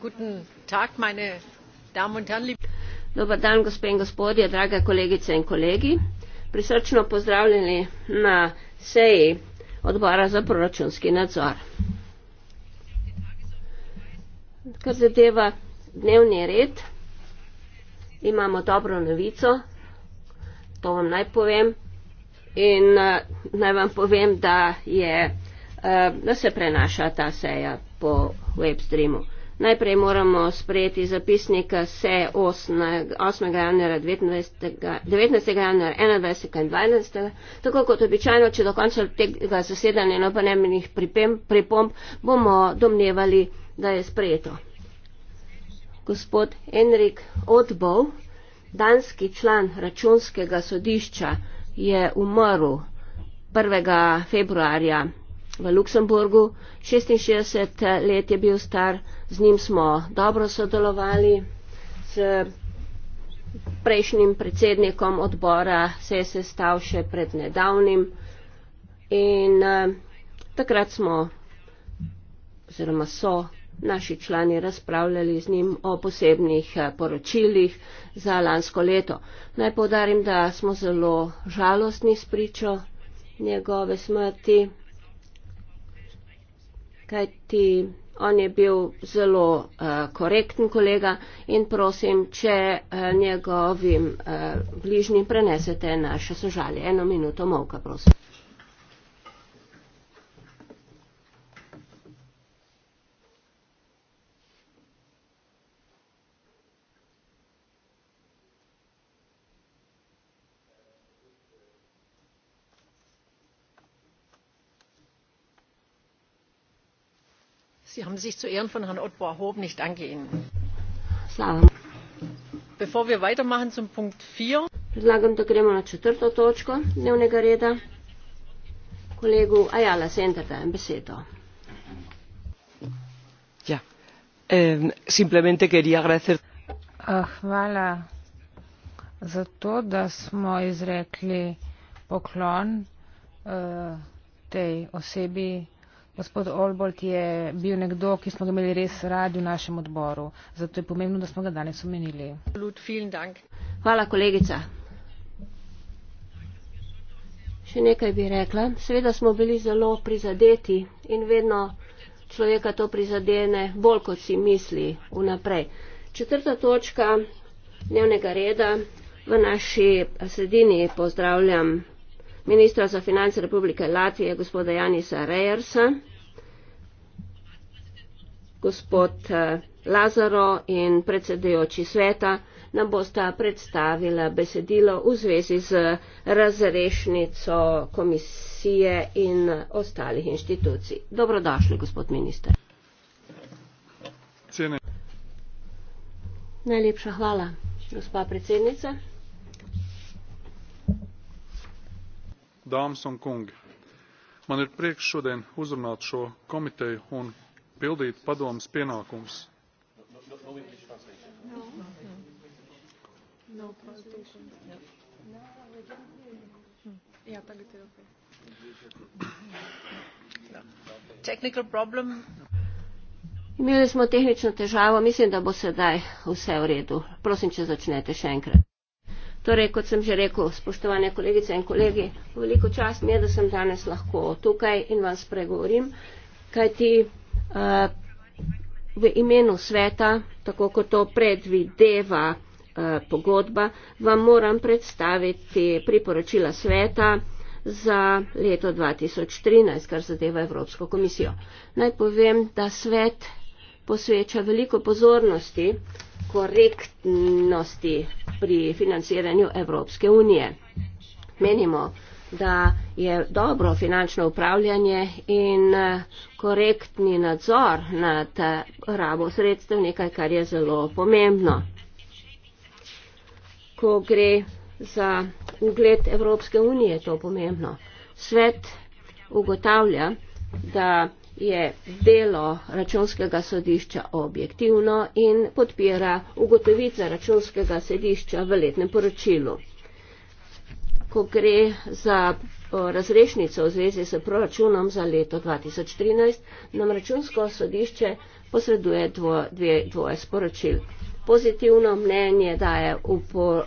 Guten Tag, meine Damen und Herren. Dober dan, gospe in gospodje, drage kolegice in kolegi. Prisrčno pozdravljeni na seji odbora za proračunski nadzor. Kar zadeva dnevni red, imamo dobro novico, to vam naj povem. In uh, naj vam povem, da, je, uh, da se prenaša ta seja po web streamu. Uh, Najprej moramo sprejeti zapisnik se 8. januarja, 19. januarja, 21. in 12. Tako kot običajno, če do konca tega zasedanja no ne bo nemenih pripomb, bomo domnevali, da je sprejeto. Gospod Enrik Odbov, danski član računskega sodišča, je umrl 1. februarja v Luksemburgu, 66 let je bil star, z njim smo dobro sodelovali, s prejšnjim predsednikom odbora se je sestav še pred nedavnim in uh, takrat smo, oziroma so naši člani razpravljali z njim o posebnih eh, poročilih za lansko leto. Naj povdarim, da smo zelo žalostni spričo njegove smrti kajti on je bil zelo uh, korekten kolega in prosim, če uh, njegovim uh, bližnjim prenesete naše sožalje. Eno minuto molka, prosim. haben sich zu Ehren von Herrn Otto erhoben, nicht angehen. Slavă. Bevor wir weitermachen zum Punkt 4. La točko, reda. Kolegu Ayala, sentata, in beseto. Ja, eh, simplemente quería agradecer. Ah, hvala za to, da smo izrekli poklon eh, tej osebi. Gospod Olbolt je bil nekdo, ki smo ga imeli res radi v našem odboru. Zato je pomembno, da smo ga danes omenili. Hvala, kolegica. Še nekaj bi rekla. Seveda smo bili zelo prizadeti in vedno človeka to prizadene bolj, kot si misli vnaprej. Četrta točka dnevnega reda. V naši sredini pozdravljam ministra za finance Republike Latvije, gospoda Janisa Rejersa, gospod eh, Lazaro in predsedujoči sveta nam bosta predstavila besedilo v zvezi z razrešnico komisije in ostalih inštitucij. Dobrodošli, gospod minister. Cene. Najlepša hvala, gospa predsednica. dam song kung. Man ir prieks šodien uzrunāt šo komiteju un pildīt padomas pienākums. No Imeli smo tehnično težavo, mislim, da bo sedaj vse v redu. Prosim, če začnete še enkrat. Torej, kot sem že rekel, spoštovane kolegice in kolegi, veliko čast mi je, da sem danes lahko tukaj in vam spregovorim, kajti uh, v imenu sveta, tako kot to predvideva uh, pogodba, vam moram predstaviti priporočila sveta za leto 2013, kar zadeva Evropsko komisijo. Naj povem, da svet posveča veliko pozornosti korektnosti pri financiranju Evropske unije. Menimo, da je dobro finančno upravljanje in eh, korektni nadzor nad eh, rabo sredstev nekaj, kar je zelo pomembno. Ko gre za ugled Evropske unije, je to pomembno. Svet ugotavlja, da je delo računskega sodišča objektivno in podpira ugotovitve računskega sodišča v letnem poročilu. Ko gre za razrešnico v zvezi s proračunom za leto 2013, nam računsko sodišče posreduje dvo, dve, dvoje sporočil. Pozitivno mnenje daje upo,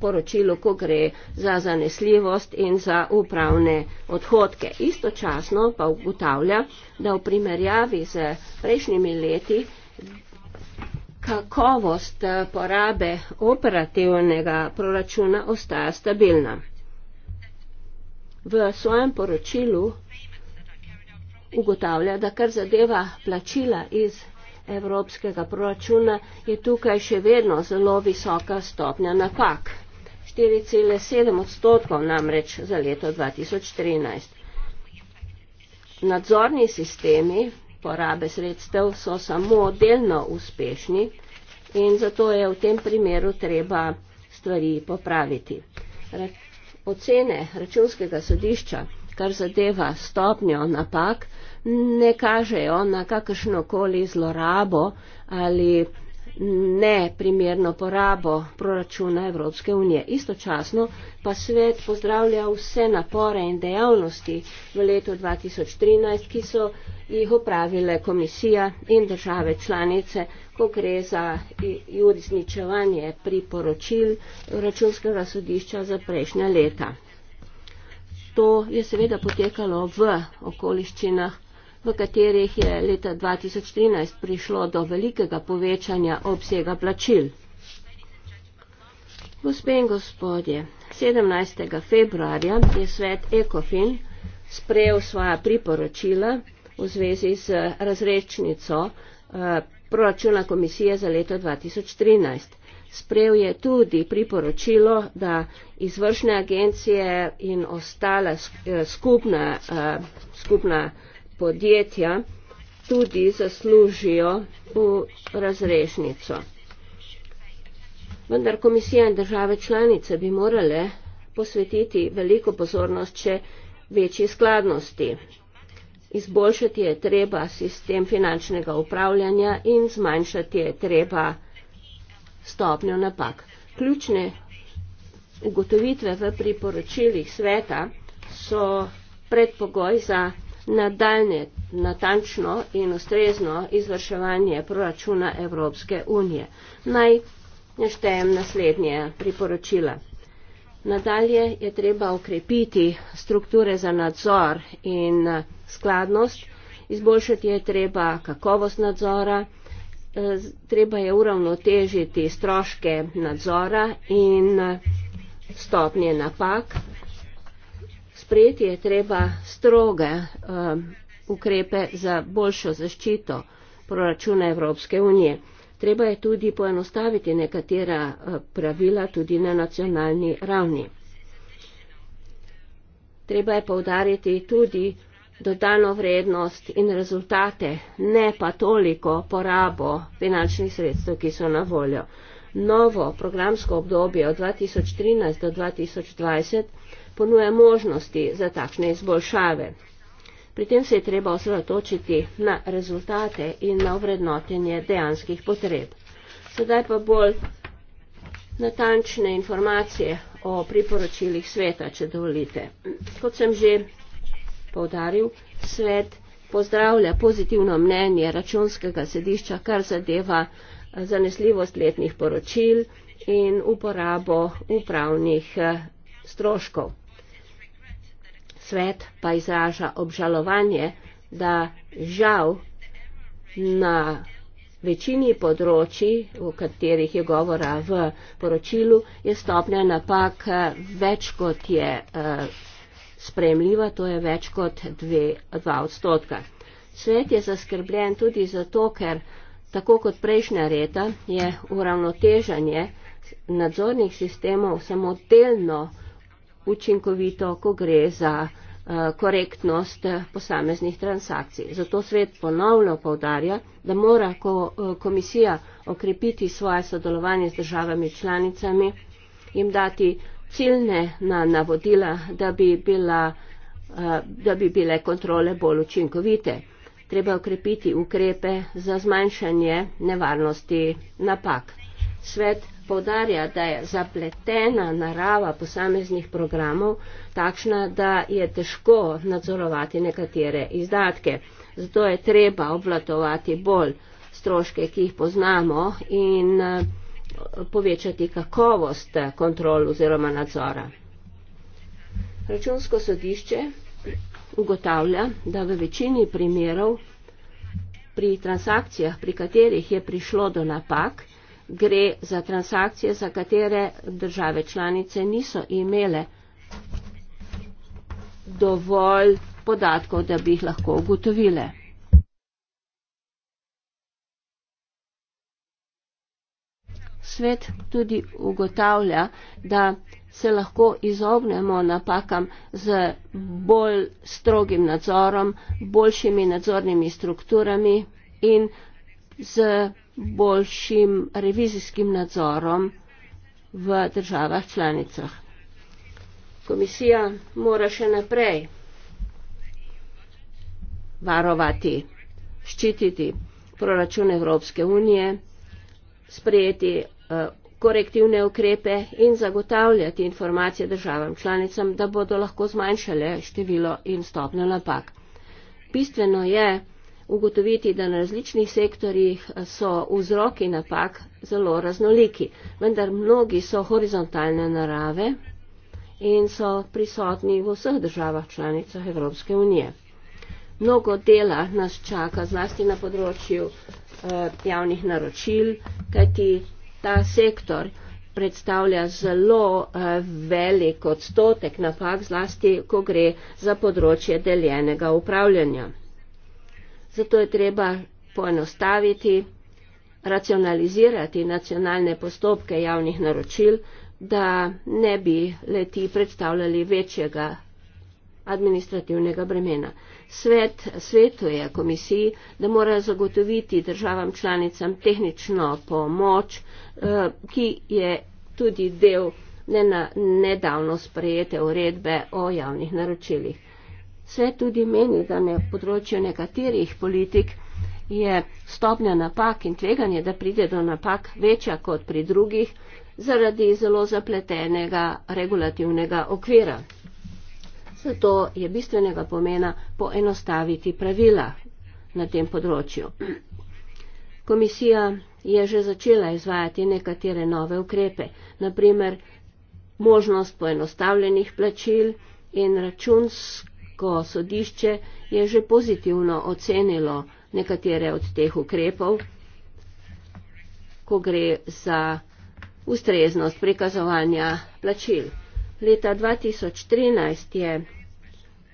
poročilu, ko gre za zanesljivost in za upravne odhodke. Istočasno pa ugotavlja, da v primerjavi z prejšnjimi leti kakovost eh, porabe operativnega proračuna ostaja stabilna. V svojem poročilu ugotavlja, da kar zadeva plačila iz evropskega proračuna, je tukaj še vedno zelo visoka stopnja napak. 4,7 odstotkov namreč za leto 2013. Nadzorni sistemi porabe sredstev so samo delno uspešni in zato je v tem primeru treba stvari popraviti. Ocene računskega sodišča, kar zadeva stopnjo napak, ne kažejo na kakršnokoli zlorabo ali neprimerno porabo proračuna Evropske unije. Istočasno pa svet pozdravlja vse napore in dejavnosti v letu 2013, ki so jih opravile komisija in države članice, ko gre za uresničevanje priporočil računskega sodišča za prejšnja leta. To je seveda potekalo v okoliščinah v katerih je leta 2013 prišlo do velikega povečanja obsega plačil. Gospe in gospodje, 17. februarja je svet ECOFIN sprejel svoja priporočila v zvezi z razrečnico eh, proračuna komisije za leto 2013. Sprejel je tudi priporočilo, da izvršne agencije in ostale eh, skupna, eh, skupna podjetja tudi zaslužijo v razrešnico. Vendar komisija in države članice bi morale posvetiti veliko pozornost še večji skladnosti. Izboljšati je treba sistem finančnega upravljanja in zmanjšati je treba stopnjo napak. Ključne ugotovitve v priporočilih sveta so predpogoj za nadaljne natančno in ustrezno izvrševanje proračuna Evropske unije. Naj neštejem naslednje priporočila. Nadalje je treba ukrepiti strukture za nadzor in eh, skladnost, izboljšati je treba kakovost nadzora, eh, treba je uravnotežiti stroške nadzora in eh, stopnje napak sprejeti je treba stroge um, ukrepe za boljšo zaščito proračuna Evropske unije. Treba je tudi poenostaviti nekatera uh, pravila tudi na nacionalni ravni. Treba je povdariti tudi dodano vrednost in rezultate, ne pa toliko porabo finančnih sredstev, ki so na voljo. Novo programsko obdobje od 2013 do 2020 ponuja možnosti za takšne izboljšave. Pri tem se je treba osredotočiti na rezultate in na vrednotenje dejanskih potreb. Sedaj pa bolj natančne informacije o priporočilih sveta, če dovolite. Kot sem že povdaril, svet pozdravlja pozitivno mnenje računskega sedišča, kar zadeva zanesljivost letnih poročil in uporabo upravnih eh, stroškov svet pa izraža obžalovanje, da žal na večini področji, o katerih je govora v poročilu, je stopnja napak eh, več kot je eh, spremljiva, to je več kot 2 odstotka. Svet je zaskrbljen tudi zato, ker tako kot prejšnja leta je uravnotežanje nadzornih sistemov samo delno učinkovito, ko gre za eh, korektnost posameznih transakcij. Zato svet ponovno povdarja, da mora eh, komisija okrepiti svoje sodelovanje z državami članicami, jim dati ciljne na navodila, da bi, bila, eh, da bi bile kontrole bolj učinkovite. Treba okrepiti ukrepe za zmanjšanje nevarnosti napak svet povdarja, da je zapletena narava posameznih programov takšna, da je težko nadzorovati nekatere izdatke. Zato je treba obvladovati bolj stroške, ki jih poznamo in eh, povečati kakovost kontrol oziroma nadzora. Računsko sodišče ugotavlja, da v večini primerov pri transakcijah, pri katerih je prišlo do napak, gre za transakcije, za katere države članice niso imele dovolj podatkov, da bi jih lahko ugotovile. Svet tudi ugotavlja, da se lahko izognemo napakam z bolj strogim nadzorom, boljšimi nadzornimi strukturami in z boljšim revizijskim nadzorom v državah članicah. Komisija mora še naprej varovati, ščititi proračun Evropske unije, sprejeti eh, korektivne ukrepe in zagotavljati informacije državam članicam, da bodo lahko zmanjšale število in stopnjo napak. Bistveno je, ugotoviti, da na različnih sektorjih eh, so vzroki napak zelo raznoliki, vendar mnogi so horizontalne narave in so prisotni v vseh državah članicah Evropske unije. Mnogo dela nas čaka zlasti na področju eh, javnih naročil, kajti ta sektor predstavlja zelo eh, velik odstotek napak, zlasti ko gre za področje deljenega upravljanja. Zato je treba poenostaviti, racionalizirati nacionalne postopke javnih naročil, da ne bi leti predstavljali večjega administrativnega bremena. Svet svetuje komisiji, da mora zagotoviti državam članicam tehnično pomoč, eh, ki je tudi del nedavno sprejete uredbe o javnih naročilih. Svet tudi meni, da na področju nekaterih politik je stopnja napak in tveganje, da pride do napak večja kot pri drugih zaradi zelo zapletenega regulativnega okvira. Zato je bistvenega pomena poenostaviti pravila na tem področju. Komisija je že začela izvajati nekatere nove ukrepe, naprimer možnost poenostavljenih plačil in računsk ko sodišče je že pozitivno ocenilo nekatere od teh ukrepov, ko gre za ustreznost prikazovanja plačil. Leta 2013 je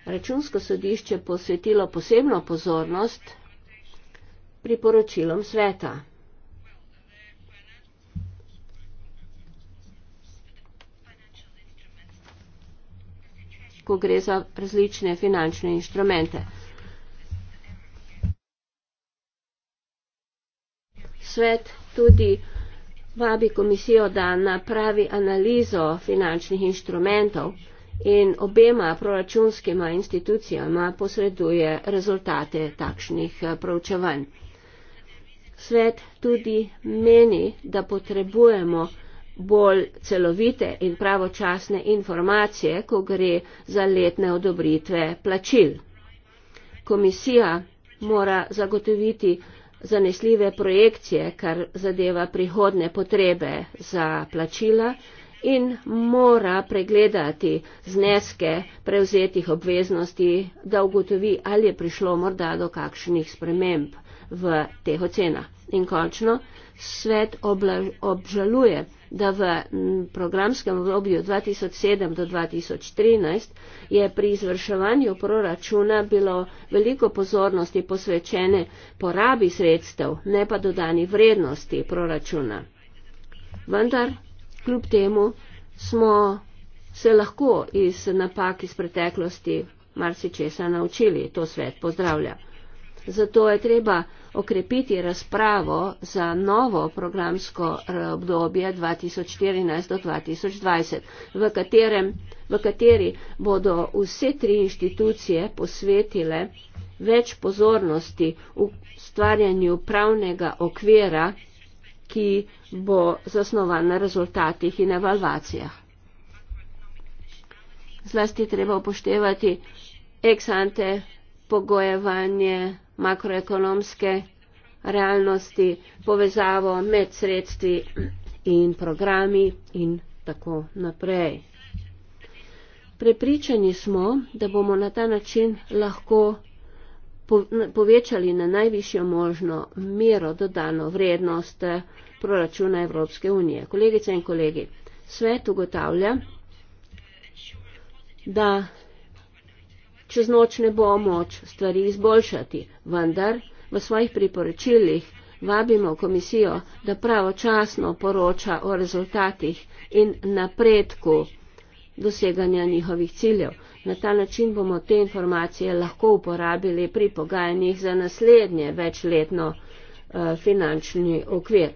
računsko sodišče posvetilo posebno pozornost priporočilom sveta. ko gre za različne finančne inštrumente. Svet tudi vabi komisijo, da napravi analizo finančnih inštrumentov in obema proračunskima institucijama posreduje rezultate takšnih eh, pravčevanj. Svet tudi meni, da potrebujemo bolj celovite in pravočasne informacije, ko gre za letne odobritve plačil. Komisija mora zagotoviti zanesljive projekcije, kar zadeva prihodne potrebe za plačila in mora pregledati zneske prevzetih obveznosti, da ugotovi, ali je prišlo morda do kakšnih sprememb v teh ocenah. In končno, svet obla, obžaluje da v programskem obdobju 2007 do 2013 je pri izvrševanju proračuna bilo veliko pozornosti posvečene porabi sredstev, ne pa dodani vrednosti proračuna. Vendar, kljub temu, smo se lahko iz napak iz preteklosti marsičesa naučili, to svet pozdravlja. Zato je treba okrepiti razpravo za novo programsko eh, obdobje 2014 do 2020, v, katerem, v kateri bodo vse tri inštitucije posvetile več pozornosti v stvarjanju pravnega okvira, ki bo zasnovan na rezultatih in evalvacijah. Zlasti treba upoštevati ex ante pogojevanje makroekonomske realnosti, povezavo med sredstvi in programi in tako naprej. Prepričani smo, da bomo na ta način lahko povečali na najvišjo možno mero dodano vrednost eh, proračuna Evropske unije. Kolegice in kolegi, svet ugotavlja, da čez noč ne bo moč stvari izboljšati, vendar v svojih priporočilih vabimo komisijo, da pravočasno poroča o rezultatih in napredku doseganja njihovih ciljev. Na ta način bomo te informacije lahko uporabili pri pogajanjih za naslednje večletno eh, finančni okvir.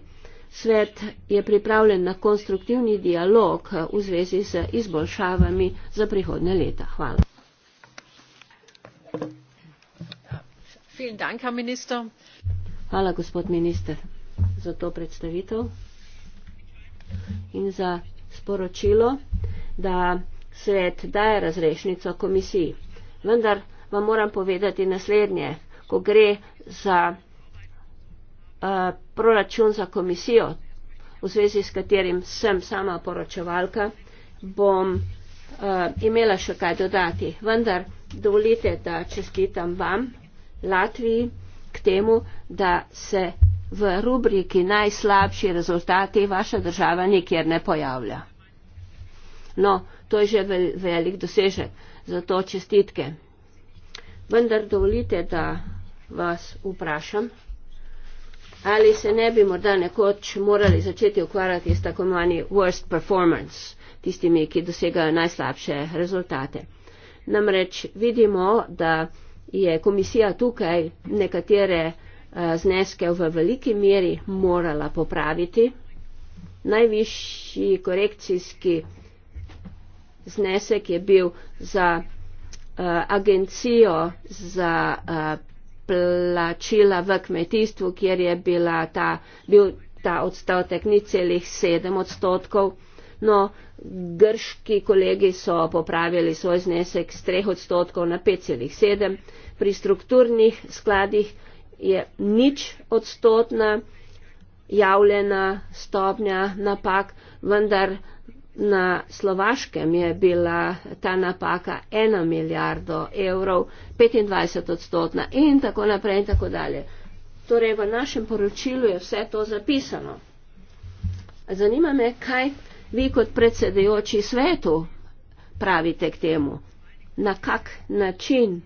Svet je pripravljen na konstruktivni dialog eh, v zvezi z izboljšavami za prihodne leta. Hvala. Hvala, gospod minister, za to predstavitev in za sporočilo, da svet daje razrešnico komisiji. Vendar vam moram povedati naslednje. Ko gre za uh, proračun za komisijo, v zvezi s katerim sem sama poročevalka, bom Eh, imela še kaj dodati. Vendar dovolite, da čestitam vam, Latviji, k temu, da se v rubriki najslabši rezultati vaša država nikjer ne pojavlja. No, to je že velik dosežek, zato čestitke. Vendar dovolite, da vas vprašam, ali se ne bi morda nekoč morali začeti ukvarjati s tako imenovanim worst performance tistimi, ki dosegajo najslabše rezultate. Namreč vidimo, da je komisija tukaj nekatere eh, zneske v veliki meri morala popraviti. Najvišji korekcijski znesek je bil za eh, agencijo za eh, plačila v kmetijstvu, kjer je bila ta, bil ta odstotek ni celih sedem odstotkov. No, grški kolegi so popravili svoj znesek z 3 odstotkov na 5,7. Pri strukturnih skladih je nič odstotna javljena stopnja napak, vendar na slovaškem je bila ta napaka 1 milijardo evrov, 25 odstotna in tako naprej in tako dalje. Torej, v našem poročilu je vse to zapisano. Zanima me, kaj vi kot predsedujoči svetu pravite k temu? Na kak način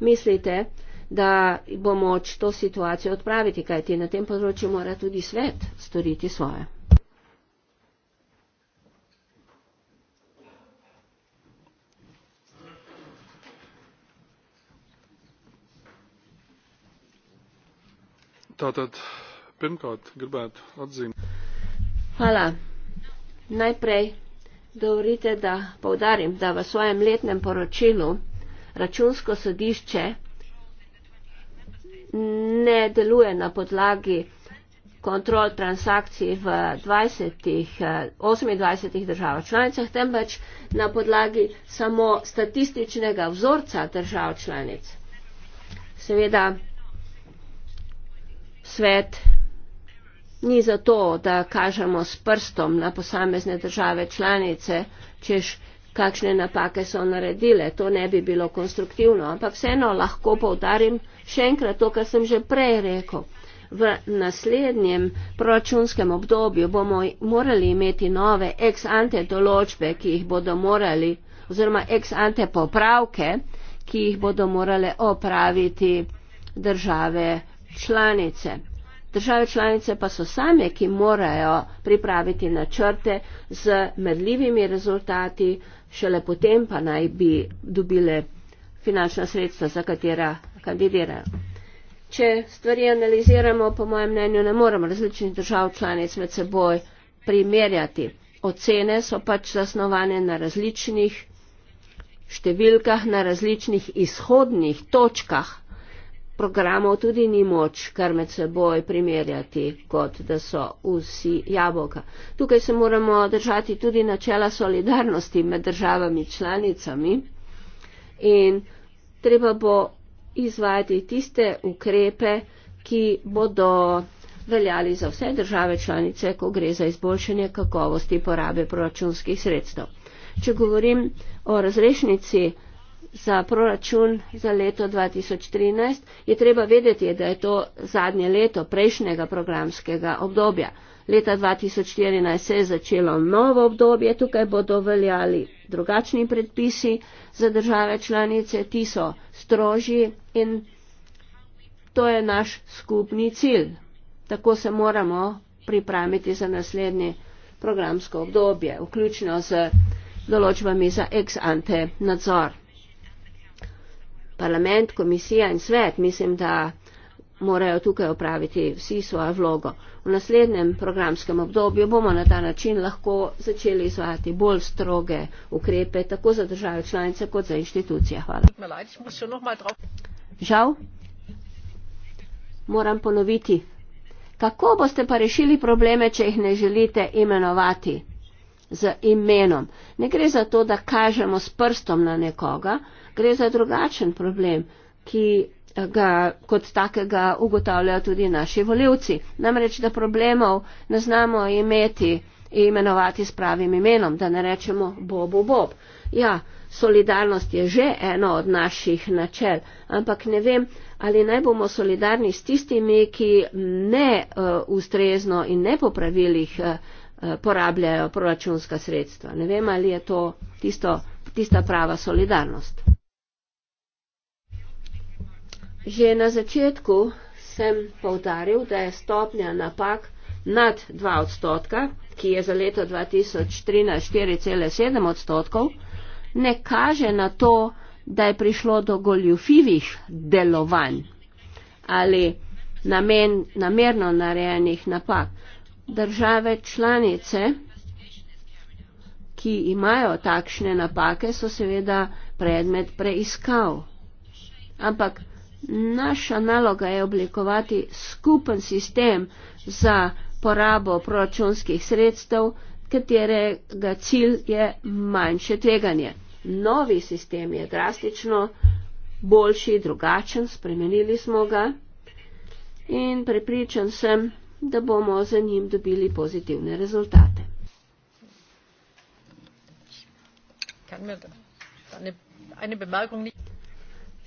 mislite, da bo moč to situacijo odpraviti, kajti na tem področju mora tudi svet storiti svoje? Tātad pirmkārt gribētu atzīt. Hala. Najprej dovolite, da povdarim, da v svojem letnem poročilu računsko sodišče ne deluje na podlagi kontrol transakcij v 20, 28 držav članicah, temveč na podlagi samo statističnega vzorca držav članic. Seveda, svet ni zato, da kažemo s prstom na posamezne države članice, češ kakšne napake so naredile, to ne bi bilo konstruktivno, ampak vseeno lahko povdarim še enkrat to, kar sem že prej rekel. V naslednjem proračunskem obdobju bomo morali imeti nove ex ante določbe, ki jih bodo morali, oziroma ex ante popravke, ki jih bodo morale opraviti države članice. Države članice pa so same, ki morajo pripraviti načrte z medljivimi rezultati, šele potem pa naj bi dobile finančna sredstva, za katera kandidirajo. Če stvari analiziramo, po mojem mnenju, ne moremo različnih držav članic med seboj primerjati. Ocene so pač zasnovane na različnih številkah, na različnih izhodnih točkah programov tudi ni moč kar med seboj primerjati, kot da so vsi jaboka. Tukaj se moramo držati tudi načela solidarnosti med državami članicami in treba bo izvajati tiste ukrepe, ki bodo veljali za vse države članice, ko gre za izboljšanje kakovosti porabe proračunskih sredstev. Če govorim o razrešnici, za proračun za leto 2013, je treba vedeti, da je to zadnje leto prejšnjega programskega obdobja. Leta 2014 se je začelo novo obdobje, tukaj bodo veljali drugačni predpisi za države članice, ti so strožji in to je naš skupni cilj. Tako se moramo pripraviti za naslednje programsko obdobje, vključno z določbami za ex ante nadzor parlament, komisija in svet, mislim, da morajo tukaj opraviti vsi svojo vlogo. V naslednjem programskem obdobju bomo na ta način lahko začeli izvajati bolj stroge ukrepe, tako za države članice, kot za inštitucije. Hvala. Žal, moram ponoviti, kako boste pa rešili probleme, če jih ne želite imenovati? z imenom. Ne gre za to, da kažemo s prstom na nekoga, gre za drugačen problem, ki ga kot takega ugotavljajo tudi naši voljivci. Namreč, da problemov ne znamo imeti in imenovati s pravim imenom, da ne rečemo bob, bob. Ja, solidarnost je že eno od naših načel, ampak ne vem, ali naj bomo solidarni s tistimi, ki ne uh, ustrezno in ne po pravilih uh, Eh, porabljajo proračunska sredstva. Ne vem, ali je to tisto, tista prava solidarnost. Že na začetku sem povdaril, da je stopnja napak nad 2 odstotka, ki je za leto 2013 4,7 odstotkov, ne kaže na to, da je prišlo do goljufivih delovanj ali namen, namerno narejenih napak države članice, ki imajo takšne napake, so seveda predmet preiskav. Ampak naša naloga je oblikovati skupen sistem za porabo proračunskih sredstev, katerega cilj je manjše tveganje. Novi sistem je drastično boljši, drugačen, spremenili smo ga in prepričan sem, da bomo za njim dobili pozitivne rezultate.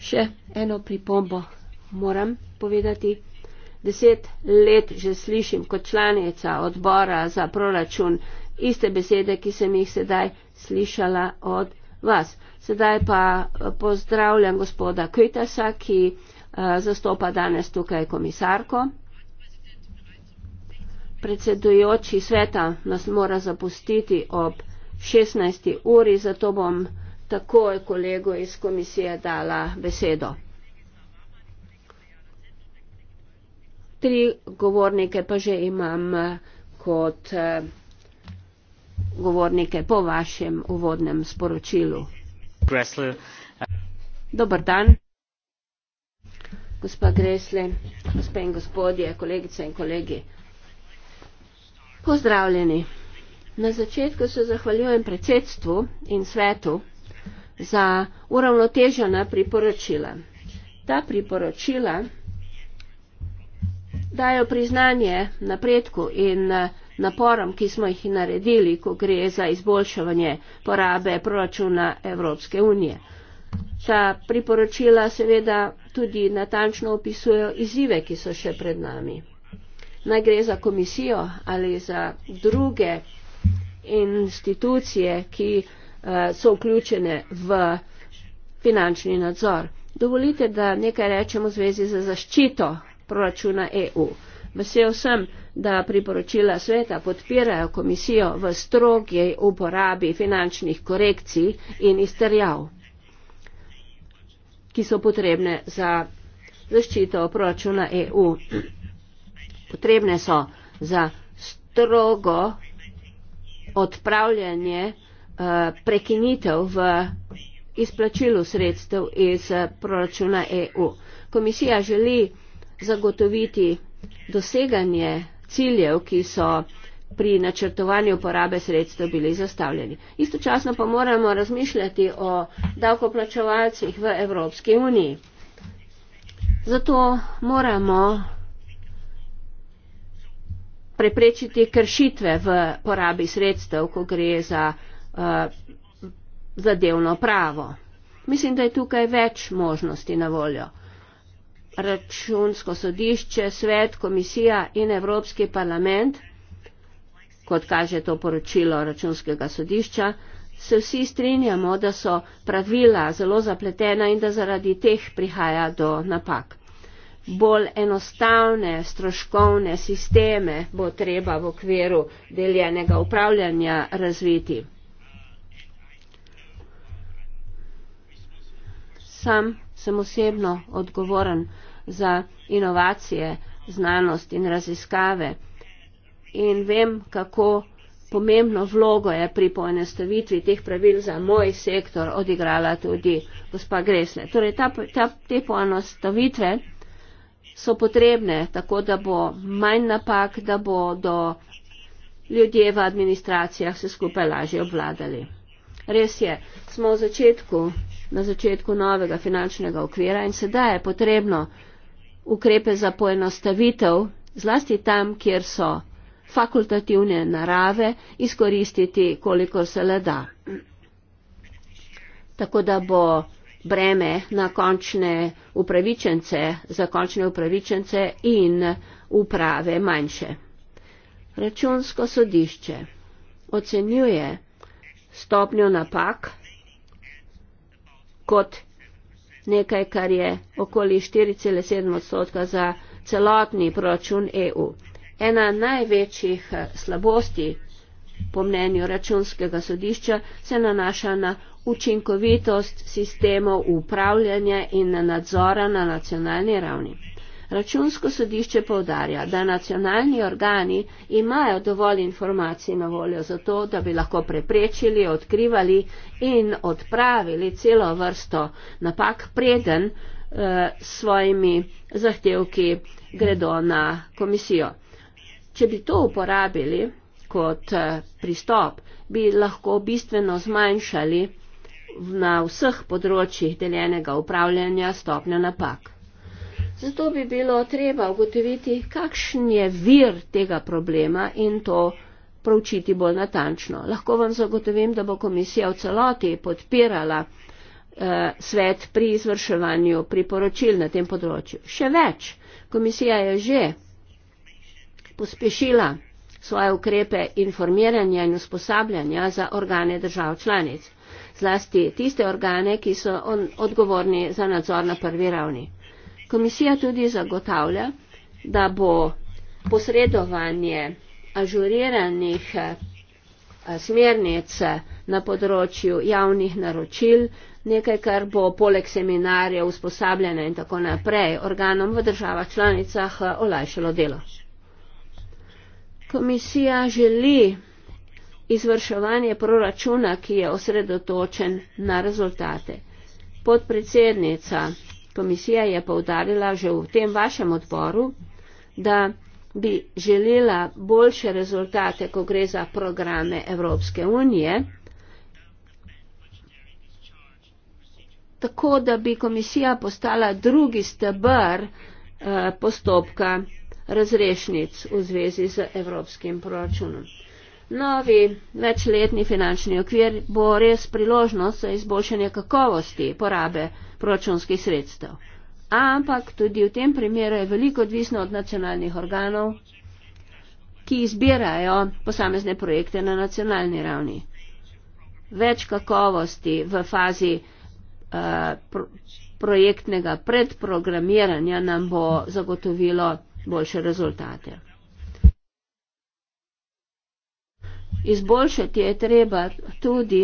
Še eno pripombo moram povedati. Deset let že slišim kot članica odbora za proračun iste besede, ki sem jih sedaj slišala od vas. Sedaj pa eh, pozdravljam gospoda Kritasa, ki uh, zastopa danes tukaj komisarko predsedujoči sveta nas mora zapustiti ob 16. uri, zato bom takoj kolego iz komisije dala besedo. Tri govornike pa že imam kot govornike po vašem uvodnem sporočilu. Uh, Dobar dan, gospa Gresle, gospe in gospodje, kolegice in kolegi. Pozdravljeni. Na začetku se zahvaljujem predsedstvu in svetu za uravnotežena priporočila. Ta priporočila dajo priznanje napredku in eh, naporom, ki smo jih naredili, ko gre za izboljšavanje porabe proračuna Evropske unije. Ta priporočila seveda tudi natančno opisujejo izzive, ki so še pred nami naj gre za komisijo ali za druge institucije, ki uh, so vključene v finančni nadzor. Dovolite, da nekaj rečemo v zvezi za zaščito proračuna EU. Vesel sem, da priporočila sveta podpirajo komisijo v strogi uporabi finančnih korekcij in izterjav, ki so potrebne za zaščito proračuna EU potrebne so za strogo odpravljanje uh, prekinitev v izplačilu sredstev iz eh, proračuna EU. Komisija želi zagotoviti doseganje ciljev, ki so pri načrtovanju porabe sredstev bili zastavljeni. Istočasno pa moramo razmišljati o davkoplačevalcih v Evropski uniji. Zato moramo preprečiti kršitve v porabi sredstev, ko gre za uh, zadevno pravo. Mislim, da je tukaj več možnosti na voljo. Računsko sodišče, svet, komisija in Evropski parlament, kot kaže to poročilo računskega sodišča, se vsi strinjamo, da so pravila zelo zapletena in da zaradi teh prihaja do napak bolj enostavne stroškovne sisteme bo treba v okviru deljenega upravljanja razviti. Sam sem osebno odgovoren za inovacije, znanost in raziskave in vem, kako pomembno vlogo je pri poenostavitvi teh pravil za moj sektor odigrala tudi gospa Gresle. Torej, ta, ta, te poenostavitve so potrebne, tako da bo manj napak, da bodo ljudje v administracijah se skupaj lažje obvladali. Res je, smo začetku, na začetku novega finančnega okvira in sedaj je potrebno ukrepe za poenostavitev, zlasti tam, kjer so fakultativne narave, izkoristiti, koliko se le da. Tako da bo breme na končne upravičence, za končne upravičence in uprave manjše. Računsko sodišče ocenjuje stopnjo napak kot nekaj, kar je okoli 4,7 odstotka za celotni proračun EU. Ena največjih eh, slabosti po mnenju računskega sodišča se nanaša na učinkovitost sistemov upravljanja in nadzora na nacionalni ravni. Računsko sodišče povdarja, da nacionalni organi imajo dovolj informacij na voljo za to, da bi lahko preprečili, odkrivali in odpravili celo vrsto napak preden eh, s eh, svojimi zahtevki gredo na komisijo. Če bi to uporabili kot eh, pristop, bi lahko bistveno zmanjšali eh, na vseh področjih deljenega upravljanja stopnja napak. Zato bi bilo treba ugotoviti, kakšen je vir tega problema in to pravčiti bolj natančno. Lahko vam zagotovim, da bo komisija v celoti podpirala eh, svet pri izvrševanju priporočil na tem področju. Še več, komisija je že pospešila svoje ukrepe informiranja in usposabljanja za organe držav članic zlasti tiste organe, ki so on, odgovorni za nadzor na prvi ravni. Komisija tudi zagotavlja, da bo posredovanje ažuriranih eh, smernic eh, na področju javnih naročil, nekaj, kar bo poleg seminarja usposabljanja in tako naprej organom v državah članicah eh, olajšalo delo. Komisija želi izvrševanje proračuna, ki je osredotočen na rezultate. Podpredsednica komisije je povdarila že v tem vašem odboru, da bi želela boljše rezultate, ko gre za programe Evropske unije, tako da bi komisija postala drugi stebr eh, postopka razrešnic v zvezi z evropskim proračunom. Novi večletni finančni okvir bo res priložnost za izboljšanje kakovosti porabe proračunskih sredstev. Ampak tudi v tem primeru je veliko odvisno od nacionalnih organov, ki izbirajo posamezne projekte na nacionalni ravni. Več kakovosti v fazi uh, pro projektnega predprogramiranja nam bo zagotovilo boljše rezultate. izboljšati je treba tudi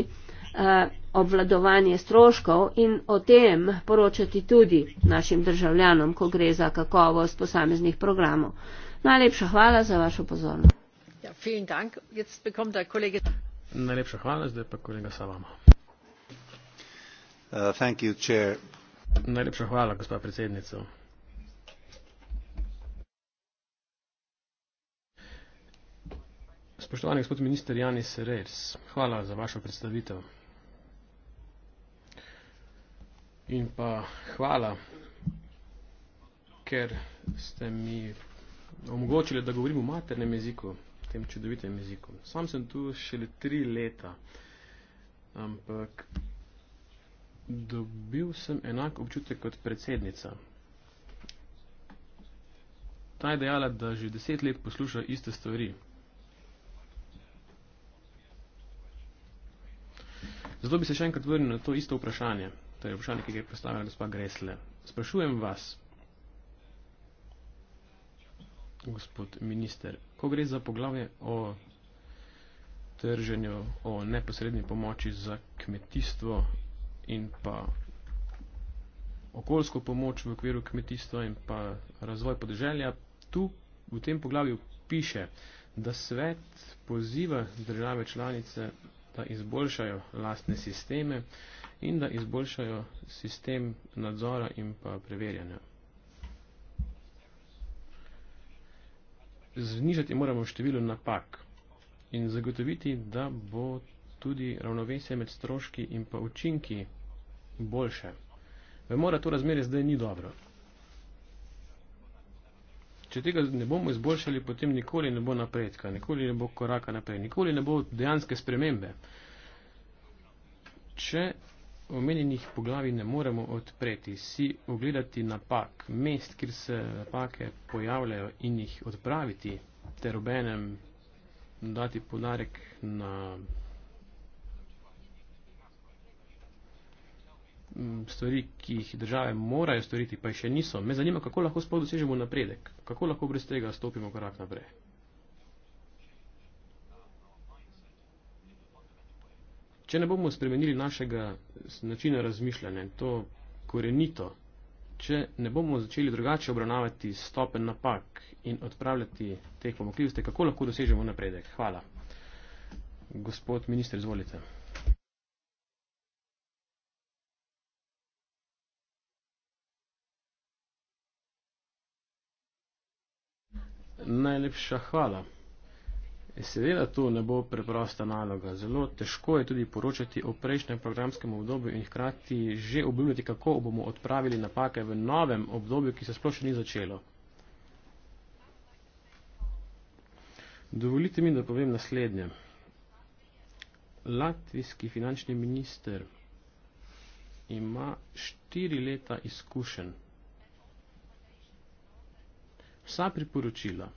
uh, obvladovanje stroškov in o tem poročati tudi našim državljanom, ko gre za kakovost posameznih programov. Najlepša hvala za vašo pozornost. Ja, dank. Jetzt kolege... Najlepša hvala, zdaj pa kolega Savama. Uh, thank you, Najlepša hvala, gospod predsednica. Spoštovani gospod minister Janis Reyes, hvala za vašo predstavitev. In pa hvala, ker ste mi omogočili, da govorim v maternem jeziku, tem čudovitem jeziku. Sam sem tu šele tri leta, ampak dobil sem enak občutek kot predsednica. Ta je dejala, da že deset let posluša iste stvari. Zato bi se še enkrat vrnil na to isto vprašanje, to je vprašanje, ki je postavila gospa Gresle. Sprašujem vas, gospod minister, ko gre za poglavje o trženju, o neposrednji pomoči za kmetijstvo in pa okoljsko pomoč v okviru kmetijstva in pa razvoj podeželja, tu v tem poglavju piše, da svet poziva države članice da izboljšajo lastne sisteme in da izboljšajo sistem nadzora in pa preverjanja. Znižati moramo število napak in zagotoviti, da bo tudi ravnovesje med stroški in pa učinki boljše. Vemo, da to razmerje zdaj ni dobro če tega ne bomo izboljšali, potem nikoli ne bo napredka, nikoli ne bo koraka naprej, nikoli ne bo dejanske spremembe. Če omenjenih poglavi ne moremo odpreti, si ogledati napak, mest, kjer se napake pojavljajo in jih odpraviti, ter obenem dati podarek na stvari, ki jih države morajo storiti, pa jih še niso. Me zanima, kako lahko sploh dosežemo napredek, kako lahko brez tega stopimo korak naprej. Če ne bomo spremenili našega načina razmišljanja in to korenito, če ne bomo začeli drugače obravnavati stopen napak in odpravljati teh pomakljivosti, kako lahko dosežemo napredek? Hvala. Gospod minister, izvolite. Najlepša hvala. Seveda to ne bo preprosta naloga. Zelo težko je tudi poročati o prejšnjem programskem obdobju in hkrati že obljubljati, kako bomo odpravili napake v novem obdobju, ki se sploh še ni začelo. Dovolite mi, da povem naslednje. Latvijski finančni minister ima štiri leta izkušenj Vsa priporočila,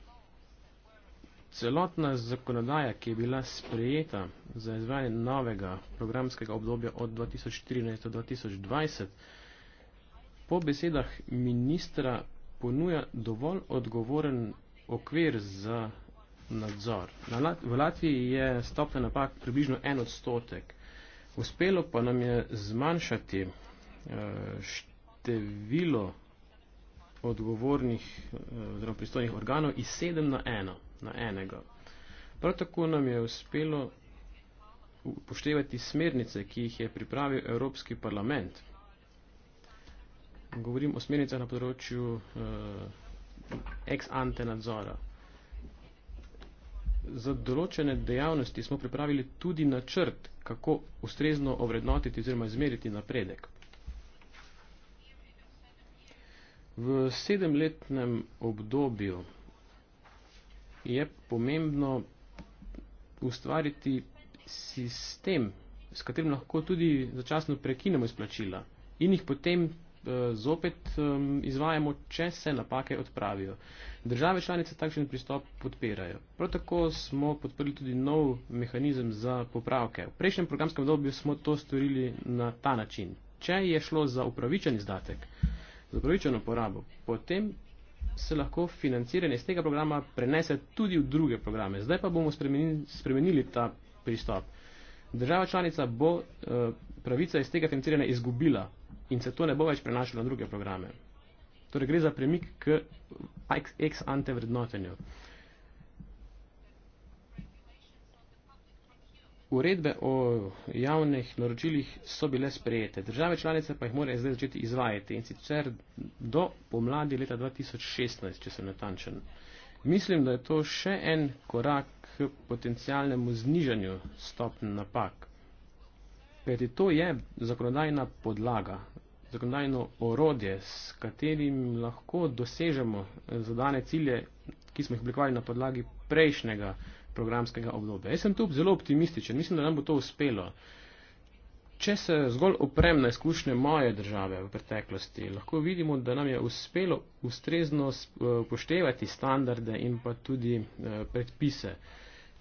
celotna zakonodaja, ki je bila sprejeta za izvajanje novega programskega obdobja od 2014 do 2020, po besedah ministra ponuja dovolj odgovoren okvir za nadzor. V Latviji je stopne napak približno en odstotek. Uspelo pa nam je zmanjšati eh, število odgovornih eh, oziroma pristojnih organov iz 7 na 1, na enega. Prav tako nam je uspelo upoštevati smernice, ki jih je pripravil Evropski parlament. Govorim o smernicah na področju eh, ex ante nadzora. Za določene dejavnosti smo pripravili tudi načrt, kako ustrezno ovrednotiti oziroma izmeriti napredek. V sedemletnem obdobju je pomembno ustvariti sistem, s katerim lahko tudi začasno prekinemo izplačila in jih potem eh, zopet izvajamo, če se napake odpravijo. Države članice takšen pristop podpirajo. Prav tako smo podprli tudi nov mehanizem za popravke. V prejšnjem programskem dobju smo to storili na ta način. Če je šlo za upravičen izdatek, za upravičeno porabo, potem se lahko financiranje iz tega programa prenese tudi v druge programe. Zdaj pa bomo spremenili, spremenili ta pristop. Država članica bo eh, pravica iz tega financiranja izgubila in se to ne bo več prenašalo na druge programe. Torej gre za premik k ex ante vrednotenju. uredbe o javnih naročilih so bile sprejete. Države članice pa jih morajo zdaj začeti izvajati in sicer do pomladi leta 2016, če sem natančen. Mislim, da je to še en korak k potencijalnemu znižanju stopnj napak. Ker to je zakonodajna podlaga, zakonodajno orodje, s katerim lahko dosežemo zadane cilje, ki smo jih oblikovali na podlagi prejšnjega programskega obdobja. Jaz sem tu zelo optimističen, mislim, da nam bo to uspelo. Če se zgolj oprem na izkušnje moje države v preteklosti, lahko vidimo, da nam je uspelo ustrezno eh, upoštevati standarde in pa tudi eh, predpise.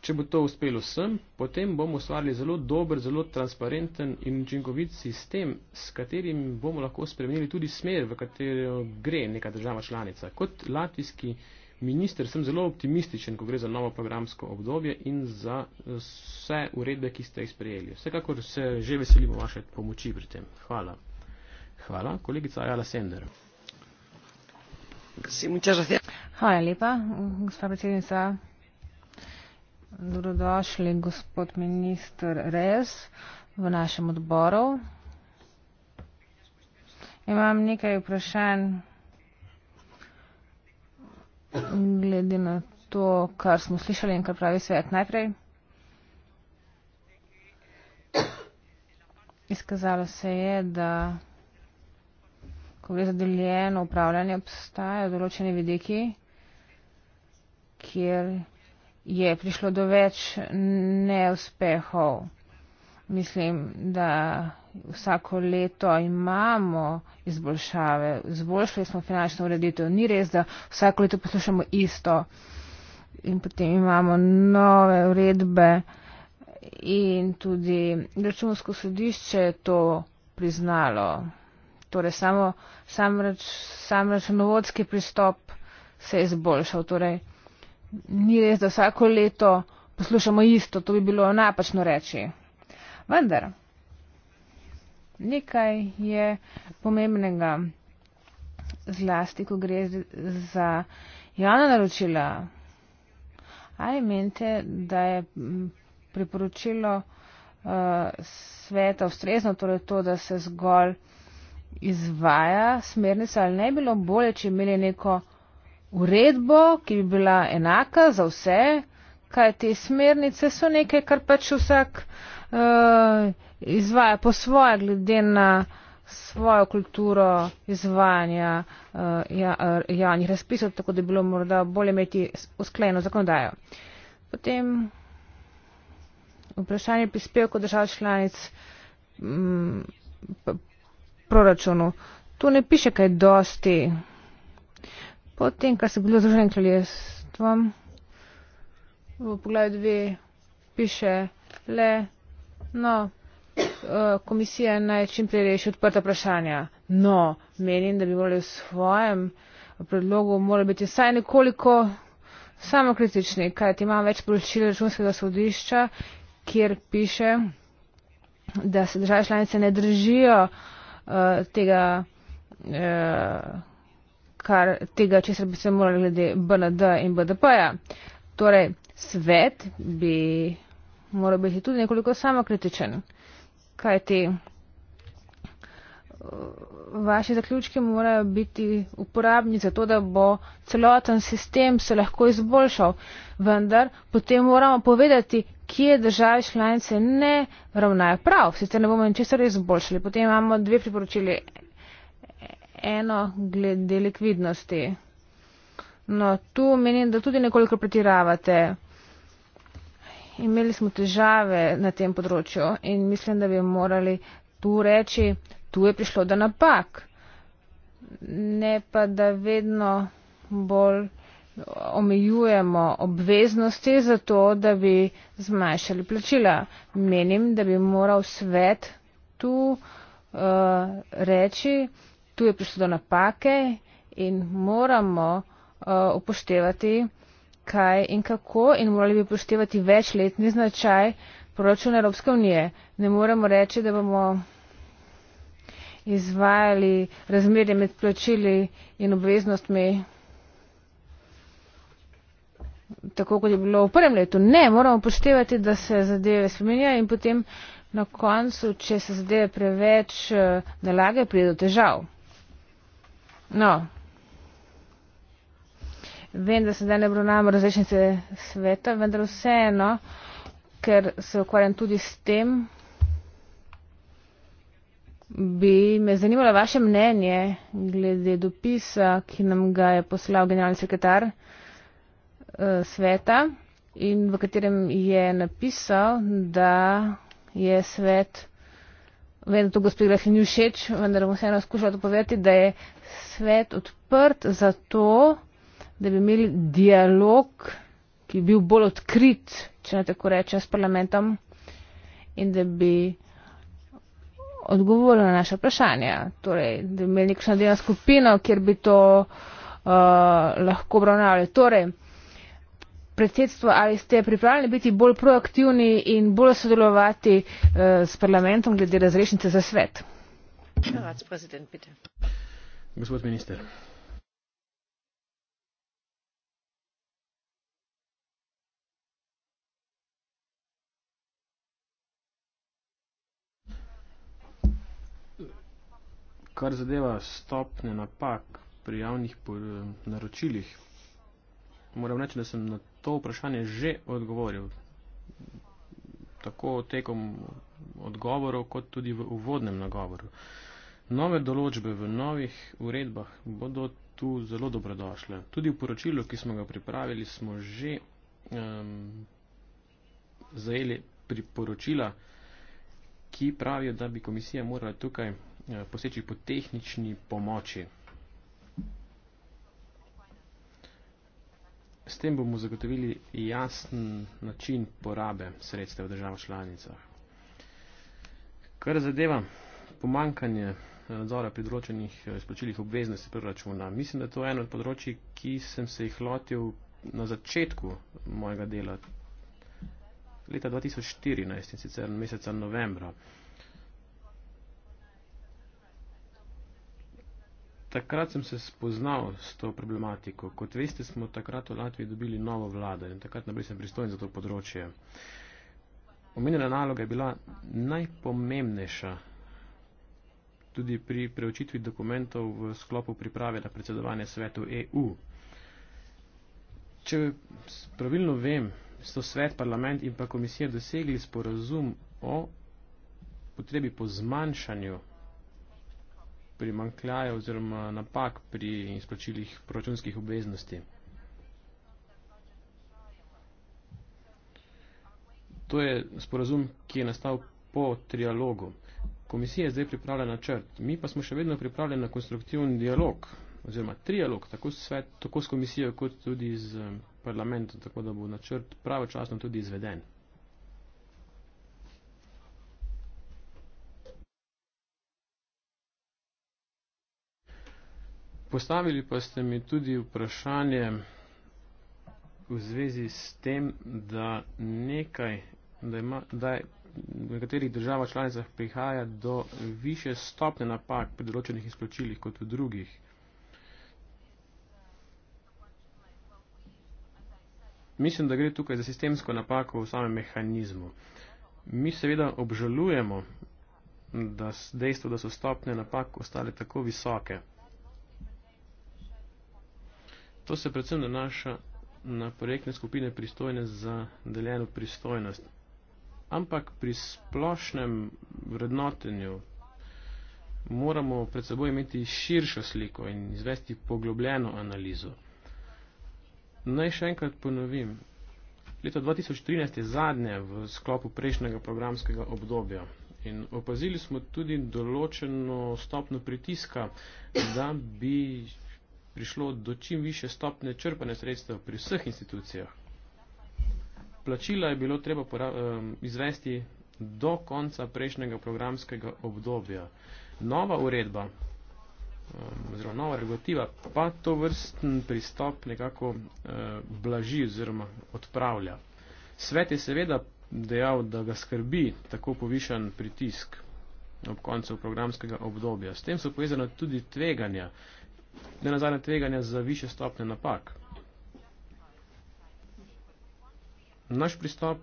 Če bo to uspelo vsem, potem bomo ustvarili zelo dober, zelo transparenten in učinkovit sistem, s katerim bomo lahko spremenili tudi smer, v katero gre neka država članica. Kot latvijski Minister, sem zelo optimističen, ko gre za novo programsko obdobje in za eh, vse uredbe, ki ste jih sprejeli. Vsekakor se že veselimo vaše pomoči pri tem. Hvala. Hvala. Kolegica Ajala Sender. Hvala lepa, gospod predsednica. Dobrodošli, gospod minister Rez, v našem odboru. Imam nekaj vprašanj glede na to, kar smo slišali in kar pravi svet najprej. Izkazalo se je, da ko gre za deljeno upravljanje, obstajajo določeni vidiki, kjer je prišlo do več neuspehov mislim, da vsako leto imamo izboljšave, izboljšali smo finančno ureditev. Ni res, da vsako leto poslušamo isto in potem imamo nove uredbe in tudi računsko sodišče je to priznalo. Torej, samo, sam, rač, sam računovodski pristop se je izboljšal. Torej, ni res, da vsako leto poslušamo isto, to bi bilo napačno reči. Vendar, nekaj je pomembnega zlasti, ko gre za javna naročila. Ali menite, da je priporočilo uh, sveta ustrezno, torej to, da se zgolj izvaja smernica, ali ne bi bilo bolje, če imeli neko uredbo, ki bi bila enaka za vse, kaj te smernice so nekaj, kar pač vsak uh, Eh, izvaja po svoje, glede na svojo kulturo izvajanja uh, javnih razpisov, tako da bi bilo morda bolje imeti usklajeno zakonodajo. Potem vprašanje prispevkov držav članic m, mm, proračunu. Tu ne piše kaj dosti. Potem, kar se bilo združenim kraljestvom, v poglavju 2 piše le no eh, komisija naj čimprej reši odprta vprašanja no menim da bi morali v svojem predlogu morali biti vsaj nekoliko samokritični kajti imam več poročil računskega sodišča kjer piše da se države članice ne držijo uh, tega uh, kar tega česar bi se morali glede BND in BDP-ja torej svet bi mora biti tudi nekoliko samokritičen. Kaj ti eh, vaši zaključki morajo biti uporabni za to, da bo celoten sistem se lahko izboljšal, vendar potem moramo povedati, kje države članice ne ravnajo prav, sicer ne bomo ničesar izboljšali. Potem imamo dve priporočili. Eno glede likvidnosti. No, tu menim, da tudi nekoliko pretiravate imeli smo težave na tem področju in mislim, da bi morali tu reči, tu je prišlo do napak. Ne pa, da vedno bolj omejujemo obveznosti za to, da bi zmanjšali plačila. Menim, da bi moral svet tu uh, reči, tu je prišlo do napake in moramo uh, upoštevati kaj in kako in morali bi poštevati večletni značaj proračuna Evropske unije. Ne moremo reči, da bomo izvajali razmerje med plačili in obveznostmi. Tako kot je bilo v prvem letu. Ne, moramo poštevati, da se zadeve spremenjajo in potem na koncu, če se zadeve preveč eh, nalagajo, pride do težav. No, Vem, da se zdaj ne obravnavam različnice sveta, vendar vseeno, ker se ukvarjam tudi s tem, bi me zanimalo vaše mnenje glede dopisa, ki nam ga je poslal generalni sekretar uh, sveta in v katerem je napisal, da je svet. Vem, da to gospod Grafi ni všeč, vendar bom vseeno skušala to povedati, da je svet odprt za to, da bi imeli dialog, ki bi bil bolj odkrit, če ne tako rečem, s parlamentom in da bi odgovorili na naše vprašanja. Torej, da bi imeli nekšno delovno skupino, kjer bi to uh, lahko obravnavali. Torej, predsedstvo, ali ste pripravljeni biti bolj proaktivni in bolj sodelovati uh, s parlamentom glede razrešnice za svet? Gospod minister. kar zadeva stopne napak pri javnih eh, naročilih, moram reči, da sem na to vprašanje že odgovoril. Tako tekom odgovorov, kot tudi v uvodnem nagovoru. Nove določbe v novih uredbah bodo tu zelo dobrodošle. Tudi v poročilu, ki smo ga pripravili, smo že um, zajeli priporočila, ki pravijo, da bi komisija morala tukaj Eh, poseči po tehnični pomoči. S tem bomo zagotovili jasen način porabe sredstev država članicah. Kar zadeva pomankanje eh, nadzora pri določenih eh, izplačilih obveznosti proračuna. Mislim, da to je eno od področji, ki sem se jih lotil na začetku mojega dela leta 2014 in sicer meseca novembra. takrat sem se spoznal s to problematiko. Kot veste, smo takrat v Latviji dobili novo vlado in takrat nabrej sem pristojen za to področje. Omenjena naloga je bila najpomembnejša tudi pri preočitvi dokumentov v sklopu priprave na predsedovanje svetu EU. Če pravilno vem, so svet, parlament in pa komisija dosegli sporazum o potrebi po zmanjšanju primankljaje oziroma napak pri izplačilih proračunskih obveznosti. To je sporazum, ki je nastal po trialogu. Komisija je zdaj pripravljena na črt. Mi pa smo še vedno pripravljeni na konstruktivni dialog, oziroma trialog, tako, svet, tako s komisijo kot tudi z eh, parlamentom, tako da bo načrt pravočasno tudi izveden. Postavili pa ste mi tudi vprašanje v zvezi s tem, da nekaj, da ima, da je v nekaterih državah članicah prihaja do više stopne napak pri določenih izključilih kot v drugih. Mislim, da gre tukaj za sistemsko napako v samem mehanizmu. Mi seveda obžalujemo da dejstvo, da so stopne napak ostale tako visoke. To se predvsem nanaša na projektne skupine pristojne za deljeno pristojnost. Ampak pri splošnem vrednotenju moramo pred seboj imeti širšo sliko in izvesti poglobljeno analizo. Naj še enkrat ponovim. Leto 2013 je zadnje v sklopu prejšnjega programskega obdobja in opazili smo tudi določeno stopno pritiska, da bi prišlo do čim više stopne črpanja sredstev pri vseh institucijah. Plačila je bilo treba pora, um, izvesti do konca prejšnjega programskega obdobja. Nova uredba, um, oziroma nova regulativa, pa to vrsten pristop nekako uh, blaži oziroma odpravlja. Svet je seveda dejal, da ga skrbi tako povišan pritisk ob koncu programskega obdobja. S tem so povezane tudi tveganja, ne nazadnje tveganja za više stopne napak. Naš pristop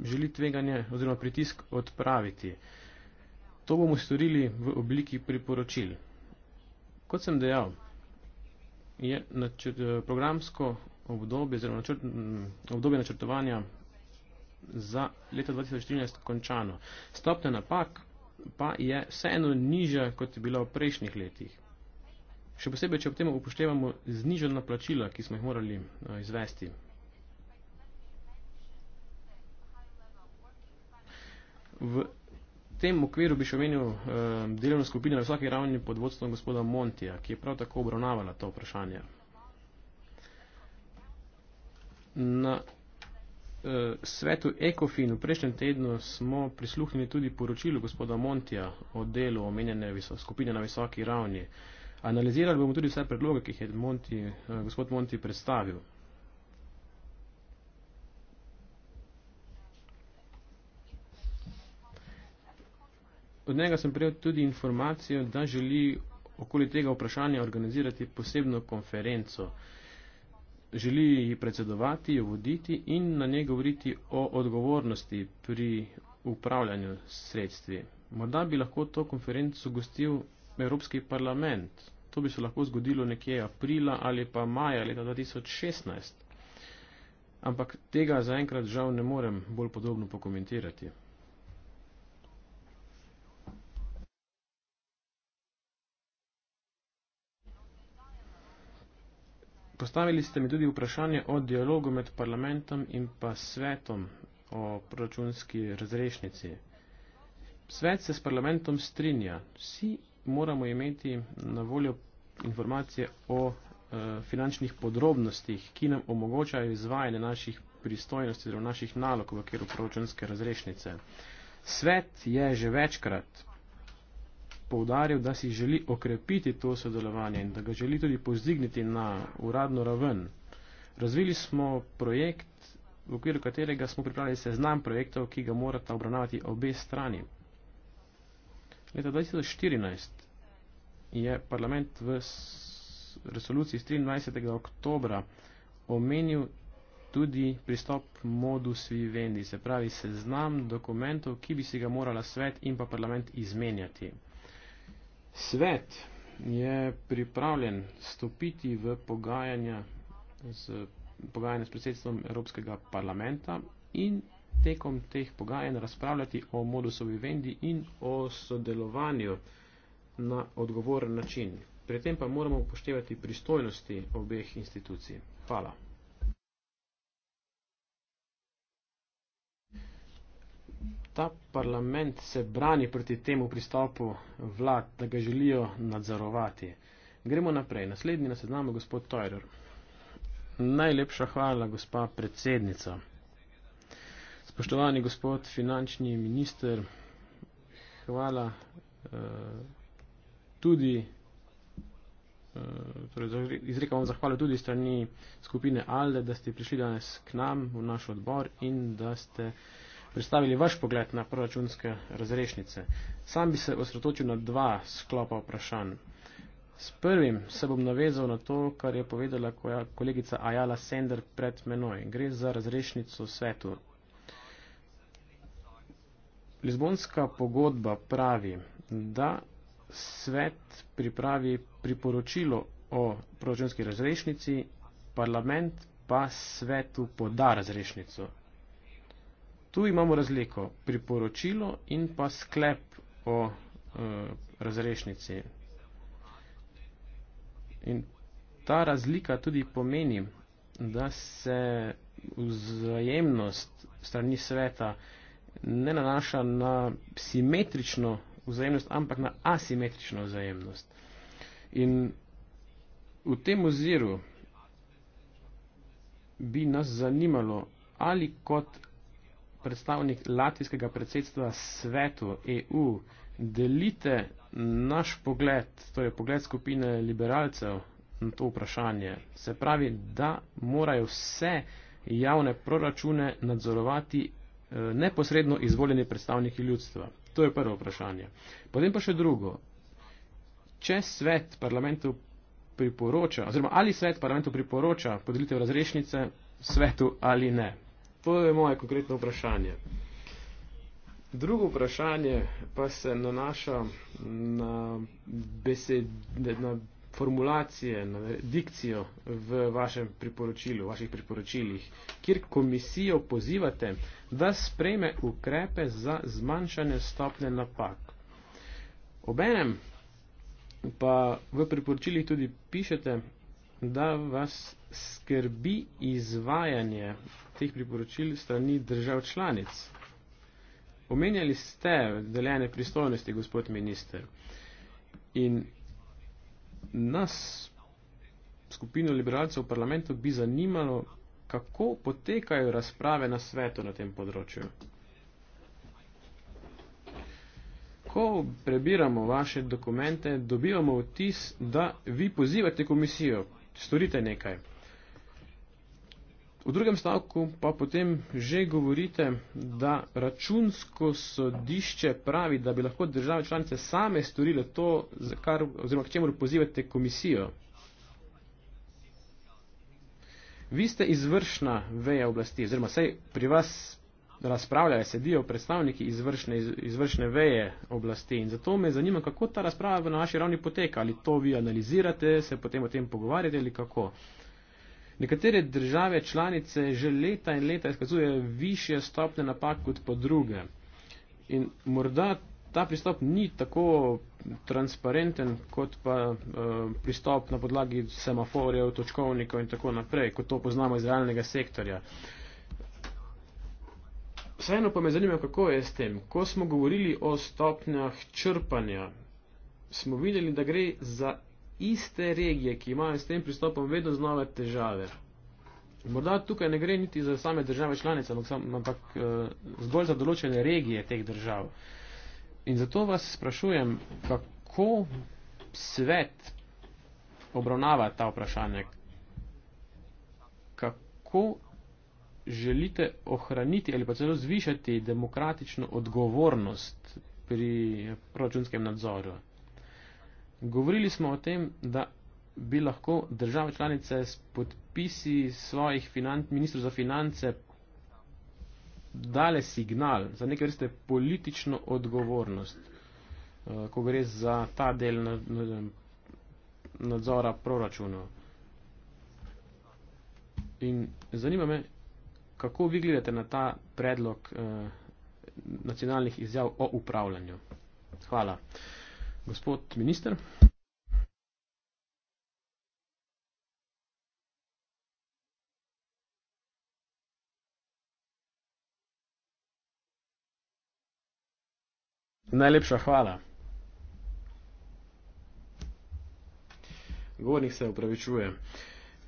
želi tveganje oziroma pritisk odpraviti. To bomo storili v obliki priporočil. Kot sem dejal, je načr eh, programsko obdobje, zelo načr mm, obdobje načrtovanja za leto 2014 končano. Stopne napak pa je vseeno nižja, kot je bila v prejšnjih letih še posebej, če ob tem upoštevamo znižena plačila, ki smo jih morali uh, izvesti. V tem okviru bi še omenil uh, eh, delovno skupino na vsaki ravni pod vodstvom gospoda Montija, ki je prav tako obravnavala to vprašanje. Na uh, svetu ECOFIN v prejšnjem tednu smo prisluhnili tudi poročilu gospoda Montija o delu omenjene skupine na visoki ravni. Uh, Analizirali bomo tudi vse predloge, ki jih je Monti, eh, gospod Monti predstavil. Od njega sem prijel tudi informacijo, da želi okoli tega vprašanja organizirati posebno konferenco. Želi ji predsedovati, jo voditi in na nje govoriti o odgovornosti pri upravljanju sredstvi. Morda bi lahko to konferenco gostil Evropski parlament. To bi se lahko zgodilo nekje aprila ali pa maja leta 2016. Ampak tega zaenkrat žal ne morem bolj podobno pokomentirati. Postavili ste mi tudi vprašanje o dialogu med parlamentom in pa svetom o proračunski razrešnici. Svet se s parlamentom strinja. Vsi moramo imeti na voljo informacije o uh, finančnih podrobnostih, ki nam omogočajo izvajanje naših pristojnosti oziroma naših nalog v okviru proračunske razrešnice. Svet je že večkrat poudaril, da si želi okrepiti to sodelovanje in da ga želi tudi pozdigniti na uradno raven. Razvili smo projekt, v okviru katerega smo pripravili seznam projektov, ki ga morata obravnavati obe strani. Leta 2014 je parlament v resoluciji z 23. oktobra omenil tudi pristop modus vivendi, se pravi seznam dokumentov, ki bi si ga morala svet in pa parlament izmenjati. Svet je pripravljen stopiti v pogajanja z, pogajanja s predsedstvom Evropskega parlamenta in tekom teh pogajanj razpravljati o modusovi vendi in o sodelovanju na odgovoren način. Pri tem pa moramo upoštevati pristojnosti obeh institucij. Hvala. Ta parlament se brani proti temu pristopu vlad, da ga želijo nadzorovati. Gremo naprej. Naslednji na seznamu gospod Tojer. Najlepša hvala, gospa predsednica. Spoštovani gospod finančni minister, hvala uh, tudi, uh, torej izrekam vam zahvalo tudi strani skupine ALDE, da ste prišli danes k nam v naš odbor in da ste predstavili vaš pogled na proračunske razrešnice. Sam bi se osredotočil na dva sklopa vprašanj. S prvim se bom navezal na to, kar je povedala koja, kolegica Ajala Sender pred menoj. Gre za razrešnico svetu Lizbonska pogodba pravi, da svet pripravi priporočilo o proračunski razrešnici, parlament pa svetu poda razrešnico. Tu imamo razliko priporočilo in pa sklep o e, razrešnici. In ta razlika tudi pomeni, da se vzajemnost strani sveta ne nanaša na simetrično vzajemnost, ampak na asimetrično vzajemnost. In v tem oziru bi nas zanimalo, ali kot predstavnik latvijskega predsedstva svetu EU delite naš pogled, to torej je pogled skupine liberalcev na to vprašanje. Se pravi, da morajo vse javne proračune nadzorovati Eh, neposredno izvoljeni predstavniki ljudstva. To je prvo vprašanje. Potem pa še drugo. Če svet parlamentu priporoča, oziroma ali svet parlamentu priporoča podelitev razrešnice svetu ali ne. To je moje konkretno vprašanje. Drugo vprašanje pa se nanaša na, besed, na formulacije, na dikcijo v vašem priporočilu, v vaših priporočilih, kjer komisijo pozivate, da sprejme ukrepe za zmanjšanje stopne napak. Obenem pa v priporočilih tudi pišete, da vas skrbi izvajanje teh priporočil strani držav članic. Omenjali ste deljene pristojnosti, gospod minister. In nas, skupino liberalcev v parlamentu, bi zanimalo, kako potekajo razprave na svetu na tem področju. Ko prebiramo vaše dokumente, dobivamo vtis, da vi pozivate komisijo, storite nekaj. V drugem stavku pa potem že govorite, da računsko sodišče pravi, da bi lahko države članice same storile to, kar, oziroma k čemu pozivate komisijo. Vi ste izvršna veja oblasti, oziroma saj pri vas razpravljajo, sedijo predstavniki izvršne, izvršne veje oblasti in zato me zanima, kako ta razprava v naši ravni poteka, ali to vi analizirate, se potem o tem pogovarjate ali kako. Nekatere države članice že leta in leta izkazujejo više stopne napak kot pa druge. In morda ta pristop ni tako transparenten kot pa uh, pristop na podlagi semaforjev, točkovnikov in tako naprej, kot to poznamo iz realnega sektorja. Vseeno pa me zanima, kako je s tem. Ko smo govorili o stopnjah črpanja, smo videli, da gre za iste regije, ki imajo s tem pristopom vedno znove težave. Morda tukaj ne gre niti za same države članice, ampak, sam, ampak eh, zgolj za določene regije teh držav. In zato vas sprašujem, kako svet obravnava ta vprašanje, kako želite ohraniti ali pa celo zvišati demokratično odgovornost pri proračunskem nadzoru. Govorili smo o tem, da bi lahko države članice s podpisi svojih ministrov za finance dale signal za neke vrste politično odgovornost, eh, ko gre za ta del nadzora proračuna. In zanima me, kako vi gledate na ta predlog eh, nacionalnih izjav o upravljanju. Hvala. Gospod minister. Najlepša hvala. Govornik se upravičuje.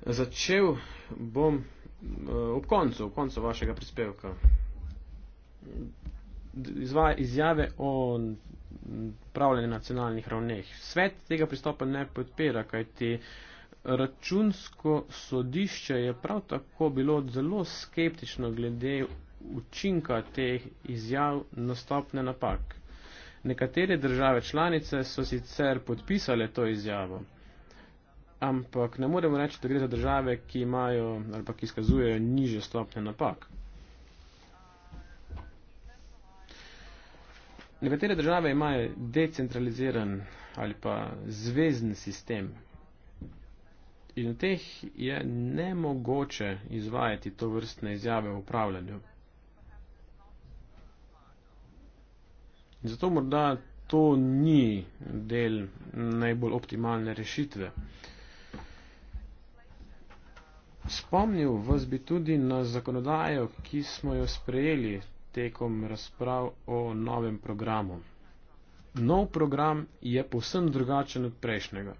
Začel bom eh, ob koncu, ob koncu vašega prispevka. Izva, izjave o upravljanje na nacionalnih ravneh. Svet tega pristopa ne podpira, kajti računsko sodišče je prav tako bilo zelo skeptično glede učinka teh izjav nastopne napak. Nekatere države članice so sicer podpisale to izjavo, ampak ne moremo reči, da gre za države, ki imajo ali pa ki izkazujejo niže stopne napak. Nekatere države imajo decentraliziran ali pa zvezdni sistem. In v teh je nemogoče izvajati to vrstne izjave v upravljanju. Zato morda to ni del najbolj optimalne rešitve. Spomnil vas bi tudi na zakonodajo, ki smo jo sprejeli tekom razprav o novem programu. Nov program je povsem drugačen od prejšnjega.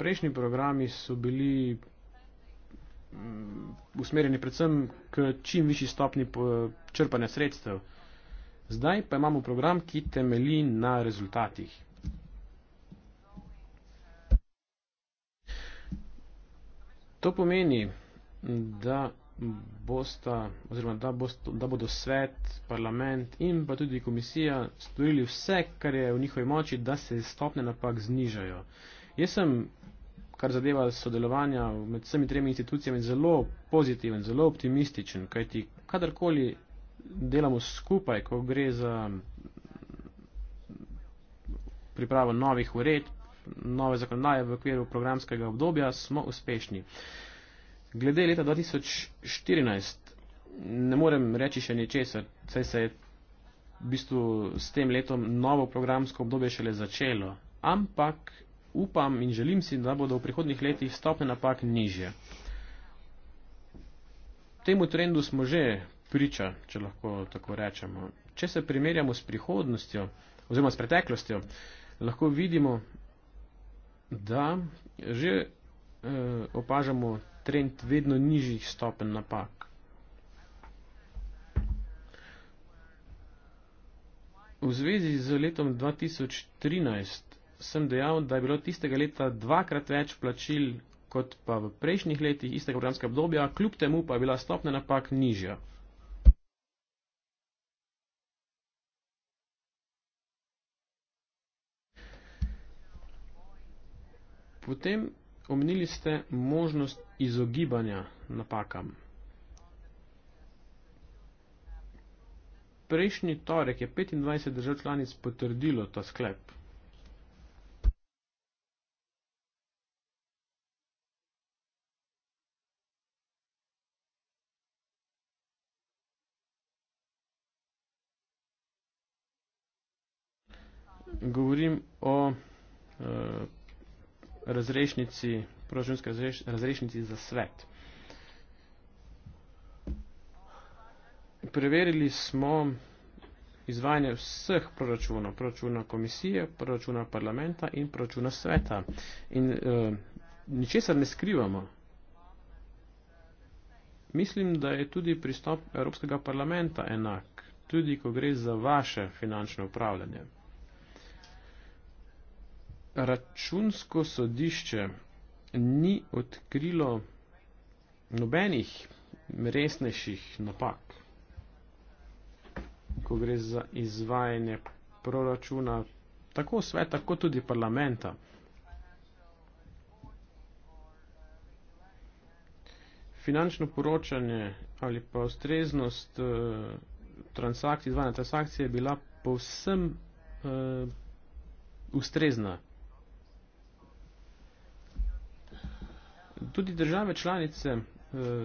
Prejšnji programi so bili mm, usmerjeni predvsem k čim višji stopni eh, črpanja sredstev. Zdaj pa imamo program, ki temeli na rezultatih. To pomeni, da bosta, oziroma da, bost, da bodo svet, parlament in pa tudi komisija storili vse, kar je v njihovi moči, da se stopne napak znižajo. Jaz sem, kar zadeva sodelovanja med vsemi tremi institucijami, zelo pozitiven, zelo optimističen, kajti kadarkoli delamo skupaj, ko gre za pripravo novih ured, nove zakonodaje v okviru programskega obdobja, smo uspešni. Uh, Glede leta 2014 ne morem reči še ničesar, saj se je v bistvu s tem letom novo programsko obdobje šele začelo, ampak upam in želim si, da bodo v prihodnih letih stopne napak nižje. Temu trendu smo že priča, če lahko tako rečemo. Če se primerjamo s prihodnostjo oziroma s preteklostjo, lahko vidimo, da že eh, opažamo trend vedno nižjih stopenj napak. V zvezi z letom 2013 sem dejal, da je bilo tistega leta dvakrat več plačil kot pa v prejšnjih letih istega programskega obdobja, kljub temu pa je bila stopna napak nižja. Potem omenili ste možnost izogibanja napakam. Prejšnji torek je 25 držav članic potrdilo ta sklep. Govorim o uh, razrešnici, proračunske razreš, razrešnici za svet. Preverili smo izvajanje vseh proračunov, proračuna komisije, proračuna parlamenta in proračuna sveta. In eh, ničesar ne skrivamo. Mislim, da je tudi pristop Evropskega parlamenta enak, tudi ko gre za vaše finančno upravljanje računsko sodišče ni odkrilo nobenih resnejših napak, ko gre za izvajanje proračuna tako sveta, kot tudi parlamenta. Finančno poročanje ali pa ustreznost eh, transakcij, izvajanja transakcije je bila povsem uh, ustrezna. Tudi države članice eh,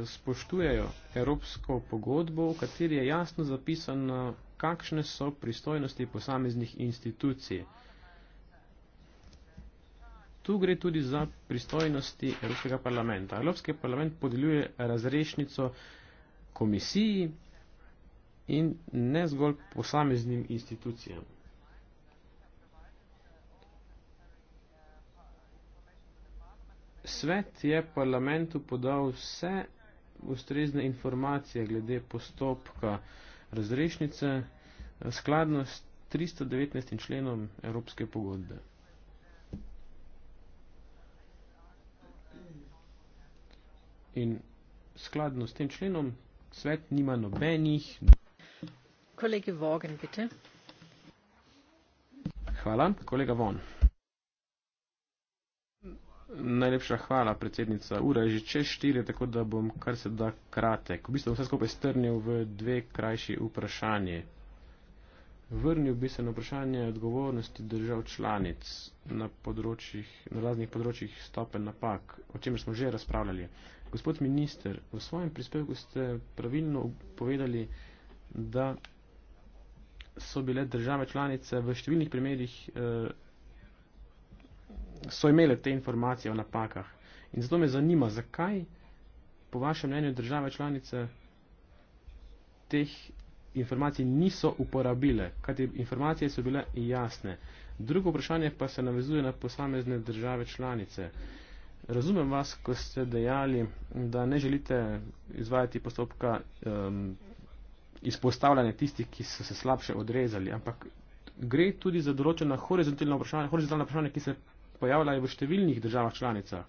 spoštujejo Evropsko pogodbo, v kateri je jasno zapisano, kakšne so pristojnosti posameznih institucij. Tu gre tudi za pristojnosti Evropskega parlamenta. Evropski parlament podeljuje razrešnico komisiji in ne zgolj posameznim institucijam. svet je parlamentu podal vse ustrezne informacije glede postopka razrešnice skladno s 319. členom Evropske pogodbe. In skladno s tem členom svet nima nobenih. Kolegi Vogen, bitte. Hvala, kolega Von. Najlepša hvala, predsednica. Ura je že čez štiri, tako da bom kar se da kratek. V bistvu bom vse skupaj strnil v dve krajši vprašanje. Vrnil bi se na vprašanje odgovornosti držav članic na, na raznih področjih stopen napak, o čemer smo že razpravljali. Gospod minister, v svojem prispevku ste pravilno povedali, da so bile države članice v številnih primerjih eh, so imele te informacije o napakah. In zato me zanima, zakaj po vašem mnenju države članice teh informacij niso uporabile, kajti informacije so bile jasne. Drugo vprašanje pa se navezuje na posamezne države članice. Razumem vas, ko ste dejali, da ne želite izvajati postopka um, izpostavljanja tistih, ki so se slabše odrezali, ampak gre tudi za določena horizontalna vprašanja, horizontalna vprašanja, ki se pojavljajo v številnih državah članicah.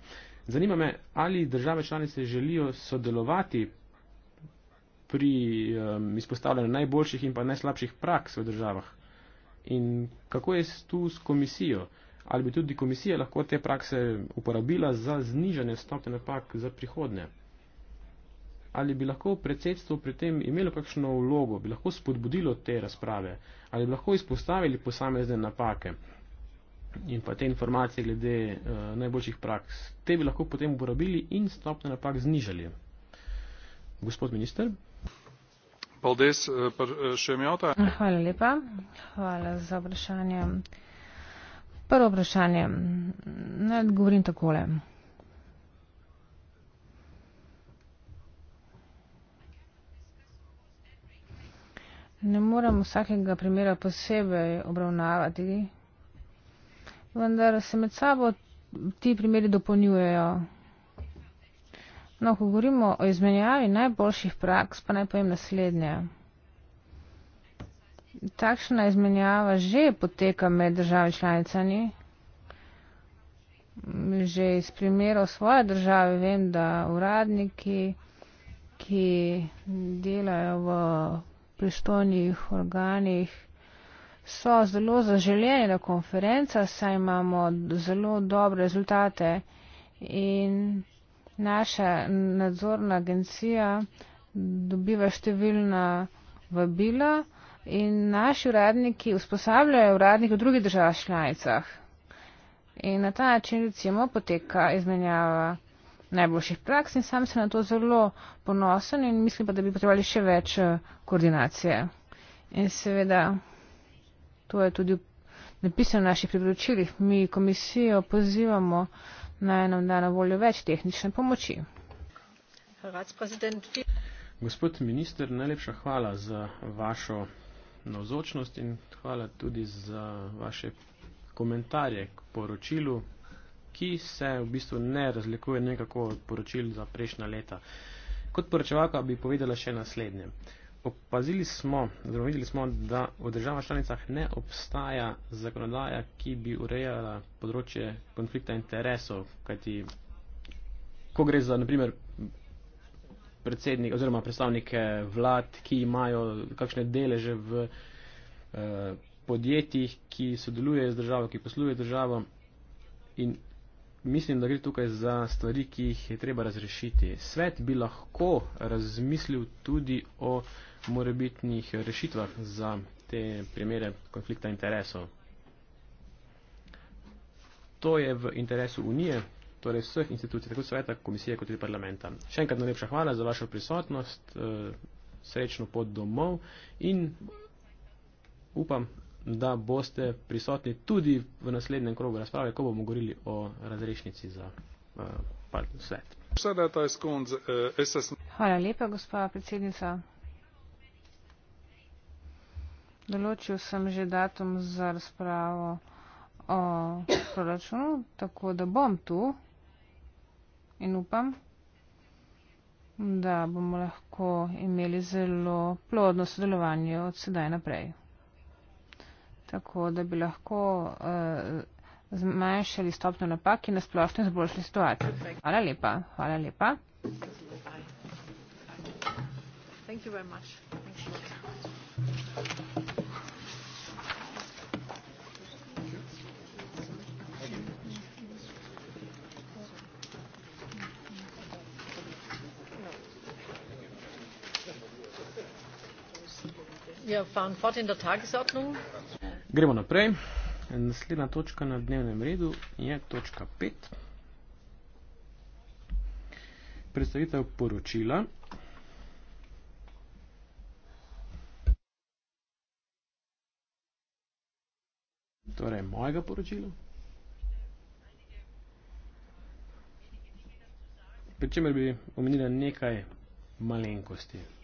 Zanima me, ali države članice želijo sodelovati pri um, izpostavljanju najboljših in pa najslabših praks v državah. In kako je tu s komisijo? Ali bi tudi komisija lahko te prakse uporabila za znižanje stopne napak za prihodnje? Ali bi lahko predsedstvo pri tem imelo kakšno vlogo, bi lahko spodbudilo te razprave, ali bi lahko izpostavili posamezne napake? in pa te informacije glede uh, najboljših praks, te bi lahko potem uporabili in stopne napak znižali. Gospod minister. Paldes, eh, pa eh, še imeta. Hvala lepa. Hvala za vprašanje. Prvo vprašanje. Ne govorim takole. Ne moram vsakega primera posebej obravnavati vendar se med sabo ti primeri dopolnjujejo. No, ko govorimo o izmenjavi najboljših praks, pa naj povem naslednje. Takšna izmenjava že poteka med državami članicami. Že iz primerov svoje države vem, da uradniki, ki delajo v pristojnih organih, so zelo zaželjene na konferenca, saj imamo zelo dobre rezultate in naša nadzorna agencija dobiva številna vabila in naši uradniki usposabljajo uradnike v drugih državah članicah. In na ta način recimo poteka izmenjava najboljših praks in sam sem na to zelo ponosen in mislim pa, da bi potrebovali še več eh, koordinacije. In seveda. To je tudi napisano v naših priporočilih. Mi komisijo pozivamo naj nam da na voljo več tehnične pomoči. Gospod minister, najlepša hvala za vašo navzočnost in hvala tudi za vaše komentarje k poročilu, ki se v bistvu ne razlikuje nekako od poročil za prejšnja leta. Kot poročevalka bi povedala še naslednje. Uh, opazili smo, oziroma videli smo, da v državah članicah ne obstaja zakonodaja, ki bi urejala področje konflikta interesov, kajti ko gre za, naprimer, predsednik oziroma predstavnike vlad, ki imajo kakšne deleže v eh, podjetjih, ki sodelujejo z državo, ki posluje državo in mislim, da gre tukaj za stvari, ki jih je treba razrešiti. Svet bi lahko razmislil tudi o morebitnih rešitvah za te primere konflikta interesov. To je v interesu Unije, torej vseh institucij, tako sveta, komisije kot tudi parlamenta. Še enkrat najlepša hvala za vašo prisotnost, eh, srečno pod domov in upam, da boste prisotni tudi v naslednjem krogu razprave, ko bomo govorili o razrešnici za eh, svet. Hvala lepa, gospa predsednica. Določil sem že datum za razpravo o proračunu, tako da bom tu in upam, da bomo lahko imeli zelo plodno sodelovanje od sedaj naprej. Tako da bi lahko uh, zmanjšali stopno napak in nasplošno izboljšali situacijo. Hvala lepa. Hvala lepa. Thank you very much. Thank you. Gremo naprej. Naslednja točka na dnevnem redu je točka 5. Predstavitev poročila. Torej, mojega poročila. Pri čemer bi omenila nekaj malenkosti.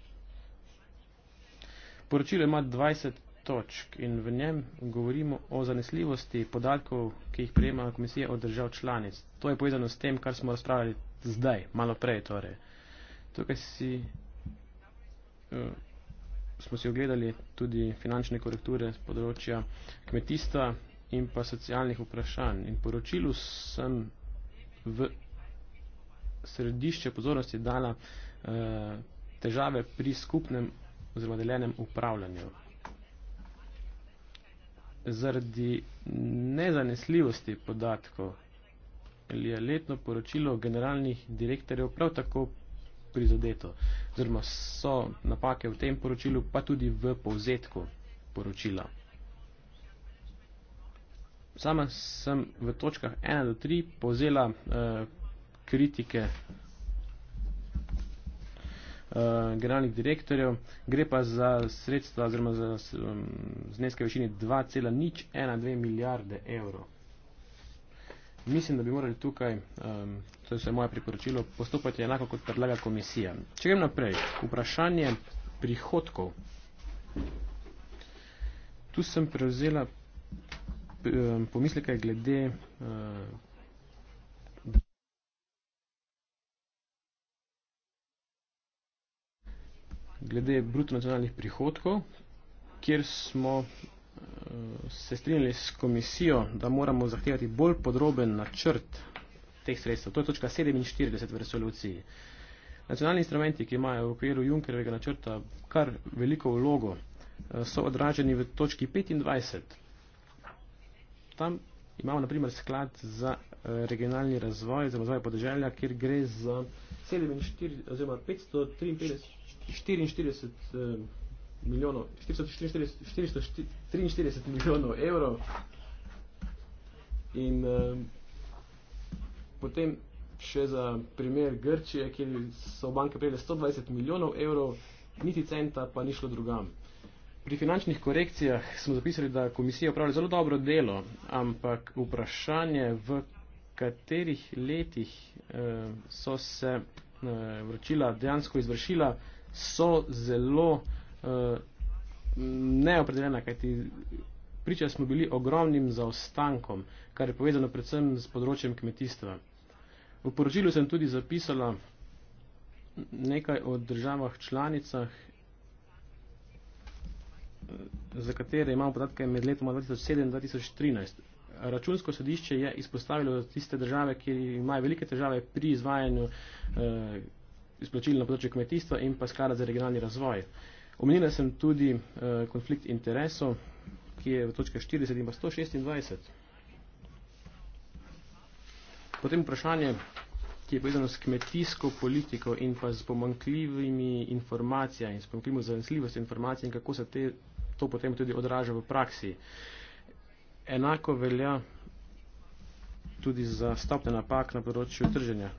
Poročilo ima 20 točk in v njem govorimo o zanesljivosti podatkov, ki jih prejema komisija od držav članic. To je povezano s tem, kar smo razpravljali zdaj, malo prej torej. Tukaj si, uh, smo si ogledali tudi finančne korekture z področja kmetijstva in pa socialnih vprašanj. In poročilu sem v središče pozornosti dala uh, težave pri skupnem oziroma deljenem upravljanju. Zaradi nezanesljivosti podatkov je letno poročilo generalnih direktorjev prav tako prizadeto, oziroma so napake v tem poročilu, pa tudi v povzetku poročila. Sama sem v točkah 1 do 3 povzela eh, kritike Eh, generalnih direktorjev, gre pa za sredstva oziroma za um, zneske višini 2,012 milijarde evrov. Mislim, da bi morali tukaj, um, to je vse moje priporočilo, postopati enako kot predlaga komisija. Če grem naprej, vprašanje prihodkov. Tu sem prevzela pomisleke glede uh, glede brutonacionalnih prihodkov, kjer smo eh, se strinjali s komisijo, da moramo zahtevati bolj podroben načrt teh sredstev. To je točka 47 v resoluciji. Nacionalni instrumenti, ki imajo v okviru Junkerovega načrta kar veliko vlogo, eh, so odraženi v točki 25. Tam imamo na primer sklad za eh, regionalni razvoj, za razvoj podeželja, kjer gre za 47 oziroma 553. 44 eh, milijonov, 443 milijonov evrov in eh, potem še za primer Grčije, kjer so banke prejeli 120 milijonov evrov, niti centa pa ni šlo drugam. Pri finančnih korekcijah smo zapisali, da komisija upravlja zelo dobro delo, ampak vprašanje, v katerih letih eh, so se vročila dejansko izvršila so zelo uh, neopredeljena, kajti priča smo bili ogromnim zaostankom, kar je povezano predvsem s področjem kmetijstva. V poročilu sem tudi zapisala nekaj o državah članicah, eh, za katere imamo podatke med letoma 2007 in 2013. Računsko sodišče je izpostavilo tiste države, ki imajo velike težave pri izvajanju eh, izplačili na področju kmetijstva in pa sklada za regionalni razvoj. Omenila sem tudi uh, konflikt interesov, ki je v točka 40 in pa 126. Potem vprašanje, ki je povezano s kmetijsko politiko in pa z pomankljivimi informacijami in s pomankljivo zanesljivost informacij in kako se te, to potem tudi odraža v praksi. Enako velja tudi za stopne napak na področju trženja.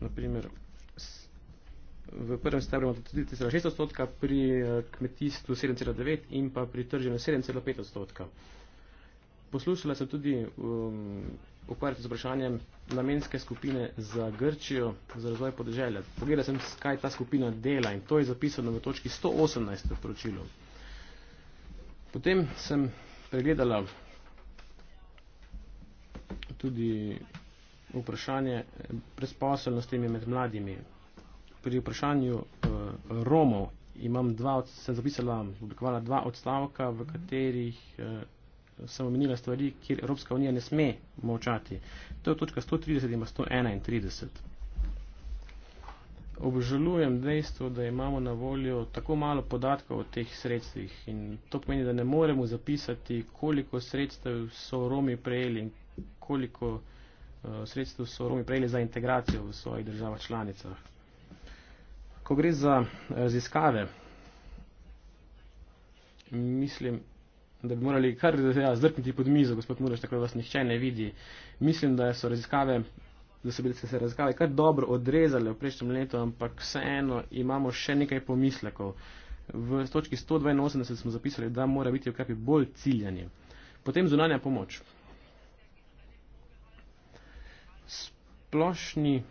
Naprimer, v prvem stebru 3,6 odstotka, pri eh, kmetijstvu 7,9 in pa pri trženju 7,5 odstotka. Poslušala sem tudi um, ukvarjati z vprašanjem namenske skupine za Grčijo, za razvoj podeželja. Pogledala sem, kaj ta skupina dela in to je zapisano v točki 118 v poročilu. Potem sem pregledala tudi vprašanje brezposelnosti med mladimi pri vprašanju uh, Romov imam dva, sem zapisala, oblikovala dva odstavka, v katerih uh, sem omenila stvari, kjer Evropska unija ne sme močati. To je točka 130 in 131. Obžalujem dejstvo, da imamo na voljo tako malo podatkov o teh sredstvih in to pomeni, da ne moremo zapisati, koliko sredstev so Romi prejeli in koliko uh, sredstev so Romi prejeli za integracijo v svojih državah članicah. Ko gre za raziskave, mislim, da bi morali kar ja, zdrpniti pod mizo, gospod Muraš, tako da vas nihče ne vidi. Mislim, da so raziskave, da so bile se raziskave kar dobro odrezale v prejšnjem letu, ampak vseeno imamo še nekaj pomislekov. V točki 182 smo zapisali, da mora biti ukrepi bolj ciljani. Potem zunanja pomoč. Splošni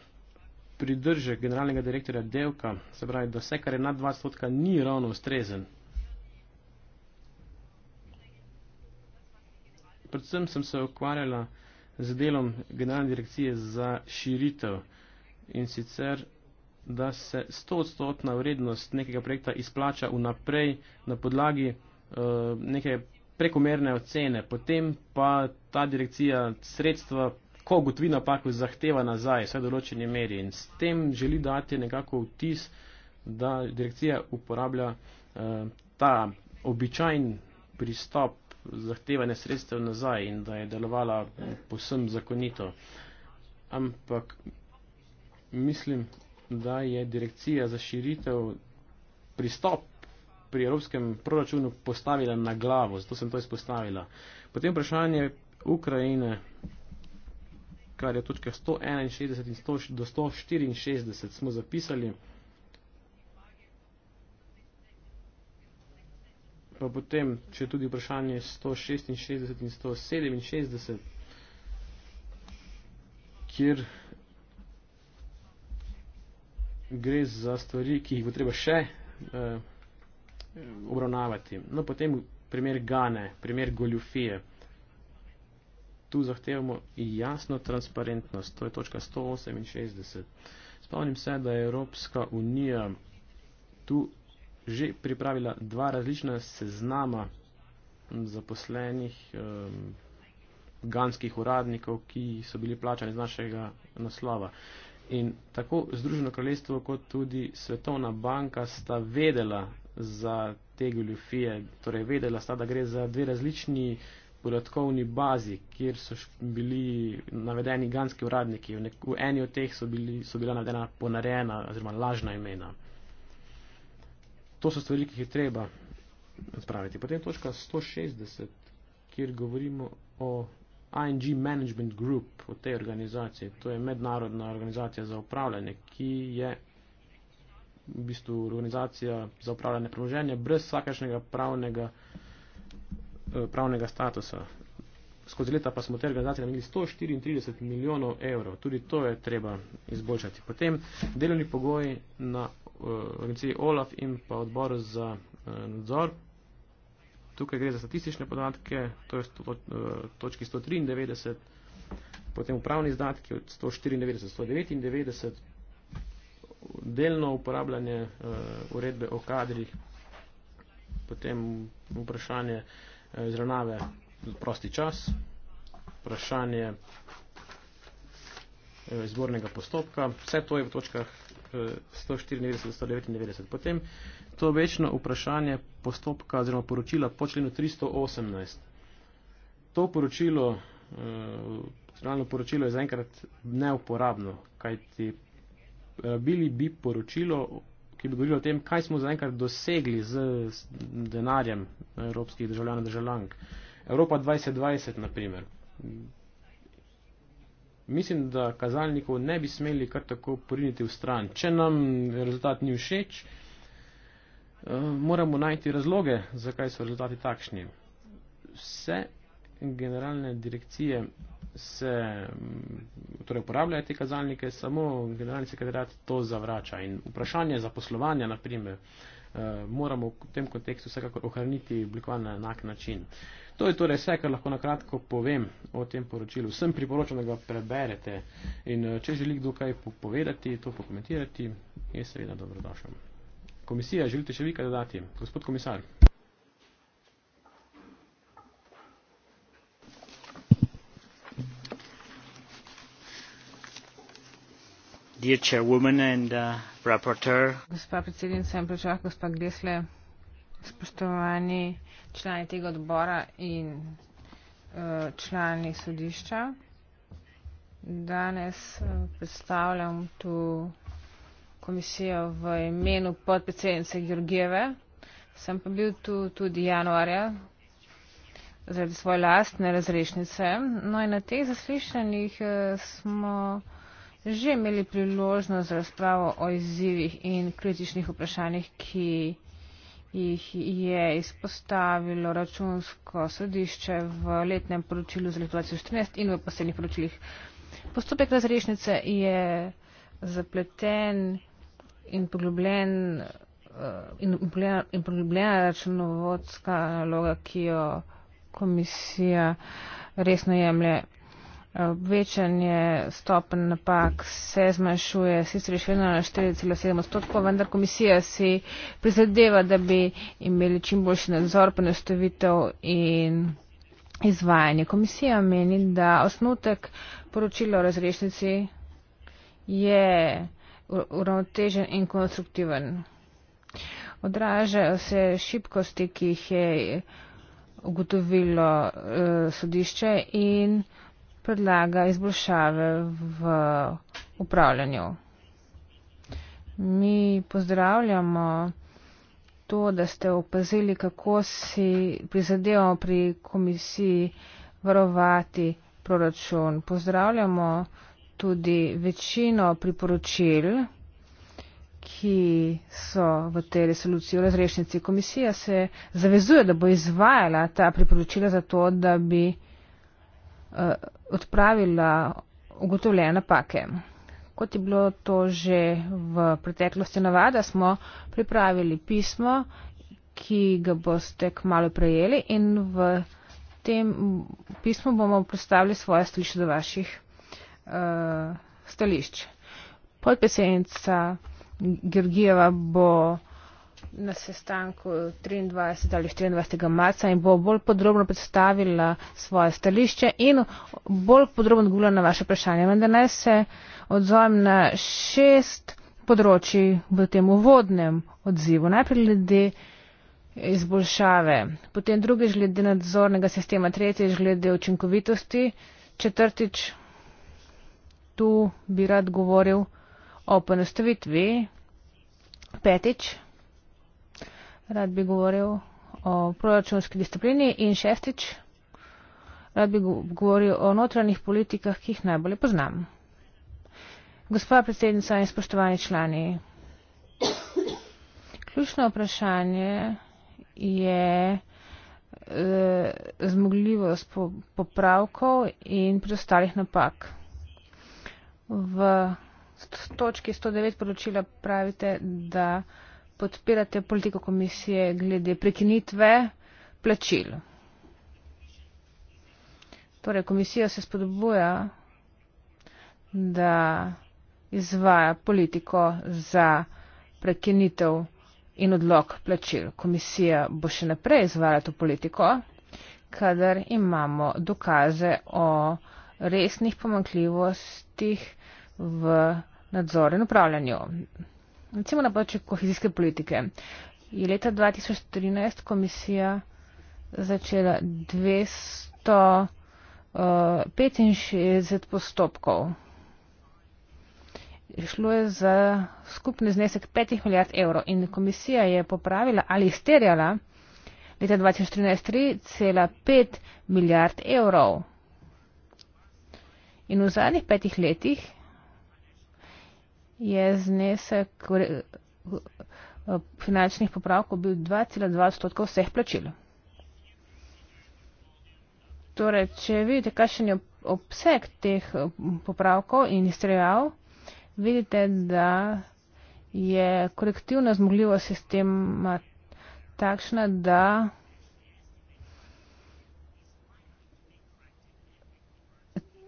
pridržek generalnega direktorja Devka, se pravi, da vse, kar je nad 20 stotka, ni ravno ustrezen. Predvsem sem se ukvarjala z delom generalne direkcije za širitev in sicer, da se 100 odstotna vrednost nekega projekta izplača vnaprej na podlagi uh, neke prekomerne ocene, potem pa ta direkcija sredstva ko ugotovi napako, zahteva nazaj, vsaj določeni meri. In s tem želi dati nekako vtis, da direkcija uporablja eh, ta običajen pristop zahtevanja sredstev nazaj in da je delovala posem zakonito. Ampak mislim, da je direkcija za širitev pristop pri evropskem proračunu postavila na glavo, zato sem to izpostavila. Potem vprašanje Ukrajine, kar je točka 161 in 100, do 164 smo zapisali. Pa potem, če je tudi vprašanje 166 in 167, kjer gre za stvari, ki jih bo treba še eh, obravnavati. No, potem primer gane, primer goljufije tu zahtevamo jasno transparentnost, to je točka 168. Spomnim se, da je Evropska unija tu že pripravila dva različna seznama zaposlenih um, ganskih uradnikov, ki so bili plačani z našega naslova. In tako Združeno kraljestvo kot tudi Svetovna banka sta vedela za te goljufije, torej vedela sta, da gre za dve različni podatkovni bazi, kjer so bili navedeni ganski uradniki. V, nek, v eni od teh so, bili, so bila navedena ponarejena oziroma lažna imena. To so stvari, ki jih je treba spraviti. Potem točka 160, kjer govorimo o ING Management Group, o tej organizaciji. To je mednarodna organizacija za upravljanje, ki je v bistvu organizacija za upravljanje premoženja brez vsakašnega pravnega. Eh, pravnega statusa. Skozi leta pa smo te organizacije namenili 134 milijonov evrov. Tudi to je treba izboljšati. Potem delovni pogoji na eh, agenciji OLAF in pa odboru za eh, nadzor. Tukaj gre za statistične podatke, to je sto, točki 193, potem upravni izdatki od 194, 199, delno uporabljanje uh, uredbe o kadrih, potem vprašanje uh, Eh, izravnave prosti čas, vprašanje eh, izbornega postopka, vse to je v točkah 194-199. Eh, Potem to večno vprašanje postopka oziroma poročila po členu 318. To poročilo, strenalno poročilo je zaenkrat neuporabno, kajti bili bi poročilo ki bi govorili o tem, kaj smo zaenkrat dosegli z denarjem evropskih državljanov in državljank. Evropa 2020, na primer. Mislim, da kazalnikov ne bi smeli kar tako poriniti v stran. Če nam rezultat ni všeč, eh, moramo najti razloge, zakaj so rezultati takšni. Vse generalne direkcije se mm, torej uporabljajo te kazalnike, samo generalni sekretariat to zavrača. In vprašanje zaposlovanja, na primer, eh, moramo v tem kontekstu vsekakor ohraniti oblikovan na enak način. To je torej vse, kar lahko nakratko povem o tem poročilu. Vsem priporočam, da ga preberete in eh, če želi kdo kaj povedati, to pokomentirati, je seveda dobrodošel. Komisija, želite še vi kaj dodati? Gospod komisar. Uh, gospa predsednica in predsednica gospa Gresle, spoštovani člani tega odbora in uh, člani sodišča. Danes uh, predstavljam tu komisijo v imenu podpredsednice Georgijeve. Sem pa bil tu tudi januarja zaradi svoje lastne razrešnice. No in na teh zaslišanjih smo že imeli priložnost za razpravo o izzivih in kritičnih vprašanjih, ki jih je izpostavilo računsko sodišče v letnem poročilu za leto 2014 in v poslednjih poročilih. Postopek razrešnice je zapleten eh, in poglobljen in poglobljena računovodska naloga, ki jo komisija resno jemlje. Večanje stopen napak se zmanjšuje, sicer je še vedno na 4,7 odstotkov, vendar komisija si prizadeva, da bi imeli čim boljši nadzor, ponestavitev in izvajanje. Komisija meni, da osnutek poročila o razrešnici je uravnotežen in konstruktiven. Odražajo se šibkosti, ki jih je ugotovilo uh, sodišče in predlaga izboljšave v upravljanju. Mi pozdravljamo to, da ste opazili, kako si prizadevamo pri komisiji varovati proračun. Pozdravljamo tudi večino priporočil, ki so v tej resoluciji o razrešnici. Komisija se zavezuje, da bo izvajala ta priporočila za to, da bi Eh, odpravila ugotovljene napake. Kot je bilo to že v preteklosti navada, smo pripravili pismo, ki ga boste kmalo prejeli in v tem pismu bomo predstavili svoje stališče do vaših uh, stališč. Podpesenica Georgijeva bo na sestanku 23. ali 24. marca in bo bolj podrobno predstavila svoje stališče in bolj podrobno odgovorila na vaše vprašanje. Vendar naj se odzovem na šest področji v tem uvodnem odzivu. Najprej glede izboljšave, potem drugič glede nadzornega sistema, tretjič glede učinkovitosti, četrtič tu bi rad govoril o ponastavitvi, petič rad bi govoril o proračunski disciplini in šestič, rad bi govoril o notranjih politikah, ki jih najbolje poznam. Gospa predsednica in spoštovani člani, ključno vprašanje je e, zmogljivost popravkov in preostalih napak. V točki 109 poročila pravite, da podpirate politiko komisije glede prekinitve plačil. Torej, komisija se spodbuja, da izvaja politiko za prekinitev in odlog plačil. Komisija bo še naprej izvajala to politiko, kadar imamo dokaze o resnih pomankljivostih v nadzoru in upravljanju recimo na področju kohezijske politike. Je leta 2013 komisija začela 265 eh, postopkov. Šlo je za skupni znesek 5 milijard evrov in komisija je popravila ali izterjala leta 2013 3,5 milijard evrov. In v zadnjih petih letih je znesek finančnih popravkov bil 2,2 odstotka vseh plačil. Torej, če vidite, kakšen je obseg teh popravkov in izstrejav, vidite, da je kolektivna zmogljivost sistema takšna, da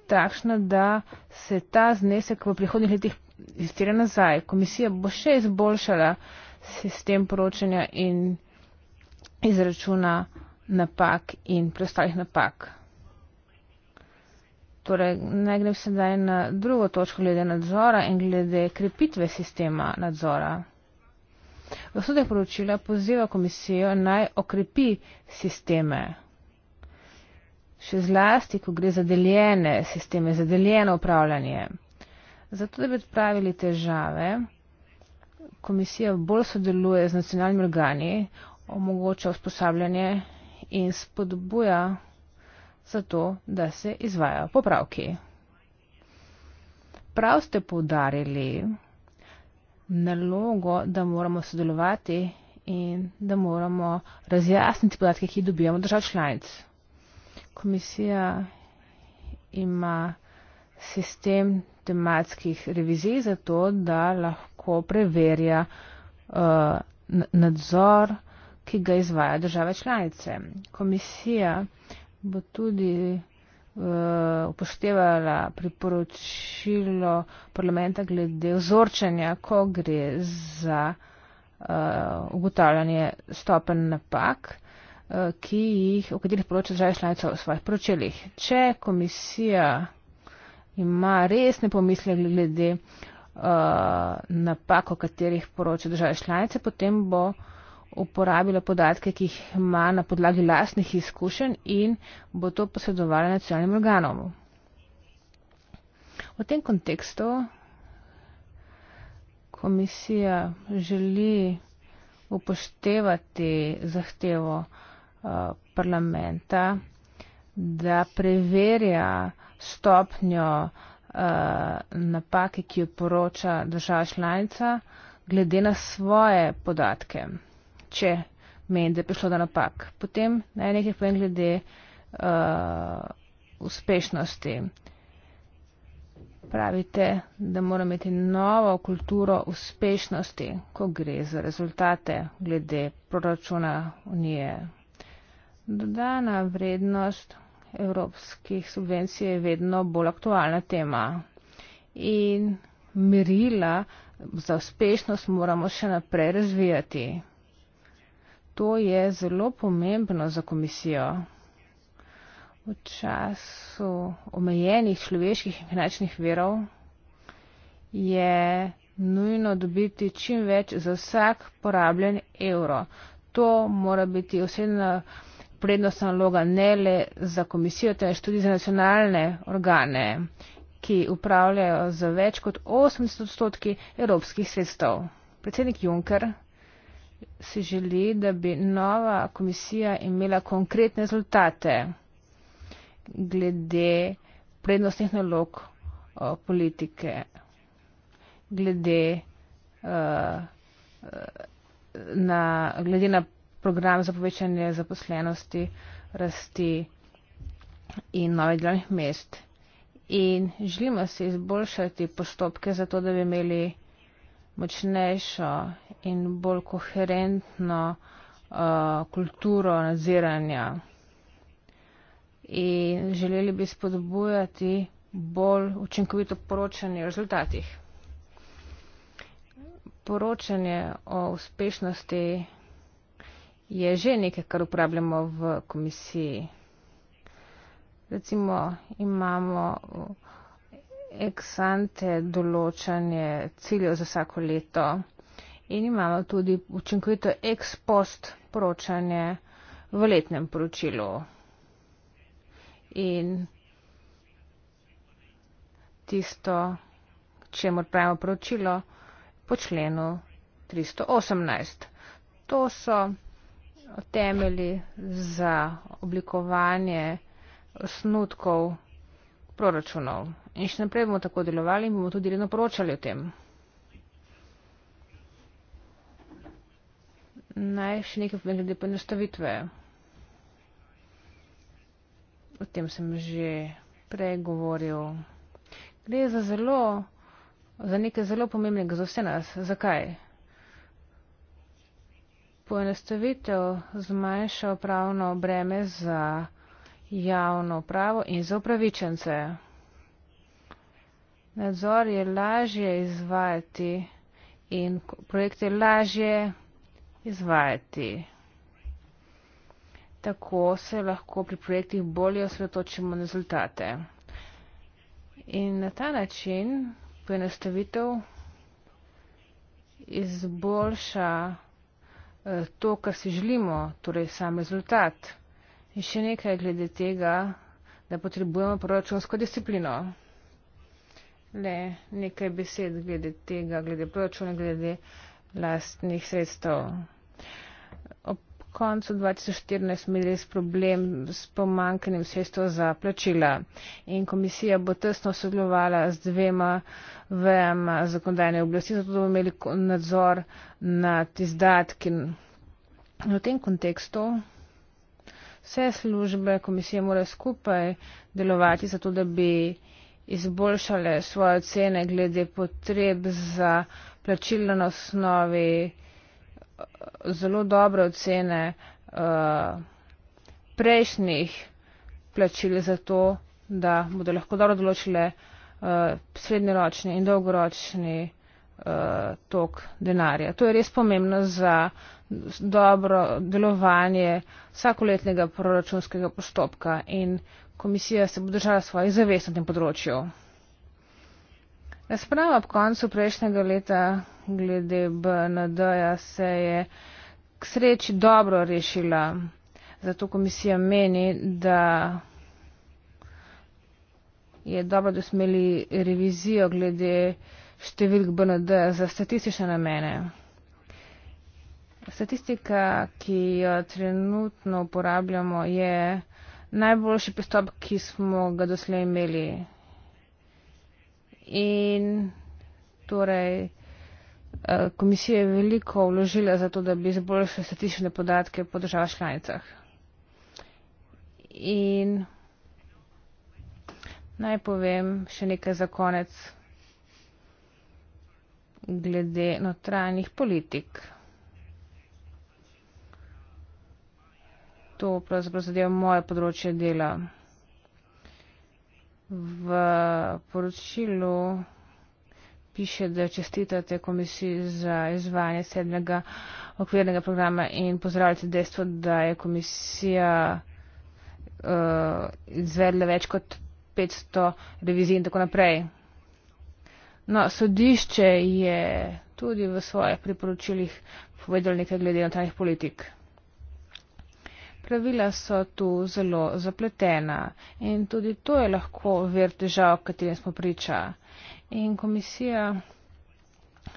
takšna, da se ta znesek v prihodnih letih investira nazaj. Komisija bo še izboljšala sistem poročanja in izračuna napak in preostalih napak. Torej, naj grem sedaj na drugo točko glede nadzora in glede krepitve sistema nadzora. V sodeh poročila poziva komisijo naj okrepi sisteme. Še zlasti, ko gre za deljene sisteme, za deljeno upravljanje. Zato, da bi odpravili težave, komisija bolj sodeluje z nacionalnimi organi, omogoča usposabljanje in spodbuja za to, da se izvajajo popravki. Prav ste poudarili nalogo, da moramo sodelovati in da moramo razjasniti podatke, ki jih dobijamo držav članic. Komisija ima sistem tematskih revizij zato, da lahko preverja uh, nadzor, ki ga izvaja države članice. Komisija bo tudi uh, upoštevala priporočilo parlamenta glede vzorčanja, ko gre za uh, ugotavljanje stopen napak. Uh, ki jih, o katerih poroča države članice v svojih poročilih. Če komisija ima resne pomisle glede uh, napak, o katerih poroča države članice, potem bo uporabila podatke, ki jih ima na podlagi lastnih izkušenj in bo to posredovala nacionalnim organom. V tem kontekstu komisija želi upoštevati zahtevo uh, parlamenta, da preverja, stopnjo eh, napake, ki jo poroča država članica, glede na svoje podatke. Če meni, da je prišlo do napak, potem naj nekaj povem glede eh, uspešnosti. Pravite, da mora imeti novo kulturo uspešnosti, ko gre za rezultate glede proračuna unije. Dodana vrednost evropskih subvencij je vedno bolj aktualna tema. In merila za uspešnost moramo še naprej razvijati. To je zelo pomembno za komisijo. V času omejenih človeških in finančnih verov je nujno dobiti čim več za vsak porabljen evro. To mora biti osebna prednostna vloga ne le za komisijo, temveč tudi za nacionalne organe, ki upravljajo za več kot 80 odstotki evropskih sredstev. Predsednik Juncker si želi, da bi nova komisija imela konkretne rezultate glede prednostnih nalog o, politike, glede, uh, na, glede na program za povečanje zaposlenosti, rasti in nove delovnih mest. In želimo si izboljšati postopke zato, da bi imeli močnejšo in bolj koherentno uh, kulturo nadziranja. In želeli bi spodbujati bolj učinkovito poročanje o rezultatih. Poročanje o uspešnosti je že nekaj, kar uporabljamo v komisiji. Recimo imamo eksante določanje ciljev za vsako leto in imamo tudi učinkovito ekspost poročanje v letnem poročilu. In tisto, če mor pravimo poročilo, po členu 318. To so temelji za oblikovanje snutkov proračunov. In še naprej bomo tako delovali in bomo tudi redno poročali o tem. Naj še nekaj povem glede poenostavitve. O tem sem že prej govoril. Gre za zelo, za nekaj zelo pomembnega za vse nas. Zakaj? poenostavitev zmanjša upravno breme za javno upravo in za upravičence. Nadzor je lažje izvajati in projekte lažje izvajati. Tako se lahko pri projektih bolje osredotočimo na rezultate. In na ta način poenostavitev izboljša to, kar si želimo, torej sam rezultat. In še nekaj glede tega, da potrebujemo proračunsko disciplino. Le nekaj besed glede tega, glede proračuna, glede lastnih sredstev. Ob koncu 2014 imeli problem s pomankanjem sredstev za plačila in komisija bo tesno sodelovala z dvema vejama zakonodajne oblasti, zato bomo imeli nadzor nad izdatki. V tem kontekstu vse službe komisije morajo skupaj delovati, zato da bi izboljšale svoje cene glede potreb za plačilo na osnovi zelo dobre ocene uh, prejšnjih plačil za to, da bodo lahko dobro določile uh, srednjeročni in dolgoročni uh, tok denarja. To je res pomembno za dobro delovanje vsakoletnega proračunskega postopka in komisija se bo držala svojih zavez na tem področju. Razprava ob koncu prejšnjega leta glede BND-ja se je k sreči dobro rešila. Zato komisija meni, da je dobro, da smo imeli revizijo glede številk BND za statistične namene. Statistika, ki jo trenutno uporabljamo, je najboljši pristop, ki smo ga doslej imeli. In torej Eh, komisija je veliko vložila za to, da bi izboljšala statistične podatke po državah članicah. In naj povem še nekaj za konec glede notranjih politik. To pravzaprav zadeva moje področje dela. V poročilu piše, da čestitate komisiji za izvajanje sedmega okvirnega programa in pozdravljate dejstvo, da je komisija uh, izvedla več kot 500 revizij in tako naprej. No, sodišče je tudi v svojih priporočilih povedalo nekaj glede notranjih politik. Pravila so tu zelo zapletena in tudi to je lahko ver težav, katerim smo priča in komisija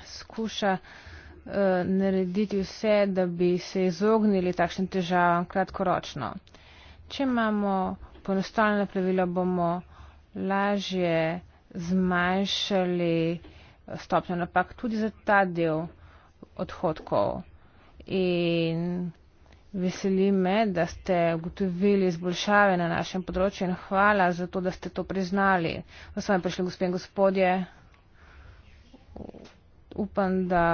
skuša uh, narediti vse, da bi se izognili takšnim težavam kratkoročno. Če imamo ponostalna pravila, bomo lažje zmanjšali stopnjo napak tudi za ta del odhodkov. In Veseli me, da ste ugotovili izboljšave na našem področju in hvala za to, da ste to priznali. V svoje prišli gospe in gospodje. Upam, da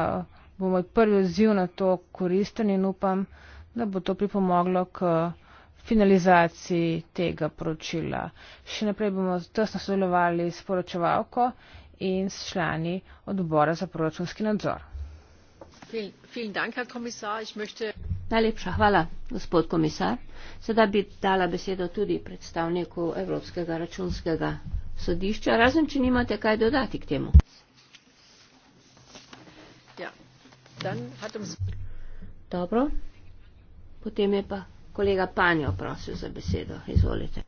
bo moj prvi odziv na to koristen in upam, da bo to pripomoglo k finalizaciji tega poročila. Še naprej bomo tesno sodelovali s poročevalko in s člani odbora za proračunski nadzor. Vielen, vielen Dank, Herr Kommissar. Ich möchte Najlepša hvala, gospod komisar. Sedaj bi dala besedo tudi predstavniku Evropskega računskega sodišča, razen če nimate kaj dodati k temu. Ja, Dobro, potem je pa kolega Panjo prosil za besedo. Izvolite.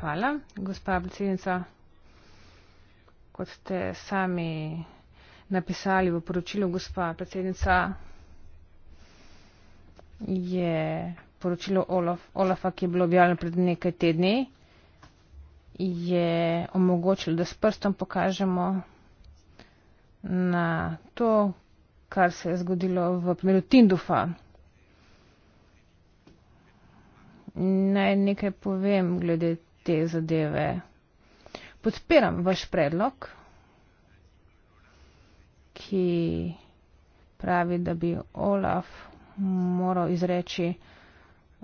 Hvala, gospa predsednica. Kot ste sami napisali v poročilu, gospa predsednica, je poročilo Olaf, Olafa, ki je bilo objavljeno pred nekaj tedni, je omogočilo, da s prstom pokažemo na to, kar se je zgodilo v primeru Tindufa. Naj nekaj povem glede te zadeve. Podpiram vaš predlog ki pravi, da bi Olaf moral izreči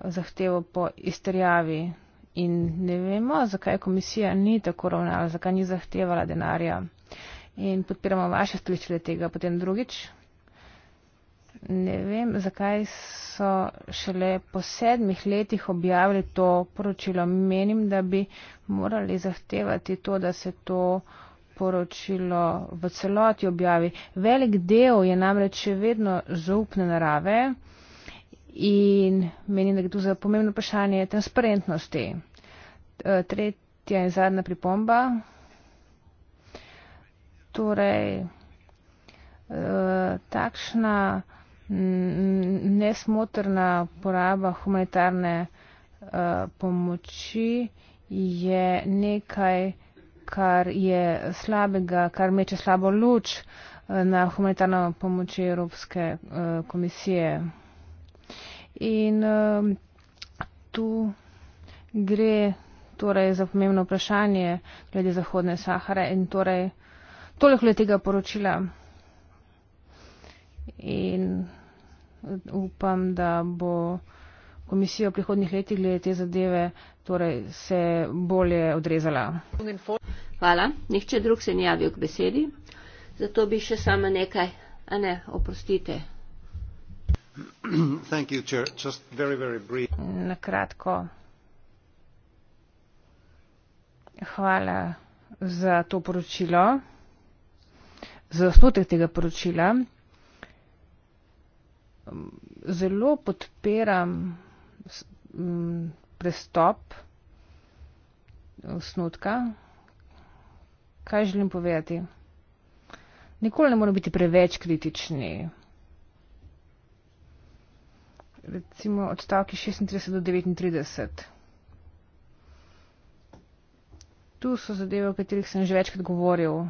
zahtevo po izterjavi. In ne vemo, zakaj komisija ni tako ravnala, zakaj ni zahtevala denarja. In podpiramo vaše stoličile tega. Potem drugič, ne vem, zakaj so šele po sedmih letih objavili to poročilo. Menim, da bi morali zahtevati to, da se to poročilo v celoti objavi. Velik del je namreč še vedno zaupne narave in meni je to za pomembno vprašanje transparentnosti. E, tretja in zadnja pripomba. Torej, e, takšna nesmotrna poraba humanitarne e, pomoči je nekaj, kar je slabega, kar meče slabo luč eh, na humanitarno pomoč Evropske eh, komisije. In eh, tu gre torej za pomembno vprašanje glede Zahodne Sahare in torej toliko je tega poročila. In upam, da bo komisija v prihodnih letih glede te zadeve torej se bolje odrezala. Hvala. Nihče drug se ni javil k besedi. Zato bi še samo nekaj. A ne, oprostite. You, very, very Na kratko. Hvala za to poročilo, za osnutek tega poročila. Zelo podpiram prestop osnutka. Kaj želim povedati? Nikoli ne moramo biti preveč kritični. Recimo odstavki 36 do 39. Tu so zadeve, o katerih sem že večkrat govoril.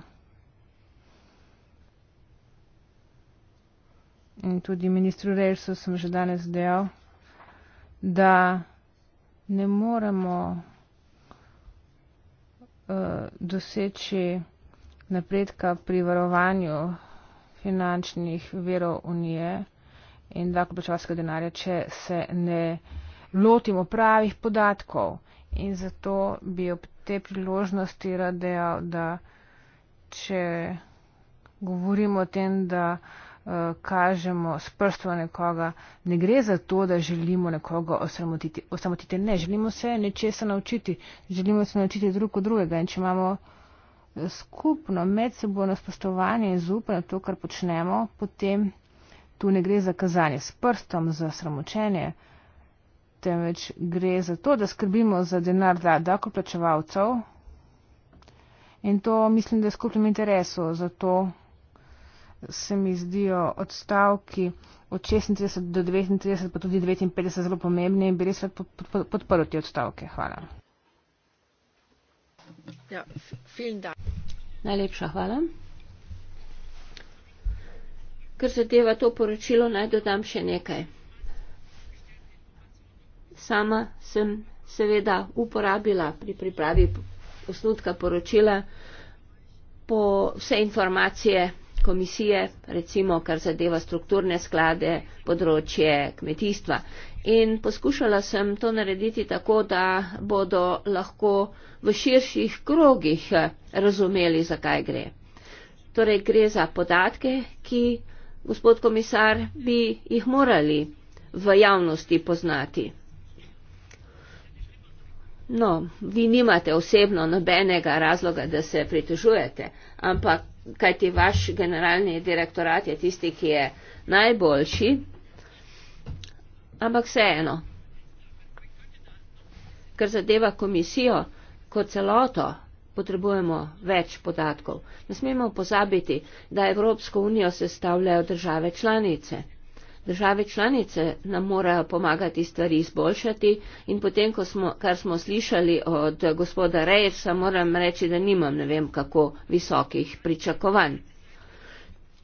In tudi ministru Rejsu sem že danes dejal, da ne moremo uh, doseči napredka pri varovanju finančnih verov unije in da kopičevalske denarje, če se ne lotimo pravih podatkov. In zato bi ob te priložnosti rad dejal, da če govorimo o tem, da kažemo s prstom nekoga. Ne gre za to, da želimo nekoga osramotiti. osramotiti. Ne, želimo se nečesa naučiti, želimo se naučiti drug od drugega. In če imamo eh, skupno medsebojno spoštovanje in zaupanje v to, kar počnemo, potem tu ne gre za kazanje s prstom, za sramočenje, temveč gre za to, da skrbimo za denar davkoplačevalcev. In to mislim, da je skupnem interesu, zato se mi zdijo odstavki od 36 do 39, pa tudi 59 zelo pomembni in bi res rad podprl te odstavke. Hvala. Ja, film da. Najlepša hvala. Ker zadeva to poročilo, naj dodam še nekaj. Sama sem seveda uporabila pri pripravi osnutka poročila po vse informacije, komisije, recimo kar zadeva strukturne sklade, področje kmetijstva. In poskušala sem to narediti tako, da bodo lahko v širših krogih razumeli, zakaj gre. Torej gre za podatke, ki, gospod komisar, bi jih morali v javnosti poznati. No, vi nimate osebno nobenega razloga, da se pritožujete, ampak kajti vaš generalni direktorat je tisti, ki je najboljši. Ampak vseeno, kar zadeva komisijo kot celoto, potrebujemo več podatkov. Ne smemo pozabiti, da Evropsko unijo sestavljajo države članice. Države članice nam morajo pomagati stvari izboljšati in potem, smo, kar smo slišali od gospoda Rejca, moram reči, da nimam ne vem kako visokih pričakovanj.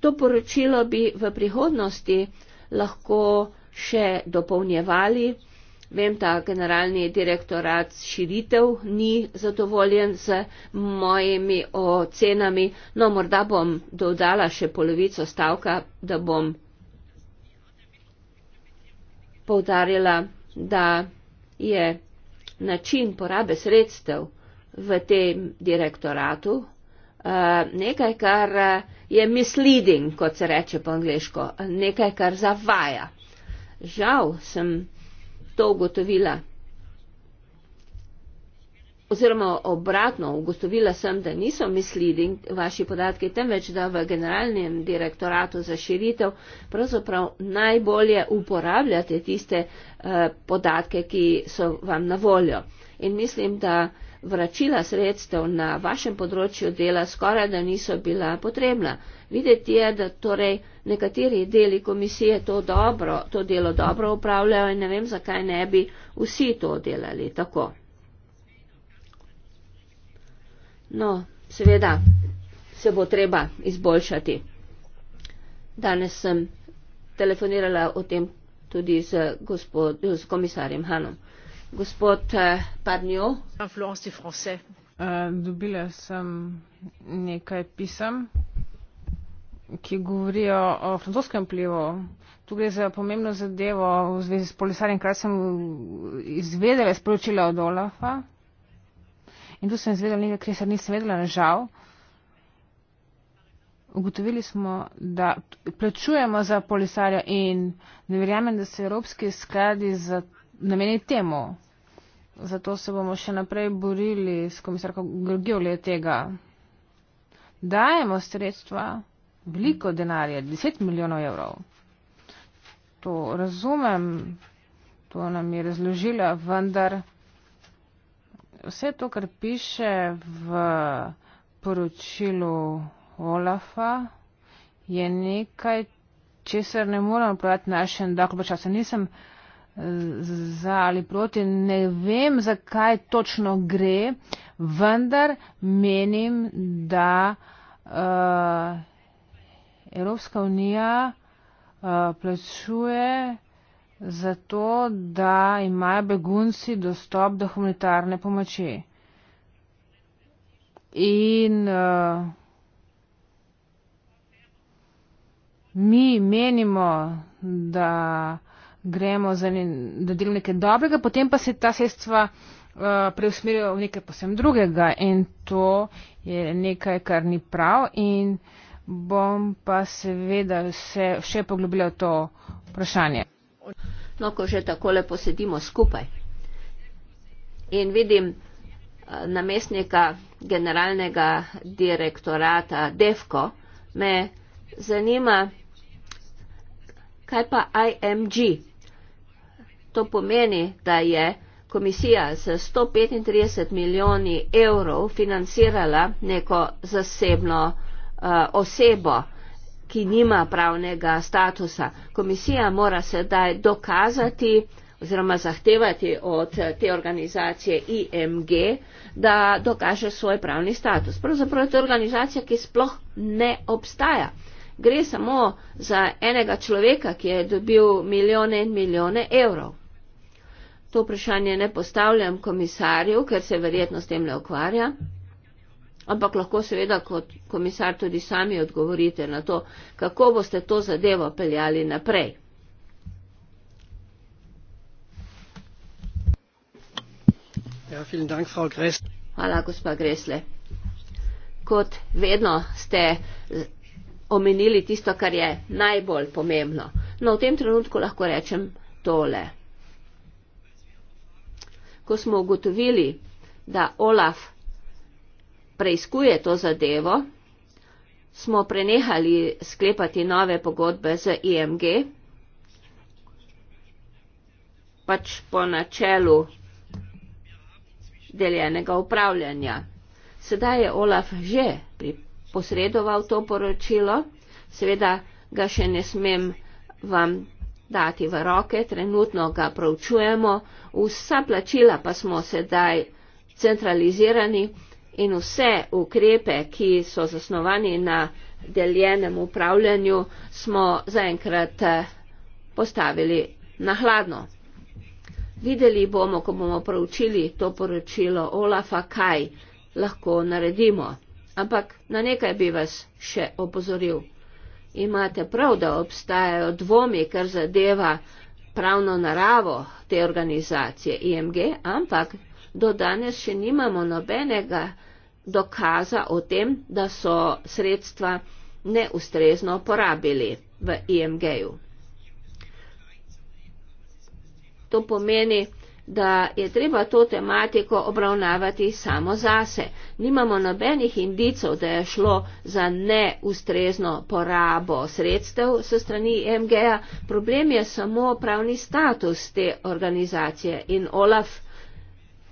To poročilo bi v prihodnosti lahko še dopolnjevali. Vem, da generalni direktorat širitev ni zadovoljen z mojimi ocenami, no morda bom dodala še polovico stavka, da bom poudarjala, da je način porabe sredstev v tem direktoratu eh, nekaj, kar eh, je misleading, kot se reče po angliško, nekaj, kar zavaja. Žal sem to ugotovila oziroma obratno, ugotovila sem, da niso mislili vaši podatki, temveč da v generalnem direktoratu za širitev pravzaprav najbolje uporabljate tiste eh, podatke, ki so vam na voljo. In mislim, da vračila sredstev na vašem področju dela skoraj da niso bila potrebna. Videti je, da torej nekateri deli komisije to, dobro, to delo dobro upravljajo in ne vem, zakaj ne bi vsi to delali tako. No, seveda se bo treba izboljšati. Danes sem telefonirala o tem tudi z, gospod, z komisarjem Hanom. Gospod eh, Parnjo. Eh, dobila sem nekaj pisem, ki govorijo o francoskem plivu. Tu gre za pomembno zadevo v zvezi s polisarjem, kar sem izvedela, sporočila od Olafa. In tu sem izvedela nekaj, kar nisem vedela, nažal. Ugotovili smo, da plačujemo za polisarja in ne verjamem, da se evropski skladi za namene temu. Zato se bomo še naprej borili s komisarko Gorgiolje tega. Dajemo sredstva, veliko denarja, 10 milijonov evrov. To razumem, to nam je razložila, vendar vse to, kar piše v poročilu Olafa, je nekaj, česar ne moramo praviti našem dolgo časa. Nisem eh, za ali proti, ne vem, zakaj točno gre, vendar menim, da uh, Evropska unija uh, plačuje zato da imajo begunci dostop do humanitarne pomoči. In uh, mi menimo, da gremo za ne, da nekaj dobrega, potem pa se ta sredstva uh, preusmerijo v nekaj posebno drugega in to je nekaj, kar ni prav in bom pa seveda se še poglobila v to vprašanje. No, ko že takole posedimo skupaj in vidim eh, namestnika generalnega direktorata DEFCO, me zanima, kaj pa IMG. To pomeni, da je komisija z 135 milijoni evrov financirala neko zasebno uh, osebo ki nima pravnega statusa. Komisija mora sedaj dokazati oziroma zahtevati od te organizacije IMG, da dokaže svoj pravni status. Pravzaprav je to organizacija, ki sploh ne obstaja. Gre samo za enega človeka, ki je dobil milijone in milijone evrov. To vprašanje ne postavljam komisarju, ker se verjetno s tem ne ukvarja, Ampak lahko seveda kot komisar tudi sami odgovorite na to, kako boste to zadevo peljali naprej. Ja, dank, Hvala, gospa Gresle. Kot vedno ste omenili tisto, kar je najbolj pomembno. No, v tem trenutku lahko rečem tole. Ko smo ugotovili, da Olaf preizkuje to zadevo, smo prenehali sklepati nove pogodbe z IMG, pač po načelu deljenega upravljanja. Sedaj je Olaf že posredoval to poročilo, seveda ga še ne smem vam dati v roke, trenutno ga proučujemo, vsa plačila pa smo sedaj centralizirani, in vse ukrepe, ki so zasnovani na deljenem upravljanju, smo zaenkrat eh, postavili na hladno. Videli bomo, ko bomo pravčili to poročilo Olafa, kaj lahko naredimo. Ampak na nekaj bi vas še opozoril. Imate prav, da obstajajo dvomi, kar zadeva pravno naravo te organizacije IMG, ampak do danes še nimamo nobenega dokaza o tem, da so sredstva neustrezno porabili v IMG-ju. To pomeni, da je treba to tematiko obravnavati samo zase. Nimamo nobenih indicov, da je šlo za neustrezno porabo sredstev s strani MGA. Problem je samo pravni status te organizacije in OLAF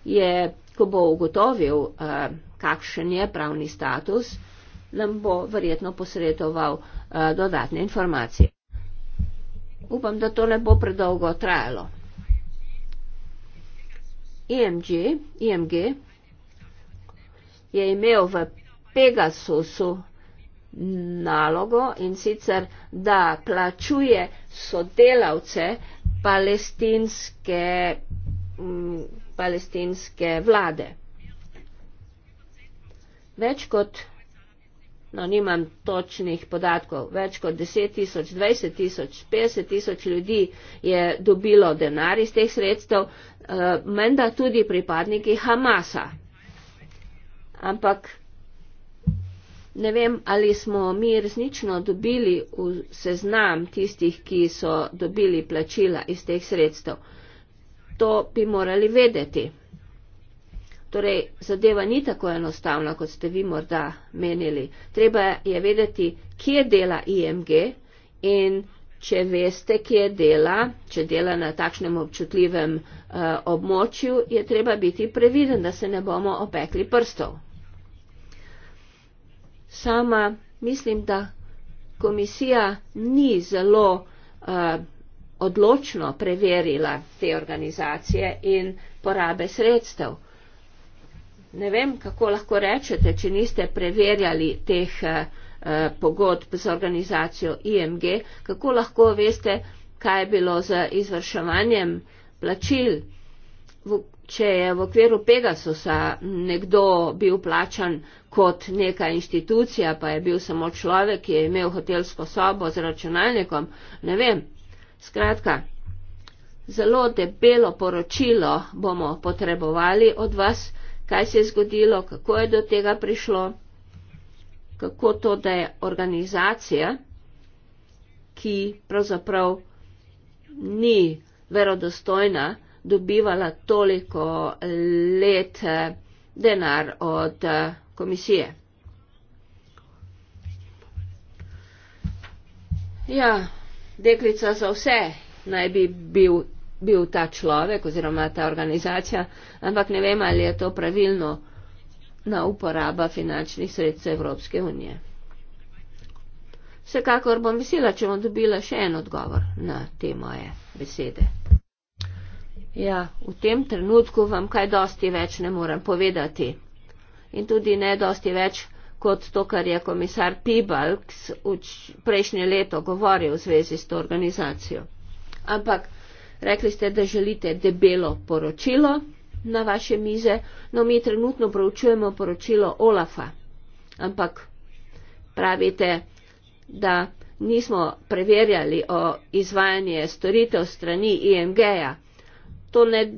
je, ko bo ugotovil, eh, kakšen je pravni status, nam bo verjetno posredoval eh, dodatne informacije. Upam, da to ne bo predolgo trajalo. IMG, e IMG e je imel v Pegasusu nalogo in sicer, da plačuje sodelavce palestinske mm, palestinske vlade. Več kot, no nimam točnih podatkov, več kot 10 tisoč, 20 tisoč, 50 tisoč ljudi je dobilo denar iz teh sredstev, uh, menda tudi pripadniki Hamasa. Ampak ne vem, ali smo mi resnično dobili v seznam tistih, ki so dobili plačila iz teh sredstev. Uh, to bi morali vedeti. Torej, zadeva ni tako enostavna, kot ste vi morda menili. Treba je vedeti, kje dela IMG in če veste, kje dela, če dela na takšnem občutljivem uh, območju, je treba biti previden, da se ne bomo opekli prstov. Sama mislim, da komisija ni zelo. Uh, odločno preverila te organizacije in porabe sredstev. Ne vem, kako lahko rečete, če niste preverjali teh uh, pogodb z organizacijo IMG, kako lahko veste, kaj je bilo z izvrševanjem plačil, v, če je v okviru Pegasusa nekdo bil plačan kot neka institucija, pa je bil samo človek, ki je imel hotelsko sobo z računalnikom, ne vem, Skratka, zelo debelo poročilo bomo potrebovali od vas, kaj se je zgodilo, kako je do tega prišlo, kako to, da je organizacija, ki pravzaprav ni verodostojna, dobivala toliko let eh, denar od eh, komisije. Ja, Deklica za vse naj bi bil, bil ta človek oziroma ta organizacija, ampak ne vem, ali je to pravilno na uporaba finančnih sredstev Evropske unije. Vsekakor bom vesela, če bom dobila še en odgovor na te moje besede. Ja, v tem trenutku vam kaj dosti več ne morem povedati. In tudi ne dosti več kot to, kar je komisar Pibalks prejšnje leto govoril v zvezi s to organizacijo. Ampak rekli ste, da želite debelo poročilo na vaše mize. No, mi trenutno proučujemo poročilo Olafa. Ampak pravite, da nismo preverjali o izvajanje storitev strani IMG-ja. To ne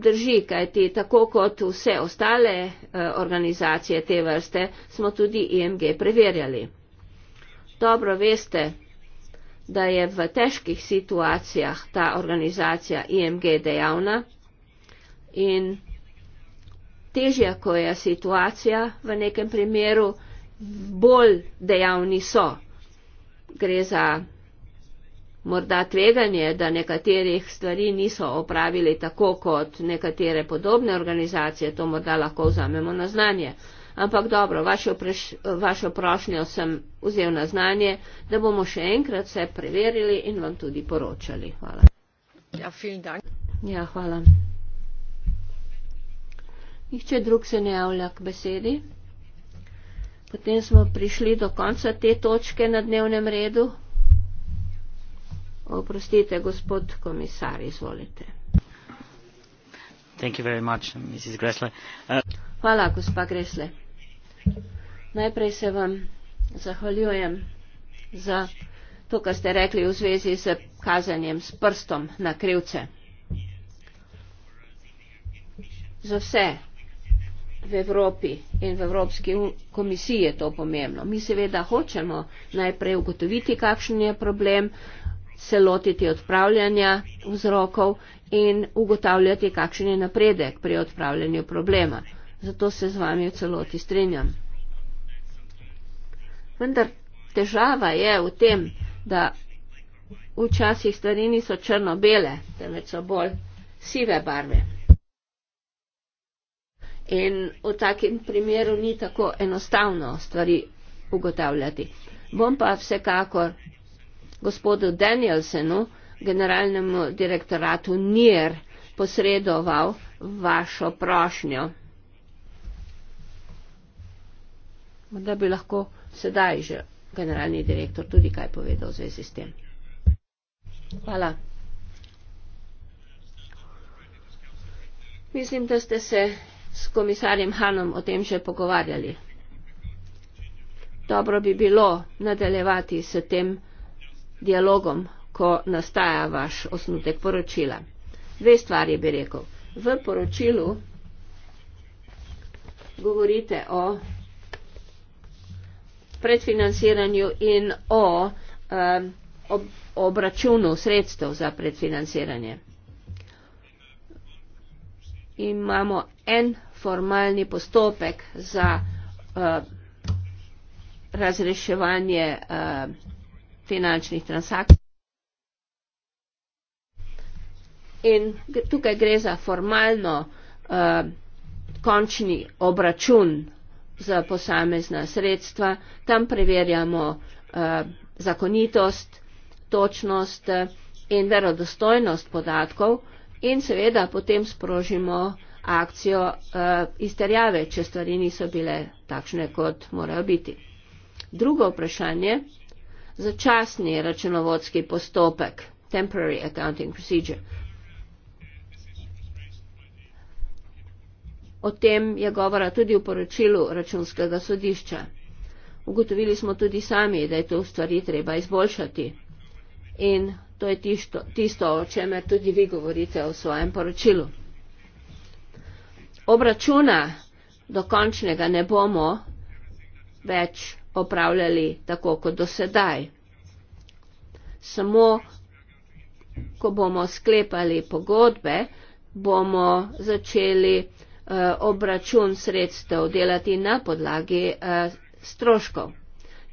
drži, kajti tako kot vse ostale eh, organizacije te vrste smo tudi IMG preverjali. Dobro veste, da je v težkih situacijah ta organizacija IMG dejavna in težja, ko je situacija v nekem primeru, bolj dejavni so. Gre za morda tveganje, da nekaterih stvari niso opravili tako kot nekatere podobne organizacije, to morda lahko vzamemo na znanje. Ampak dobro, vašo, preš, vašo prošnjo sem vzel na znanje, da bomo še enkrat vse preverili in vam tudi poročali. Hvala. Ja, ja hvala. Nihče drug se ne javlja k besedi. Potem smo prišli do konca te točke na dnevnem redu. Oprostite, gospod komisar, izvolite. Much, uh, Hvala, gospa Gresle. Najprej se vam zahvaljujem za to, kar ste rekli v zvezi s kazanjem s prstom na krivce. Za vse v Evropi in v Evropski komisiji je to pomembno. Mi seveda hočemo najprej ugotoviti, kakšen je problem, se lotiti odpravljanja vzrokov in ugotavljati, kakšen je napredek pri odpravljanju problema. Zato se z vami v celoti strinjam. Vendar težava je v tem, da včasih stvari niso črno-bele, temveč so bolj sive barve. In v takem primeru ni tako enostavno stvari ugotavljati. Bom pa vsekakor gospodu Danielsenu, generalnemu direktoratu NIR, posredoval vašo prošnjo. Morda bi lahko sedaj že generalni direktor tudi kaj povedal v zvezi s tem. Hvala. Mislim, da ste se s komisarjem Hanom o tem že pogovarjali. Dobro bi bilo nadaljevati s tem, dialogom, ko nastaja vaš osnutek poročila. Dve stvari bi rekel. V poročilu govorite o predfinanciranju in o um, ob, obračunu sredstev za predfinanciranje. Imamo en formalni postopek za uh, razreševanje uh, finančnih transakcij. In tukaj gre za formalno uh, končni obračun za posamezna sredstva. Tam preverjamo uh, zakonitost, točnost eh, in verodostojnost podatkov in seveda potem sprožimo akcijo uh, izterjave, če stvari niso bile takšne, kot morajo biti. Drugo vprašanje začasni računovodski postopek, temporary accounting procedure. O tem je govora tudi v poročilu računskega sodišča. Ugotovili smo tudi sami, da je to stvari treba izboljšati. In to je tisto, tisto o čemer tudi vi govorite v svojem poročilu. Obračuna dokončnega ne bomo več opravljali tako kot do sedaj. Samo, ko bomo sklepali pogodbe, bomo začeli eh, obračun sredstev delati na podlagi eh, stroškov.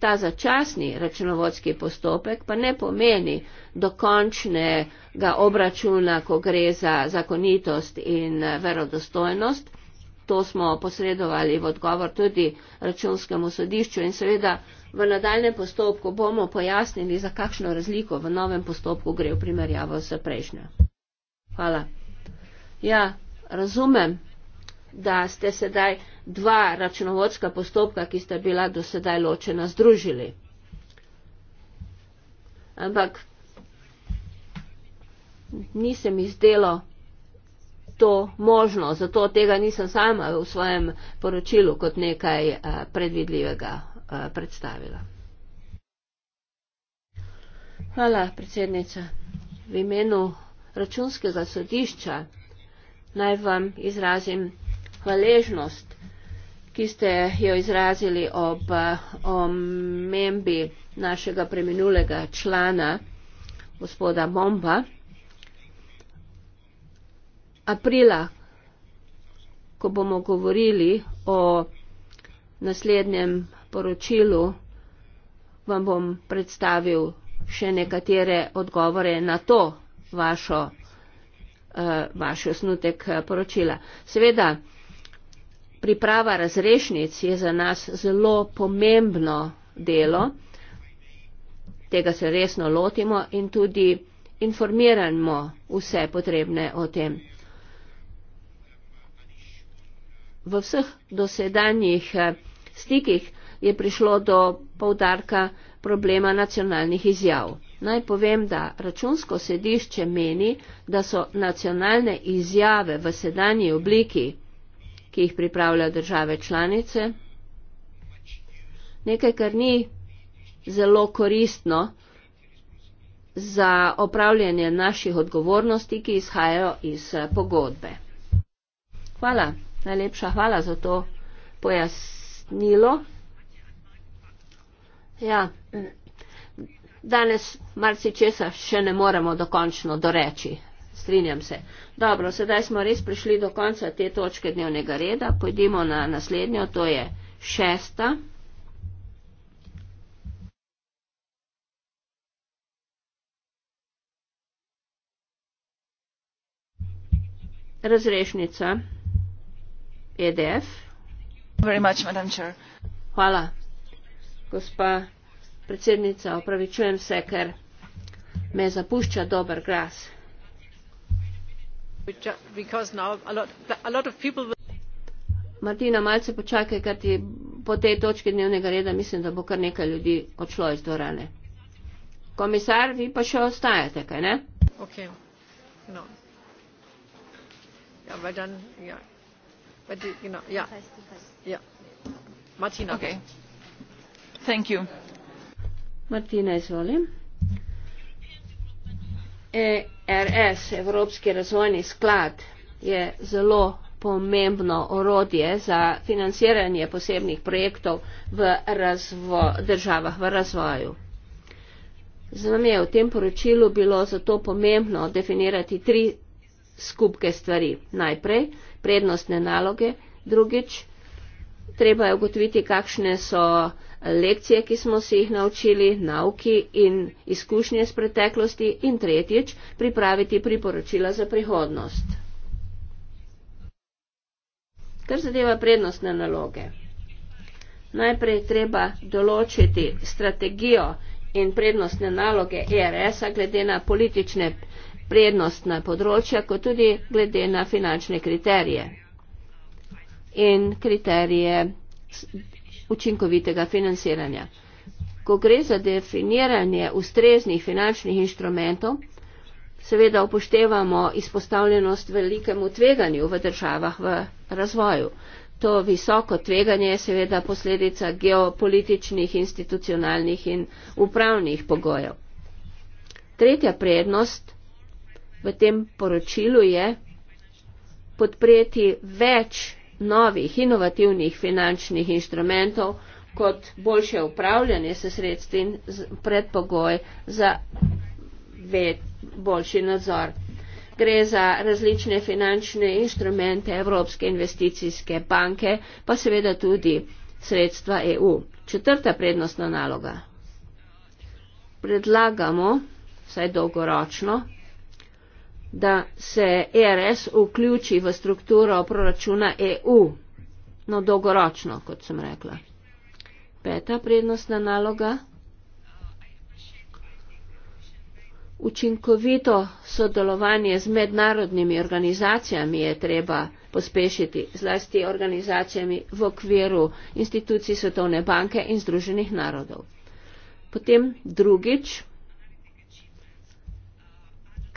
Ta začasni računovodski postopek pa ne pomeni dokončnega obračuna, ko gre za zakonitost in eh, verodostojnost. To smo posredovali v odgovor tudi računskemu sodišču in seveda v nadaljem postopku bomo pojasnili, za kakšno razliko v novem postopku gre v primerjavo s prejšnjo. Hvala. Ja, razumem, da ste sedaj dva računovodska postopka, ki sta bila do sedaj ločena, združili. Ampak ni se mi zdelo, to možno, zato tega nisem sama v svojem poročilu kot nekaj eh, predvidljivega eh, predstavila. Hvala, predsednica. V imenu računskega sodišča naj vam izrazim hvaležnost, ki ste jo izrazili ob eh, omembi našega preminulega člana, gospoda Bomba aprila, ko bomo govorili o naslednjem poročilu, vam bom predstavil še nekatere odgovore na to vašo, uh, vaš osnutek eh, poročila. Seveda, priprava razrešnic je za nas zelo pomembno delo, tega se resno lotimo in tudi informiramo vse potrebne o tem. v vseh dosedanjih eh, stikih je prišlo do povdarka problema nacionalnih izjav. Naj povem, da računsko sedišče meni, da so nacionalne izjave v sedanji obliki, ki jih pripravljajo države članice, nekaj, kar ni zelo koristno za opravljanje naših odgovornosti, ki izhajajo iz eh, pogodbe. Hvala. Najlepša hvala za to pojasnilo. Ja, danes marci česa še ne moremo dokončno doreči. Strinjam se. Dobro, sedaj smo res prišli do konca te točke dnevnega reda. Pojdimo na naslednjo, to je šesta. Razrešnica edf very much madam chair hvala gospa predsednica opravičujem se ker me zapušča dober glas Martina, malce počakaj, ker ti po tej točki dnevnega reda mislim, da bo kar nekaj ljudi odšlo iz dvorane. Komisar, vi pa še ostajate, kaj ne? Okay. No. Ja, ers e evropski razvojni sklad je zelo pomembno orodje za financiranje posebnih projektov v razvo, državah v razvoju. Z nami je v tem poročilu bilo zato pomembno definirati tri skupke stvari. Najprej prednostne naloge, drugič, treba je ugotoviti, kakšne so lekcije, ki smo si jih naučili, nauki in izkušnje z preteklosti in tretjič, pripraviti priporočila za prihodnost. Kar zadeva prednostne naloge. Najprej treba določiti strategijo in prednostne naloge ERS-a glede na politične prednostna področja, kot tudi glede na finančne kriterije in kriterije učinkovitega financiranja. Ko gre za definiranje ustreznih finančnih inštrumentov, seveda upoštevamo izpostavljenost velikemu tveganju v državah v razvoju. To visoko tveganje je seveda posledica geopolitičnih, institucionalnih in upravnih pogojev. Tretja prednost v tem poročilu je podpreti več novih inovativnih finančnih inštrumentov kot boljše upravljanje se sredstvi in predpogoj za ved, boljši nadzor. Gre za različne finančne inštrumente Evropske investicijske banke, pa seveda tudi sredstva EU. Četrta prednostna naloga. Predlagamo, saj dolgoročno, da se ERS vključi v strukturo proračuna EU, no dolgoročno, kot sem rekla. Peta prednostna naloga. Učinkovito sodelovanje z mednarodnimi organizacijami je treba pospešiti, zlasti organizacijami v okviru institucij Svetovne banke in Združenih narodov. Potem drugič,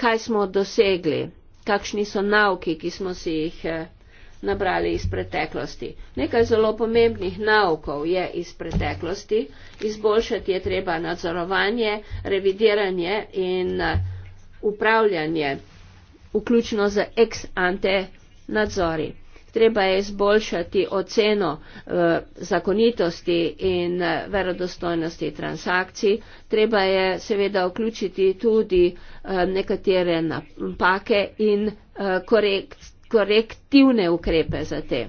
kaj smo dosegli, kakšni so nauki, ki smo si jih eh, nabrali iz preteklosti. Nekaj zelo pomembnih naukov je iz preteklosti. Izboljšati je treba nadzorovanje, revidiranje in eh, upravljanje, vključno z ex ante nadzori treba je izboljšati oceno uh, zakonitosti in uh, verodostojnosti transakcij, treba je seveda vključiti tudi uh, nekatere napake in uh, korekt, korektivne ukrepe za te.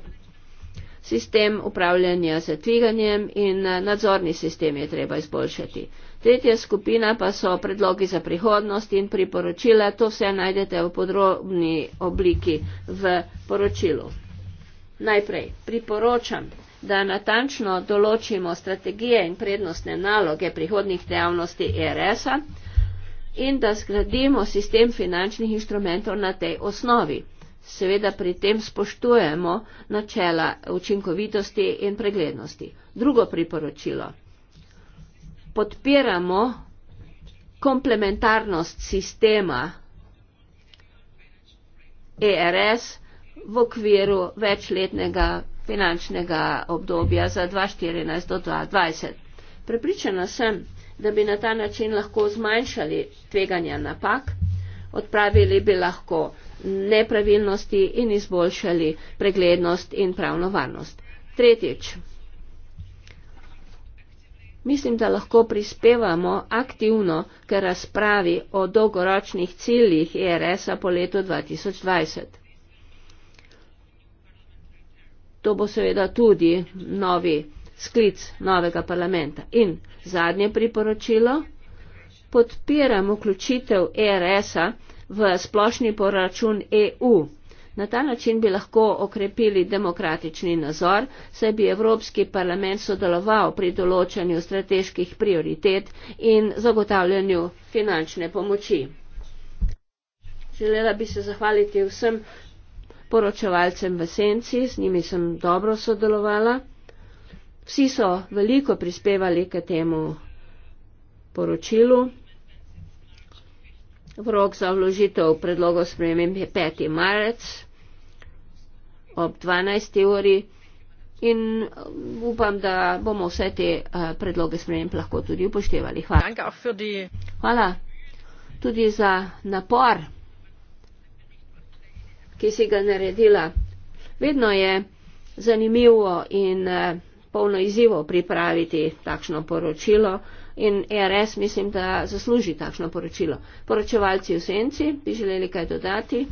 Sistem upravljanja z tveganjem in nadzorni sistem je treba izboljšati. Tretja skupina pa so predlogi za prihodnost in priporočila. To vse najdete v podrobni obliki v poročilu. Najprej priporočam, da natančno določimo strategije in prednostne naloge prihodnih dejavnosti ERS-a in da zgradimo sistem finančnih inštrumentov na tej osnovi. Seveda pri tem spoštujemo načela učinkovitosti in preglednosti. Drugo priporočilo. Podpiramo komplementarnost sistema ERS-a v okviru večletnega finančnega obdobja za 2014 do 2020. Prepričana sem, da bi na ta način lahko zmanjšali tveganja napak, odpravili bi lahko nepravilnosti in izboljšali preglednost in pravno varnost. Tretjič. Mislim, da lahko prispevamo aktivno k razpravi o dolgoročnih ciljih ERS-a po letu 2020 to bo seveda tudi novi sklic novega parlamenta. In zadnje priporočilo. Podpiram vključitev ERS-a v splošni poračun EU. Na ta način bi lahko okrepili demokratični nazor, saj bi Evropski parlament sodeloval pri določanju strateških prioritet in zagotavljanju finančne pomoči. Želela bi se zahvaliti vsem poročevalcem v senci, z njimi sem dobro sodelovala. Vsi so veliko prispevali k temu poročilu. Vrok za vložitev predlogov spremem je 5. marec ob 12. uri in upam, da bomo vse te eh, predloge spremem lahko tudi upoštevali. Hvala. Hvala tudi za napor ki si ga naredila. Vedno je zanimivo in eh, polno izzivo pripraviti takšno poročilo in ERS mislim, da zasluži takšno poročilo. Poročevalci v senci bi želeli kaj dodati?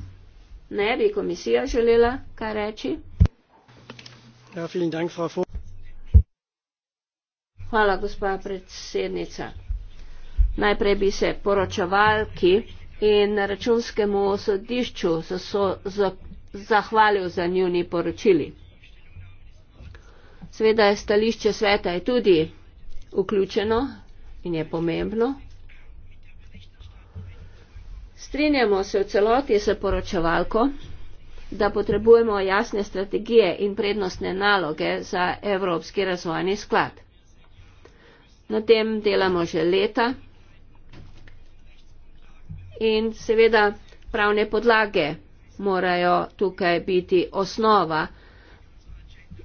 Ne bi komisija želela kaj reči? Ja, dank, Hvala, gospa predsednica. Najprej bi se poročevalki in računskemu sodišču se so zahvalil za njuni poročili. Sveda je stališče sveta je tudi vključeno in je pomembno. Strinjamo se v celoti s poročevalko, da potrebujemo jasne strategije in prednostne naloge za Evropski razvojni sklad. Na tem delamo že leta, in seveda pravne podlage morajo tukaj biti osnova.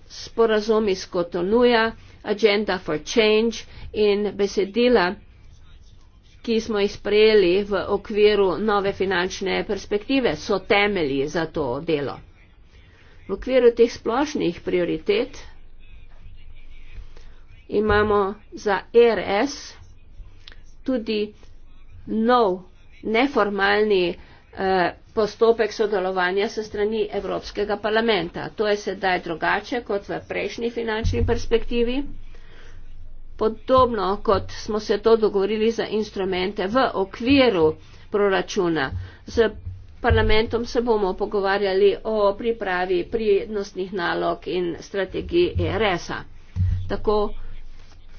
Sporazum iz Kotonuja, Agenda for Change in besedila, ki smo jih sprejeli v okviru nove finančne perspektive, so temelji za to delo. V okviru teh splošnih prioritet imamo za e RS tudi nov neformalni eh, postopek sodelovanja se strani Evropskega parlamenta. To je sedaj drugače kot v prejšnji finančni perspektivi. Podobno kot smo se to dogovorili za instrumente v okviru proračuna. Z parlamentom se bomo pogovarjali o pripravi prednostnih nalog in strategiji ERS-a. Tako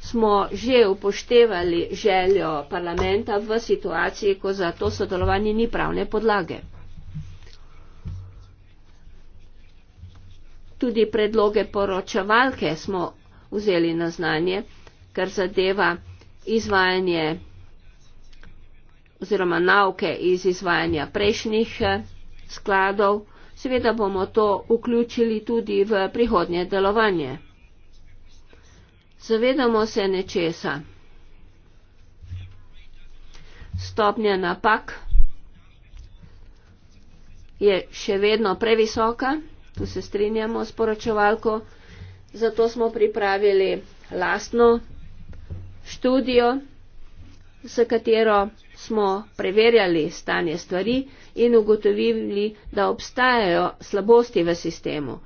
smo že upoštevali željo parlamenta v situaciji, ko za to sodelovanje ni pravne podlage. Tudi predloge poročevalke smo vzeli na znanje, kar zadeva izvajanje oziroma nauke iz izvajanja prejšnjih eh, skladov. Seveda bomo to vključili tudi v prihodnje delovanje. Zavedamo se nečesa. Stopnja napak je še vedno previsoka, tu se strinjamo s poročevalko, zato smo pripravili lastno študijo, s katero smo preverjali stanje stvari in ugotovili, da obstajajo slabosti v sistemu.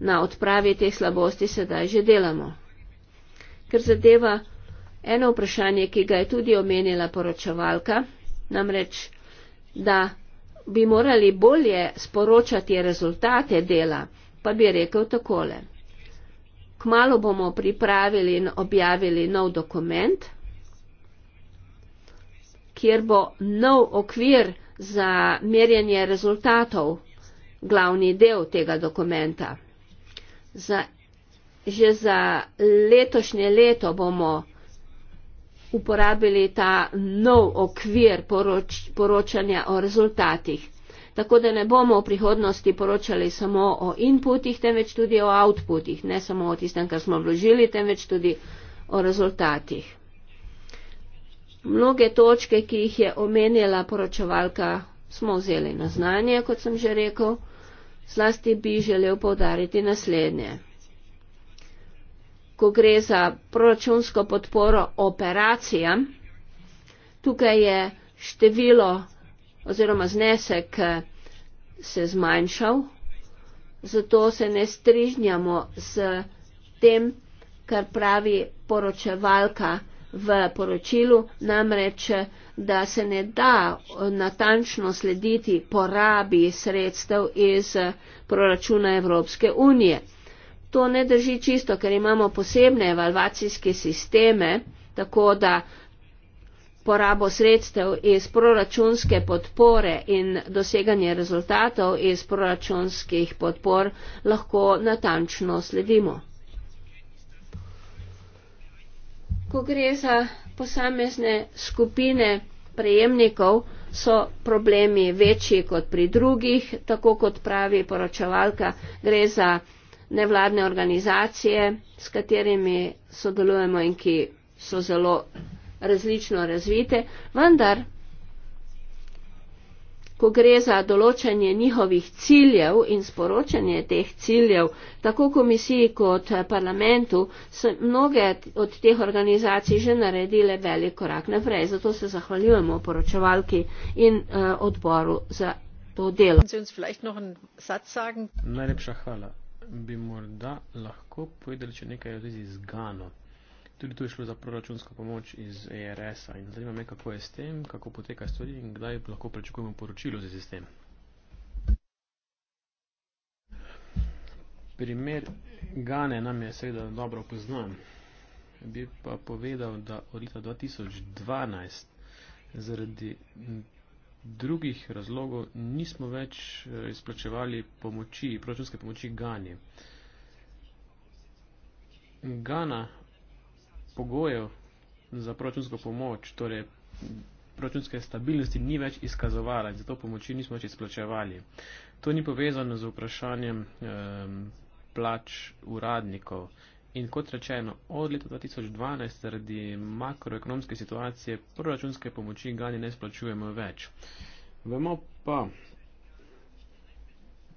Na odpravi teh slabosti sedaj že delamo ker zadeva eno vprašanje, ki ga je tudi omenila poročevalka, namreč, da bi morali bolje sporočati rezultate dela, pa bi rekel takole. Kmalo bomo pripravili in objavili nov dokument, kjer bo nov okvir za merjenje rezultatov glavni del tega dokumenta. Za že za letošnje leto bomo uporabili ta nov okvir poroč, poročanja o rezultatih. Tako da ne bomo v prihodnosti poročali samo o inputih, temveč tudi o outputih, ne samo o tistem, kar smo vložili, temveč tudi o rezultatih. Mnoge točke, ki jih je omenjala poročevalka, smo vzeli na znanje, kot sem že rekel, zlasti bi želel povdariti naslednje ko gre za proračunsko podporo operacijam, tukaj je število oziroma znesek eh, se zmanjšal, zato se ne strižnjamo z tem, kar pravi poročevalka v poročilu, namreč, da se ne da natančno slediti porabi sredstev iz proračuna Evropske unije to ne drži čisto, ker imamo posebne evalvacijske sisteme, tako da porabo sredstev iz proračunske podpore in doseganje rezultatov iz proračunskih podpor lahko natančno sledimo. Ko gre za posamezne skupine prejemnikov, so problemi večji kot pri drugih, tako kot pravi poročevalka, gre za nevladne organizacije, s katerimi sodelujemo in ki so zelo različno razvite, vendar, ko gre za določanje njihovih ciljev in sporočanje teh ciljev, tako komisiji kot parlamentu, so mnoge od teh organizacij že naredile velik korak naprej. Zato se zahvaljujemo poročevalki in uh, odboru za to delo. Najlepša hvala bi morda lahko povedali še nekaj v zvezi z Gano. Tudi tu je šlo za proračunsko pomoč iz ERS-a in zanima me, kako je s tem, kako poteka stvari in kdaj lahko pričakujemo poročilo za sistem. Primer Gane nam je seveda dobro poznan. Bi pa povedal, da od leta 2012 zaradi drugih razlogov nismo več eh, izplačevali pomoči, proračunske pomoči Gani. Gana pogojev za proračunsko pomoč, torej proračunske stabilnosti, ni več izkazovala in zato pomoči nismo več izplačevali. To ni povezano z vprašanjem eh, plač uradnikov. In kot rečeno, od leta 2012 zaradi makroekonomske situacije proračunske pomoči Gani ne splačujemo več. Vemo pa,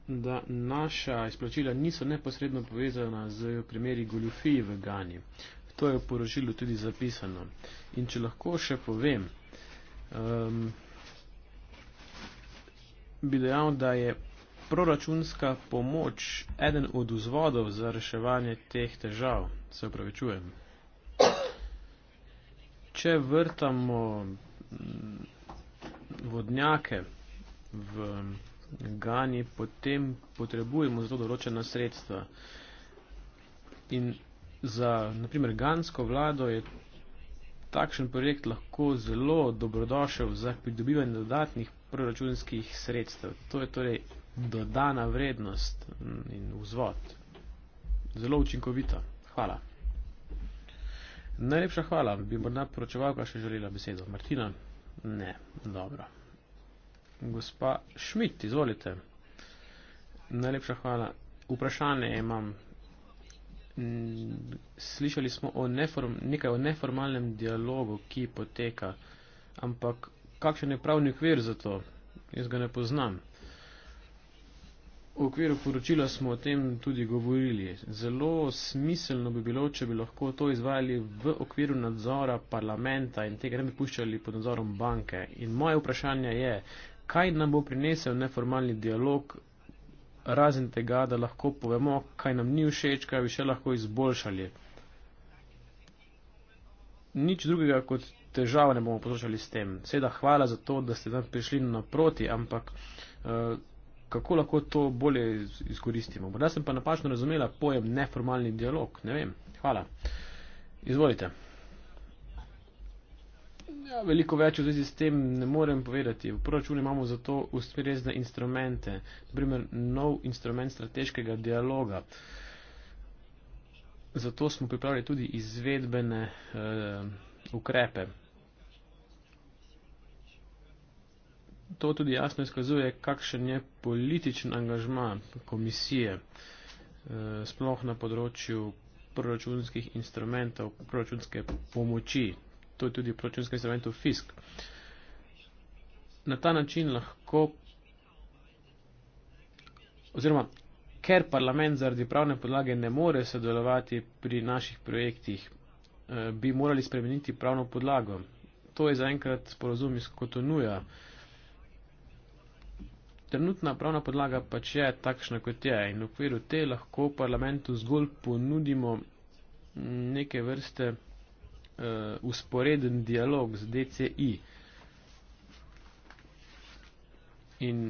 da naša izplačila niso neposredno povezana z primeri goljufij v Gani. To je v poročilu tudi zapisano. In če lahko še povem, um, bi dejal, da je proračunska pomoč eden od vzvodov za reševanje teh težav? Se upravičujem. Če vrtamo mm, vodnjake v gani, potem potrebujemo zelo določena sredstva. In za, naprimer, gansko vlado je takšen projekt lahko zelo dobrodošel za pridobivanje dodatnih proračunskih sredstev. To je torej dodana vrednost in vzvod. Zelo učinkovito. Hvala. Najlepša hvala. Bi morda poročevalka še želela besedo. Martina? Ne. Dobro. Gospa Šmit, izvolite. Najlepša hvala. Vprašanje imam. Slišali smo o neform, nekaj o neformalnem dialogu, ki poteka, ampak kakšen je pravni okvir za to? Jaz ga ne poznam. V okviru poročila smo o tem tudi govorili. Zelo smiselno bi bilo, če bi lahko to izvajali v okviru nadzora parlamenta in tega ne bi puščali pod nadzorom banke. In moje vprašanje je, kaj nam bo prinesel neformalni dialog, razen tega, da lahko povemo, kaj nam ni všeč, kaj bi še lahko izboljšali. Nič drugega kot težav ne bomo povzročali s tem. Seveda hvala za to, da ste nam prišli naproti, ampak. Uh, kako lahko to bolje izkoristimo. Morda sem pa napačno razumela pojem neformalni dialog. Ne vem. Hvala. Izvolite. Ja, veliko več v zvezi s tem ne morem povedati. V proračunu imamo za to ustrezne instrumente. Naprimer, nov instrument strateškega dialoga. Zato smo pripravili tudi izvedbene eh, ukrepe. to tudi jasno izkazuje, kakšen je političen angažma komisije, eh, sploh na področju proračunskih instrumentov, proračunske pomoči, to je tudi proračunske instrumentov FISK. Na ta način lahko, oziroma, ker parlament zaradi pravne podlage ne more sodelovati pri naših projektih, eh, bi morali spremeniti pravno podlago. To je zaenkrat sporozum iz Kotonuja, trenutna pravna podlaga pač je takšna, kot je in v okviru te lahko parlamentu zgolj ponudimo neke vrste uh, eh, usporeden dialog z DCI. In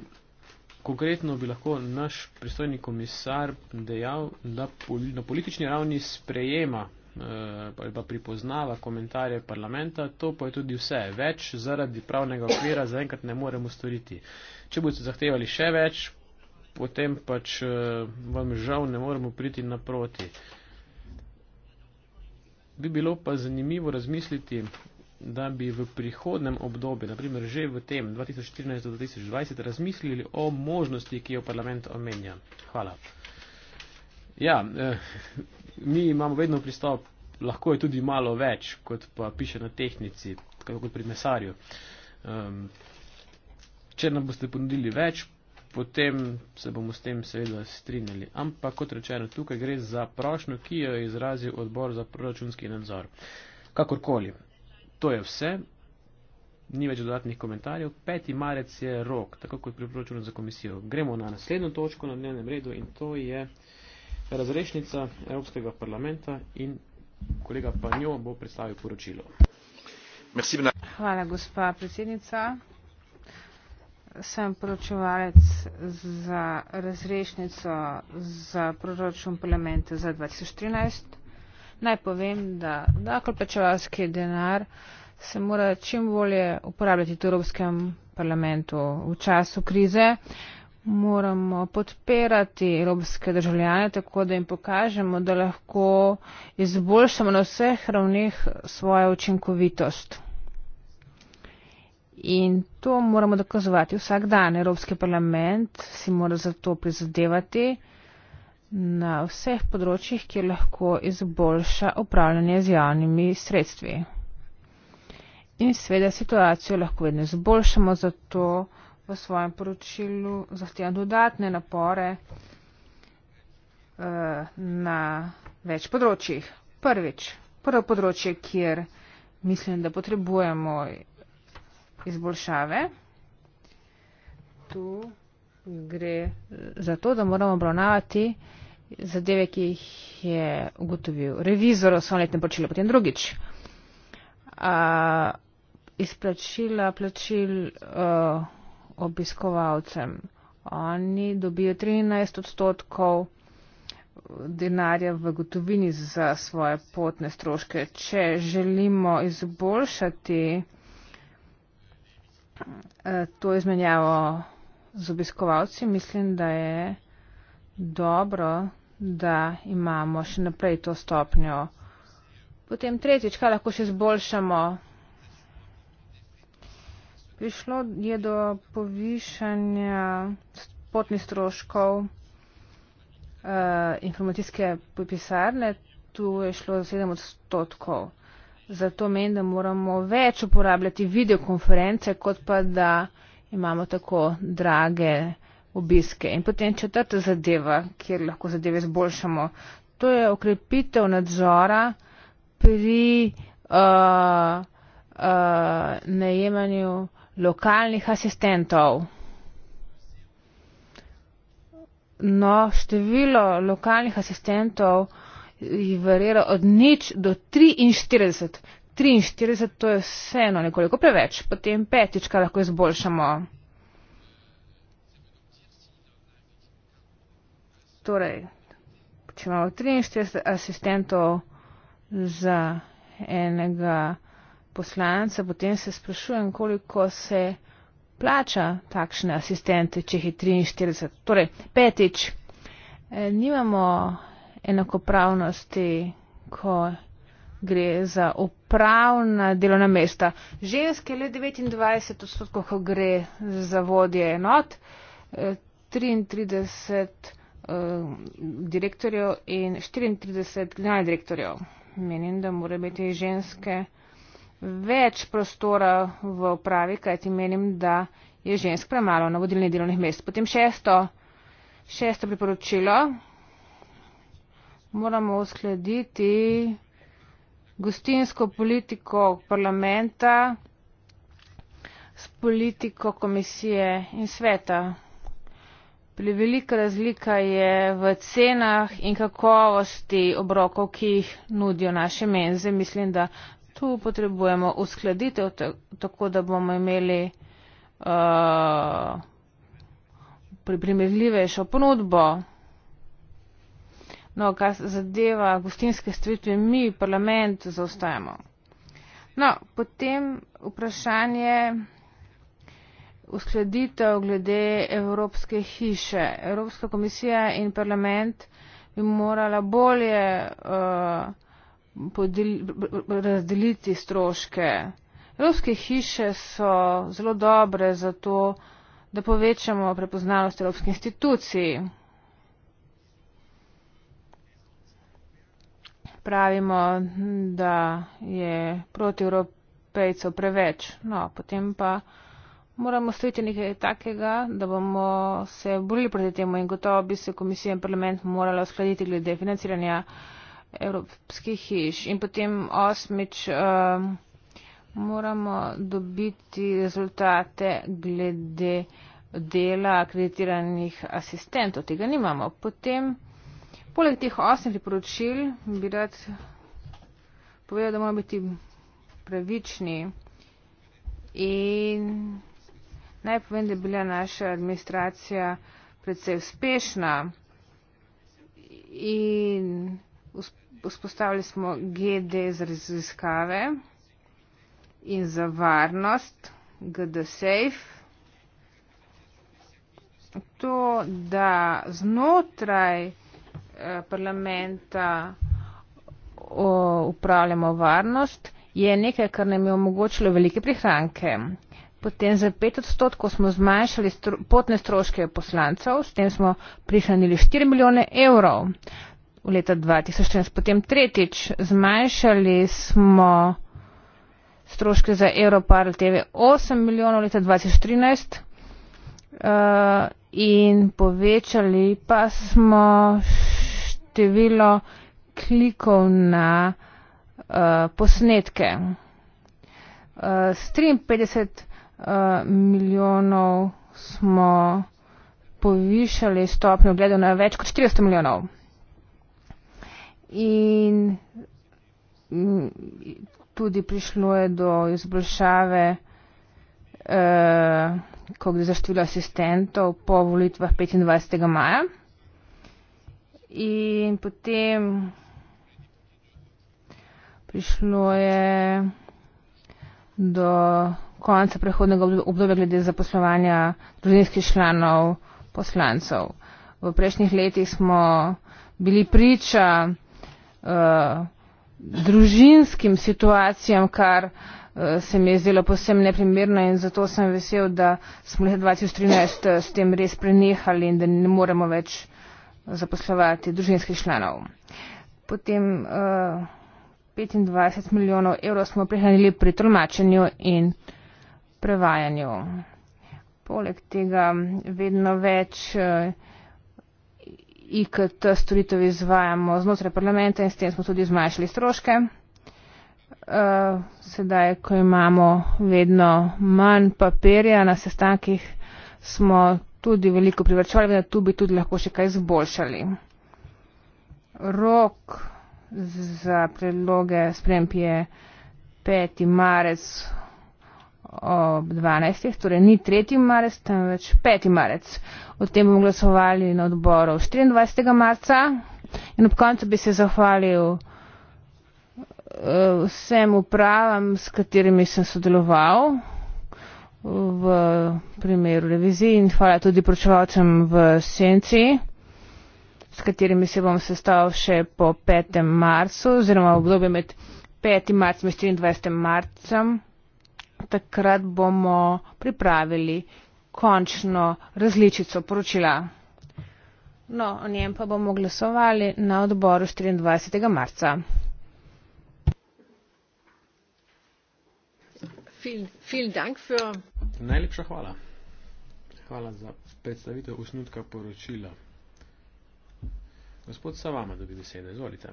konkretno bi lahko naš pristojni komisar dejal, da na politični ravni sprejema eh, ali pa pripoznava komentarje parlamenta, to pa je tudi vse. Več zaradi pravnega okvira zaenkrat ne moremo storiti. Uh, Če boste zahtevali še več, potem pač eh, vam žal ne moremo priti naproti. Bi bilo pa zanimivo razmisliti, da bi v prihodnem obdobju, naprimer že v tem 2014-2020, razmislili o možnosti, ki jo parlament omenja. Hvala. Ja, eh, mi imamo vedno pristop, lahko je tudi malo več, kot pa piše na tehnici, kot pri mesarju. Um, če nam boste ponudili več, potem se bomo s tem seveda strinjali. Ampak kot rečeno, tukaj gre za prošnjo, ki jo je izrazil odbor za proračunski nadzor. Kakorkoli, to je vse. Ni več dodatnih komentarjev. 5. marec je rok, tako kot pri proračunu za komisijo. Gremo na naslednjo točko na dnevnem redu in to je razrešnica Evropskega parlamenta in kolega Panjo bo predstavil poročilo. Hvala, gospa predsednica sem poročevalec za razrešnico za proračun parlamenta za 2013. Naj povem, da dakolpečevalski denar se mora čim bolje uporabljati v Evropskem parlamentu v času krize. Moramo podpirati evropske državljane, tako da jim pokažemo, da lahko izboljšamo na vseh ravnih svojo učinkovitost in to moramo dokazovati vsak dan. Evropski parlament si mora za to prizadevati na vseh področjih, kjer lahko izboljša upravljanje z javnimi sredstvi. In seveda situacijo lahko vedno izboljšamo, zato v svojem poročilu zahtevam dodatne napore uh, na več področjih. Prvič, prvo področje, kjer mislim, da potrebujemo izboljšave. Tu gre za to, da moramo obravnavati zadeve, ki jih je ugotovil revizor v svojem letnem poročilu, potem drugič. A, izplačila plačil uh, obiskovalcem. Oni dobijo 13 odstotkov denarja v gotovini za svoje potne stroške. Če želimo izboljšati uh, To izmenjavo z obiskovalci mislim, da je dobro, da imamo še naprej to stopnjo. Potem tretjič, kaj lahko še zboljšamo. Prišlo je do povišanja potnih stroškov uh, informacijske popisarne, tu je šlo za 7 odstotkov. Zato menim, da moramo več uporabljati videokonference, kot pa da imamo tako drage obiske. In potem četrta zadeva, kjer lahko zadeve zboljšamo, to je okrepitev nadzora pri uh, uh, najemanju lokalnih asistentov. No, število lokalnih asistentov je varjalo od nič do 43. 43 to je vseeno nekoliko preveč, potem petička lahko izboljšamo. Torej, če imamo 43 asistentov za enega poslanca, potem se sprašujem, koliko se plača takšne asistente, če jih je 43. Torej, petič, e, nimamo enakopravnosti, ko gre za upravna delovna mesta. Ženske le 29 odstotkov, ko gre za vodje enot, 33 uh, eh, eh, direktorjev in 34 glavnih direktorjev. Menim, da morajo biti ženske več prostora v upravi, kajti menim, da je žensk premalo na vodilnih delovnih mest. Potem šesto, šesto priporočilo moramo uskladiti gostinsko politiko parlamenta s politiko komisije in sveta. Prevelika razlika je v cenah in kakovosti obrokov, ki jih nudijo naše menze. Mislim, da tu potrebujemo uskladitev, tako da bomo imeli uh, primerljivejšo ponudbo. No, kar zadeva gostinske stvitve, mi parlament zaostajamo. No, potem vprašanje uskladitev glede Evropske hiše. Evropska komisija in parlament bi morala bolje uh, podel, razdeliti stroške. Evropske hiše so zelo dobre za to, da povečamo prepoznavnost evropskih institucij. pravimo, da je proti evropejcev preveč. No, potem pa moramo stojiti nekaj takega, da bomo se borili proti temu in gotovo bi se komisija in parlament morala uskladiti glede financiranja evropskih hiš. In potem osmič. Um, Moramo dobiti rezultate glede dela akreditiranih asistentov. Tega nimamo. Potem Poleg teh osmih priporočil bi rad povedal, da moramo biti pravični. In naj povem, da je bila naša administracija predvsej uspešna in vzpostavili smo GD za raziskave in za varnost, GD Safe. To, da znotraj Eh, parlamenta upravljamo varnost, je nekaj, kar nam je omogočilo velike prihranke. Potem za 5 odstotkov smo zmanjšali stro, potne stroške poslancev, s tem smo prihranili 4 milijone evrov v leta 2014. Potem tretjič zmanjšali smo stroške za Europarl TV 8 milijonov leta 2013 uh, eh, in povečali pa smo število klikov na uh, posnetke. Uh, 53 uh, milijonov smo povišali stopnjo gledov na več kot 400 milijonov. In tudi prišlo je do izboljšave, eh, ko gre za število asistentov po volitvah 25. maja in potem prišlo je do konca prehodnega obdobja glede zaposlovanja družinskih članov poslancev. V prejšnjih letih smo bili priča uh, družinskim situacijam, kar uh, se mi je zdelo posebno neprimerno in zato sem vesel, da smo leta 2013 eh, s tem res prenehali in da ne moremo več zaposlovati družinskih članov. Potem uh, eh, 25 milijonov evrov smo prihranili pri tolmačenju in prevajanju. Poleg tega vedno več uh, eh, IKT storitev izvajamo znotraj parlamenta in s tem smo tudi zmanjšali stroške. Uh, sedaj, ko imamo vedno manj papirja na sestankih, smo tudi veliko privrčevali, vendar tu bi tudi lahko še kaj zboljšali. Rok za predloge sprem je 5. marec ob 12. Torej ni 3. marec, temveč 5. marec. O tem bomo glasovali na odboru 24. marca. In ob koncu bi se zahvalil eh, vsem upravam, s katerimi sem sodeloval v primeru reviziji in hvala tudi pročevalcem v senci, s katerimi se bom sestal še po 5. marcu oziroma v obdobju med 5. marcem in 24. marcem. Takrat bomo pripravili končno različico poročila. No, o njem pa bomo glasovali na odboru 24. marca. Vielen, vielen Dank für Najlepša hvala. Hvala za predstavitev usnutka poročila. Gospod Savama, dobi besede, izvolite.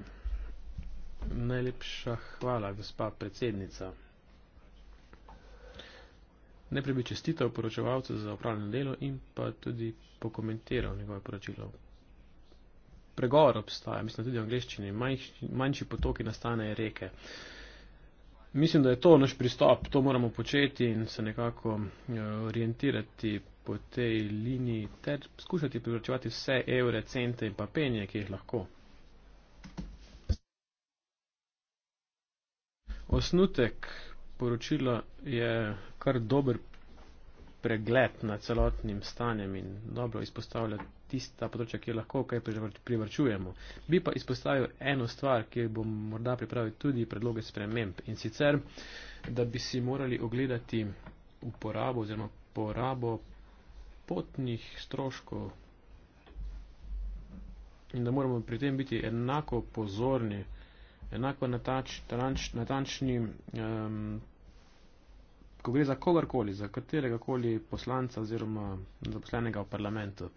Najlepša hvala, gospa predsednica. Najprej bi čestitev poročevalcu za opravljeno delo in pa tudi pokomentiral njegove poročilo. Pregovor obstaja, mislim tudi v angliščini, manjši potoki nastane reke. Uh, Mislim, da je to naš pristop, to moramo početi in se nekako eh, orientirati po tej liniji ter skušati privrčevati vse evre, cente in papenje, ki jih lahko. Osnutek poročila je kar dober pregled nad celotnim stanjem in dobro izpostavlja tista področja, ki lahko kaj privrčujemo. Bi pa izpostavil eno stvar, ki bom morda pripravil tudi predloge sprememb in sicer, da bi si morali ogledati uporabo oziroma porabo potnih stroškov in da moramo pri tem biti enako pozorni, enako natač, natančni. Um, ko gre za kogarkoli, za katerega koli poslanca oziroma zaposlenega v parlamentu,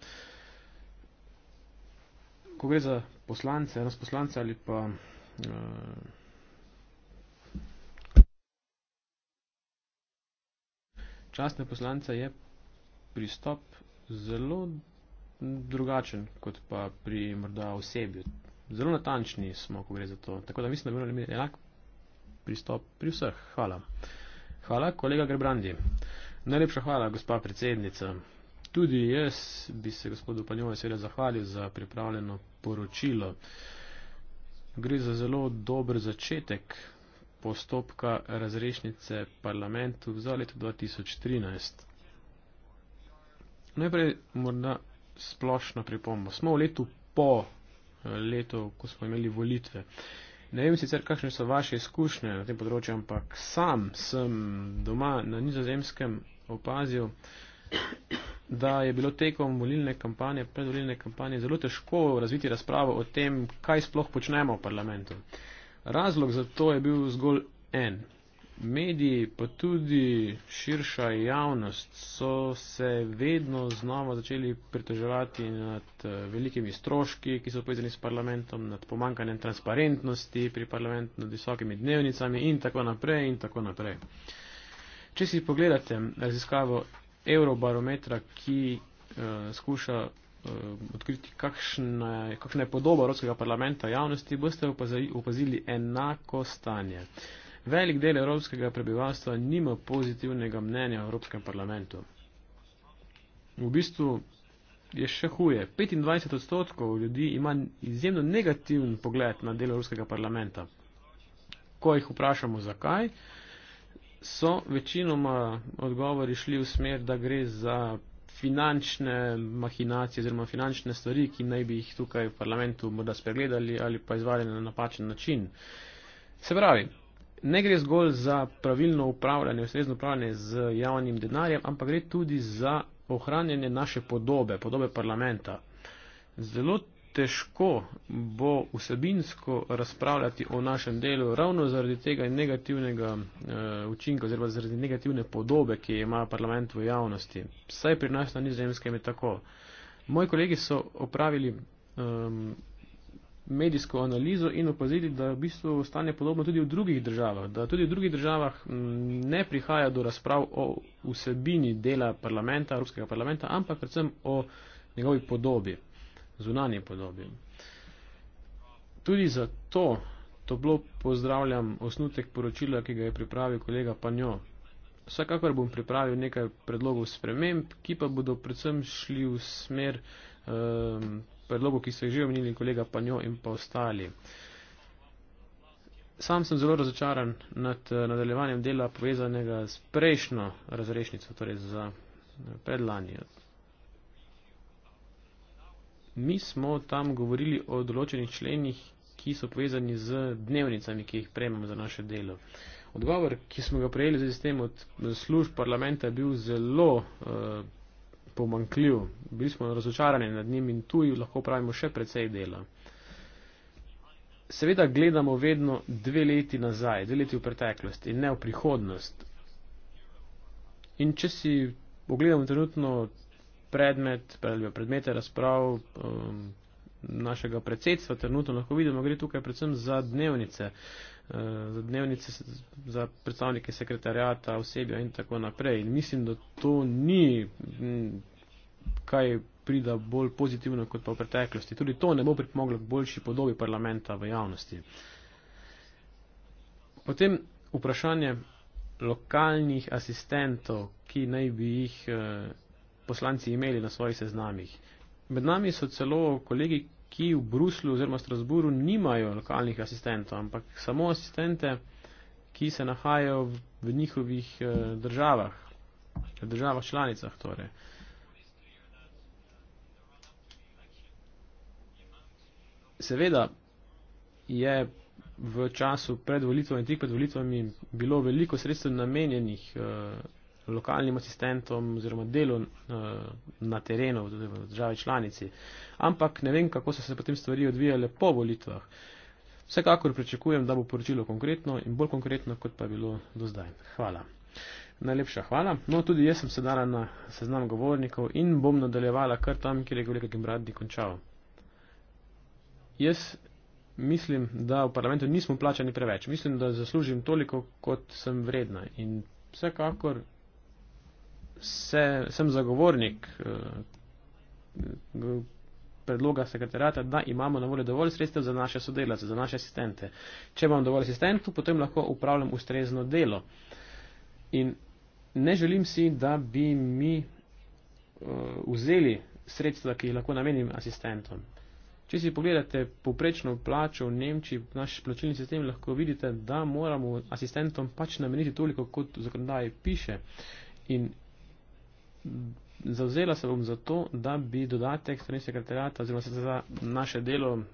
ko gre za poslance, nas poslance ali pa uh, častne poslance, je pristop zelo drugačen, kot pa pri morda osebju. Zelo natančni smo, ko gre za to. Tako da mislim, da bi morali imeti enak pristop pri vseh. Hvala. Hvala, kolega Grebrandi. Najlepša hvala, gospa predsednica. Tudi jaz bi se gospodu Panjovo seveda zahvalil za pripravljeno poročilo. Gre za zelo dober začetek postopka razrešnice parlamentu za leto 2013. Najprej morda splošno pripombo. Smo v letu po eh, letu, ko smo imeli volitve. Ne vem sicer, kakšne so vaše izkušnje na tem področju, ampak sam sem doma na nizozemskem opazil, da je bilo tekom volilne kampanje, predvolilne kampanje zelo težko razviti razpravo o tem, kaj sploh počnemo v parlamentu. Razlog za to je bil zgolj en mediji, pa tudi širša javnost so se vedno znova začeli pritoževati nad eh, velikimi stroški, ki so povezani s parlamentom, nad pomankanjem transparentnosti pri parlamentu, nad visokimi dnevnicami in tako naprej in tako naprej. Če si pogledate raziskavo Eurobarometra, ki uh, skuša uh, odkriti, kakšna, kakšna je podoba Evropskega parlamenta javnosti, boste opazili, opazili enako stanje. Uh, Velik del evropskega prebivalstva nima pozitivnega mnenja v Evropskem parlamentu. V bistvu je še huje. 25 odstotkov ljudi ima izjemno negativen pogled na del Evropskega parlamenta. Ko jih vprašamo zakaj, so večinoma odgovori šli v smer, da gre za finančne mahinacije oziroma finančne stvari, ki naj bi jih tukaj v parlamentu morda spregledali ali pa izvali na napačen način. Se pravi, ne gre zgolj za pravilno upravljanje, ustrezno upravljanje z javnim denarjem, ampak gre tudi za ohranjanje naše podobe, podobe parlamenta. Zelo težko bo vsebinsko razpravljati o našem delu ravno zaradi tega negativnega uh, učinka oziroma zaradi negativne podobe, ki jo ima parlament v javnosti. Saj pri nas na nizozemskem je tako. Moji kolegi so opravili um, medijsko analizo in opazili, da je v bistvu stanje podobno tudi v drugih državah, da tudi v drugih državah mm, ne prihaja do razprav o vsebini dela parlamenta, Evropskega parlamenta, ampak predvsem o njegovi podobi, zunanje podobi. Tudi zato toplo pozdravljam osnutek poročila, ki ga je pripravil kolega Panjo. Vsekakor bom pripravil nekaj predlogov sprememb, ki pa bodo predvsem šli v smer um, predlogu, ki so jih že omenili kolega Panjo in pa ostali. Sam sem zelo razočaran nad eh, nadaljevanjem dela povezanega s prejšnjo razrešnico, torej za eh, predlani. Mi smo tam govorili o določenih členih, ki so povezani z dnevnicami, ki jih prejmemo za naše delo. Odgovor, ki smo ga prejeli z tem od eh, služb parlamenta, je bil zelo uh, pomankljiv. Bili smo razočarani nad njim in tu lahko pravimo še precej dela. Seveda gledamo vedno dve leti nazaj, dve leti v preteklost in ne v prihodnost. In če si pogledamo trenutno predmet, predmete razprav um, našega predsedstva, trenutno lahko vidimo, gre tukaj predvsem za dnevnice. Uh, Eh, za dnevnice, za predstavnike sekretarjata, osebja in tako naprej. In mislim, da to ni mm, kaj prida bolj pozitivno kot pa v preteklosti. Tudi to ne bo pripomoglo k boljši podobi parlamenta v javnosti. Potem vprašanje lokalnih asistentov, ki naj bi jih eh, poslanci imeli na svojih seznamih. Med nami so celo kolegi, ki v Bruslu oziroma Strasburu nimajo lokalnih asistentov, ampak samo asistente, ki se nahajajo v njihovih eh, državah, državah članicah. Torej. Seveda je v času pred volitvami in tik pred volitvami bilo veliko sredstev namenjenih eh, lokalnim asistentom oziroma delu eh, na terenu v državi članici. Ampak ne vem, kako so se potem stvari odvijale po volitvah. Vsekakor pričakujem, da bo poročilo konkretno in bolj konkretno, kot pa je bilo do zdaj. Hvala. Najlepša hvala. No, tudi jaz sem sedala na seznam govornikov in bom nadaljevala kar tam, kjer je kolega Gimbradi končal. Jaz mislim, da v parlamentu nismo plačani preveč. Mislim, da zaslužim toliko, kot sem vredna. In vsekakor se, sem zagovornik eh, predloga sekretarata, da imamo na voljo dovolj sredstev za naše sodelavce, za naše asistente. Če imam dovolj asistentov, potem lahko upravljam ustrezno delo. In ne želim si, da bi mi eh, vzeli sredstva, ki jih lahko namenim asistentom. Če si pogledate poprečno plačo v Nemčiji, naš plačilni sistem, lahko vidite, da moramo asistentom pač nameniti toliko, kot v zakonodaji piše. In zauzela se bom za to, da bi dodatek strani sekretarjata oziroma se za naše delo um,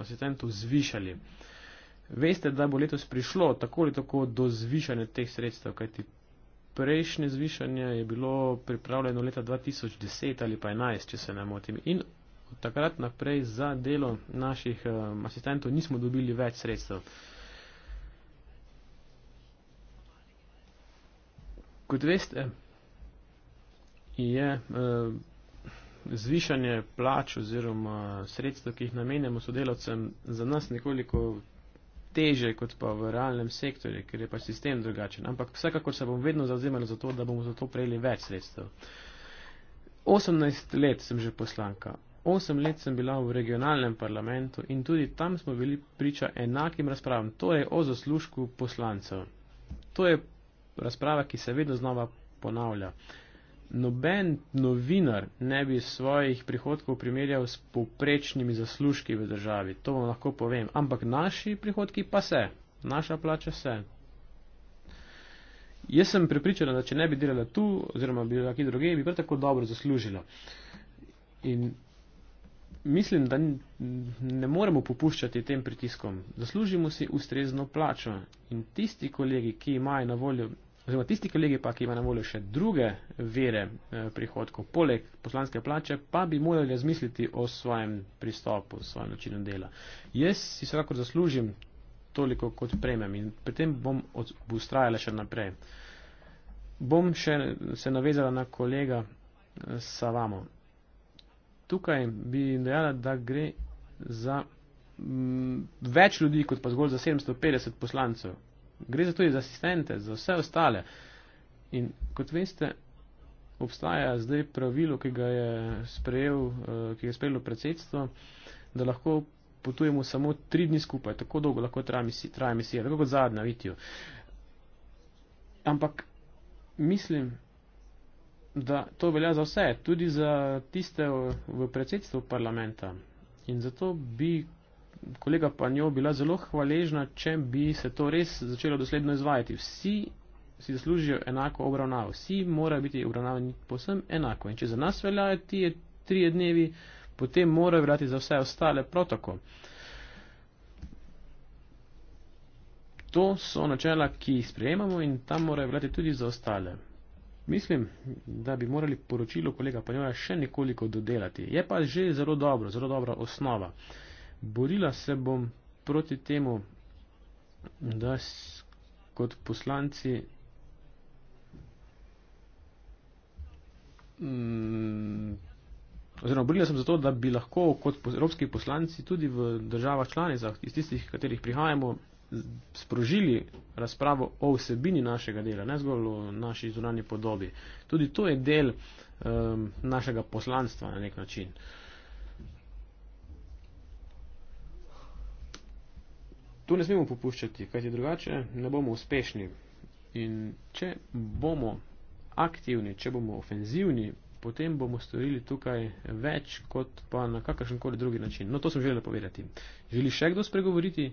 asistentov zvišali. Veste, da bo letos prišlo tako ali tako do zvišanja teh sredstev, kajti prejšnje zvišanje je bilo pripravljeno leta 2010 ali pa 2011, če se ne motim. In od takrat naprej za delo naših um, asistentov nismo dobili več sredstev. Kot veste, je eh, zvišanje plač oziroma sredstev, ki jih namenjamo sodelavcem, za nas nekoliko teže kot pa v realnem sektorju, ker je pa sistem drugačen. Ampak vsekakor se bom vedno zauzemal za to, da bomo za to prejeli več sredstev. 18 let sem že poslanka. 8 let sem bila v regionalnem parlamentu in tudi tam smo bili priča enakim razpravam, torej o zaslužku poslancev. To je razprava, ki se vedno znova ponavlja. Uh, noben novinar ne bi svojih prihodkov primerjal s poprečnimi zaslužki v državi, to vam lahko povem, ampak naši prihodki pa se, naša plača se. Jaz sem pripričan, da če ne bi delala tu oziroma bi bila kje druge, bi prav tako dobro zaslužila. In mislim, da ne moremo popuščati tem pritiskom. Zaslužimo si ustrezno plačo in tisti kolegi, ki imajo na voljo Oziroma tisti kolegi pa, ki ima na voljo še druge vere eh, prihodkov poleg poslanske plače, pa bi morali razmisliti o svojem pristopu, o svojem načinu dela. Jaz si vsekakor zaslužim toliko, kot prejmem in pri tem bom ustrajala še naprej. Bom še se navezala na kolega eh, Savamo. Tukaj bi dejala, da gre za m, mm, več ljudi, kot pa zgolj za 750 poslancev gre za tudi za asistente, za vse ostale. In kot veste, obstaja zdaj pravilo, ki ga je, sprejel, eh, ki je sprejelo predsedstvo, da lahko potujemo samo tri dni skupaj, tako dolgo lahko traja misija, traja misija tako kot zadnja, vidijo. Ampak mislim, da to velja za vse, tudi za tiste v predsedstvu parlamenta. In zato bi kolega Panjo bila zelo hvaležna, če bi se to res začelo dosledno izvajati. Vsi si zaslužijo enako obravnavo, vsi morajo biti obravnavani posem enako. In če za nas veljajo ti tri dnevi, potem morajo veljati za vse ostale prav tako. To so načela, ki jih sprejemamo in tam morajo veljati tudi za ostale. Mislim, da bi morali poročilo kolega Panjoja še nekoliko dodelati. Je pa že zelo dobro, zelo dobra osnova. Uh, Borila se bom proti temu, da kot poslanci mm, oziroma borila sem zato, da bi lahko kot evropski poslanci tudi v državah članicah, iz tistih, katerih prihajamo, sprožili razpravo o vsebini našega dela, ne zgolj o naši zunanji podobi. Tudi to je del um, našega poslanstva na nek način. Uh, Tu ne smemo popuščati, kajti drugače ne bomo uspešni. In če bomo aktivni, če bomo ofenzivni, potem bomo storili tukaj več kot pa na kakršen koli drugi način. No, to sem želel povedati. Želi še kdo spregovoriti?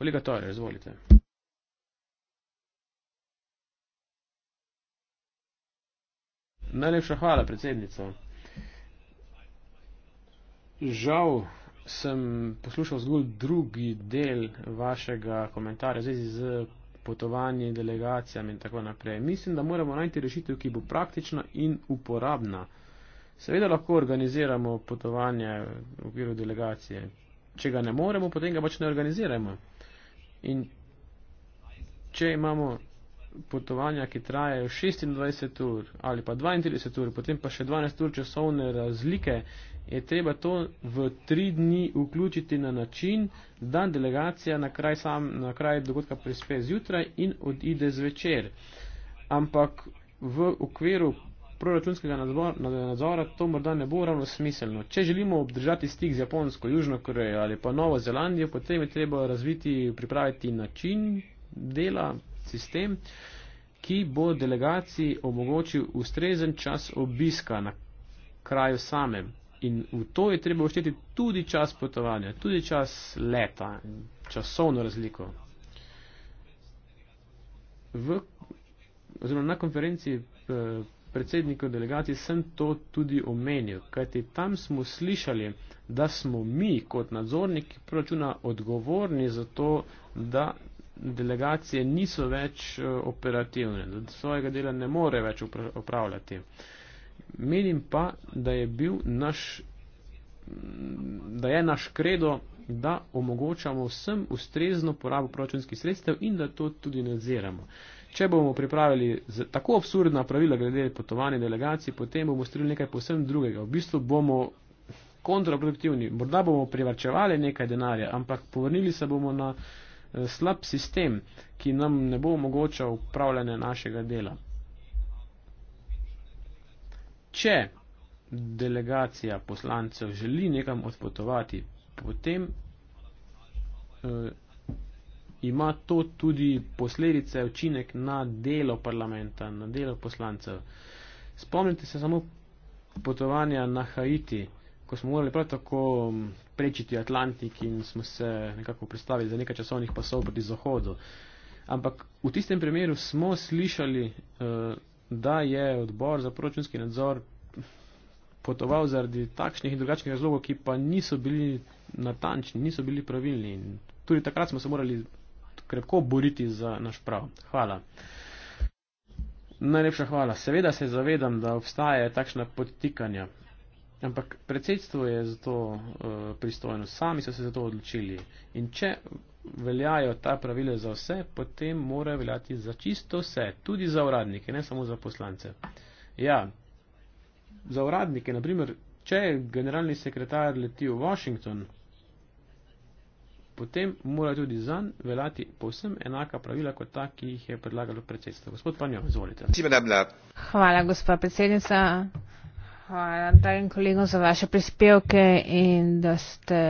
Kolega Torej, izvolite. Najlepša hvala, predsednica. Žal, sem poslušal zgolj drugi del vašega komentarja v zvezi z potovanji, delegacijami in tako naprej. Mislim, da moramo najti rešitev, ki bo praktična in uporabna. Seveda lahko organiziramo potovanje v okviru delegacije. Če ga ne moremo, potem ga pač ne organiziramo. In če imamo potovanja, ki trajajo 26 ur ali pa 32 ur, potem pa še 12 ur časovne razlike je treba to v tri dni vključiti na način, da delegacija na kraj, sam, na kraj dogodka prispe zjutraj in odide zvečer. Ampak v okviru proračunskega nadzora, nadzora to morda ne bo ravno smiselno. Če želimo obdržati stik z Japonsko, Južno Korejo ali pa Novo Zelandijo, potem je treba razviti, pripraviti način dela, sistem, ki bo delegaciji omogočil ustrezen čas obiska na kraju samem. In v to je treba ušteti tudi čas potovanja, tudi čas leta, časovno razliko. V, oziroma na konferenciji eh, predsednikov delegacij sem to tudi omenil, kajti tam smo slišali, da smo mi kot nadzorniki proračuna odgovorni za to, da delegacije niso več eh, operativne, da svojega dela ne more več upravljati. Menim pa, da je bil naš, da je naš kredo, da omogočamo vsem ustrezno porabo proračunskih sredstev in da to tudi nadziramo. Če bomo pripravili tako absurdna pravila glede potovanja delegacij, potem bomo storili nekaj posebno drugega. V bistvu bomo kontraproduktivni, morda bomo privrčevali nekaj denarja, ampak povrnili se bomo na eh, slab sistem, ki nam ne bo omogočal upravljanje našega dela. Če delegacija poslancev želi nekam odpotovati, potem eh, ima to tudi posledice, učinek na delo parlamenta, na delo poslancev. Spomnite se samo potovanja na Haiti, ko smo morali prav tako mm, prečiti Atlantik in smo se nekako predstavili za nekaj časovnih pasov proti zahodu. Ampak v tistem primeru smo slišali. Eh, da je odbor za proračunski nadzor potoval zaradi takšnih in drugačnih razlogov, ki pa niso bili natančni, niso bili pravilni. In tudi takrat smo se morali krepko boriti za naš prav. Hvala. Najlepša hvala. Seveda se zavedam, da obstajajo takšna podtikanja, ampak predsedstvo je za to uh, pristojno, sami so se za to odločili. In če veljajo ta pravila za vse, potem mora veljati za čisto vse, tudi za uradnike, ne samo za poslance. Ja, za uradnike, naprimer, če generalni sekretar leti v Washington, potem mora tudi zan veljati povsem enaka pravila kot ta, ki jih je predlagalo predsedstvo. Gospod Panjo, izvolite. Hvala, gospa predsednica. Hvala, dragi kolegom, za vaše prispevke in da ste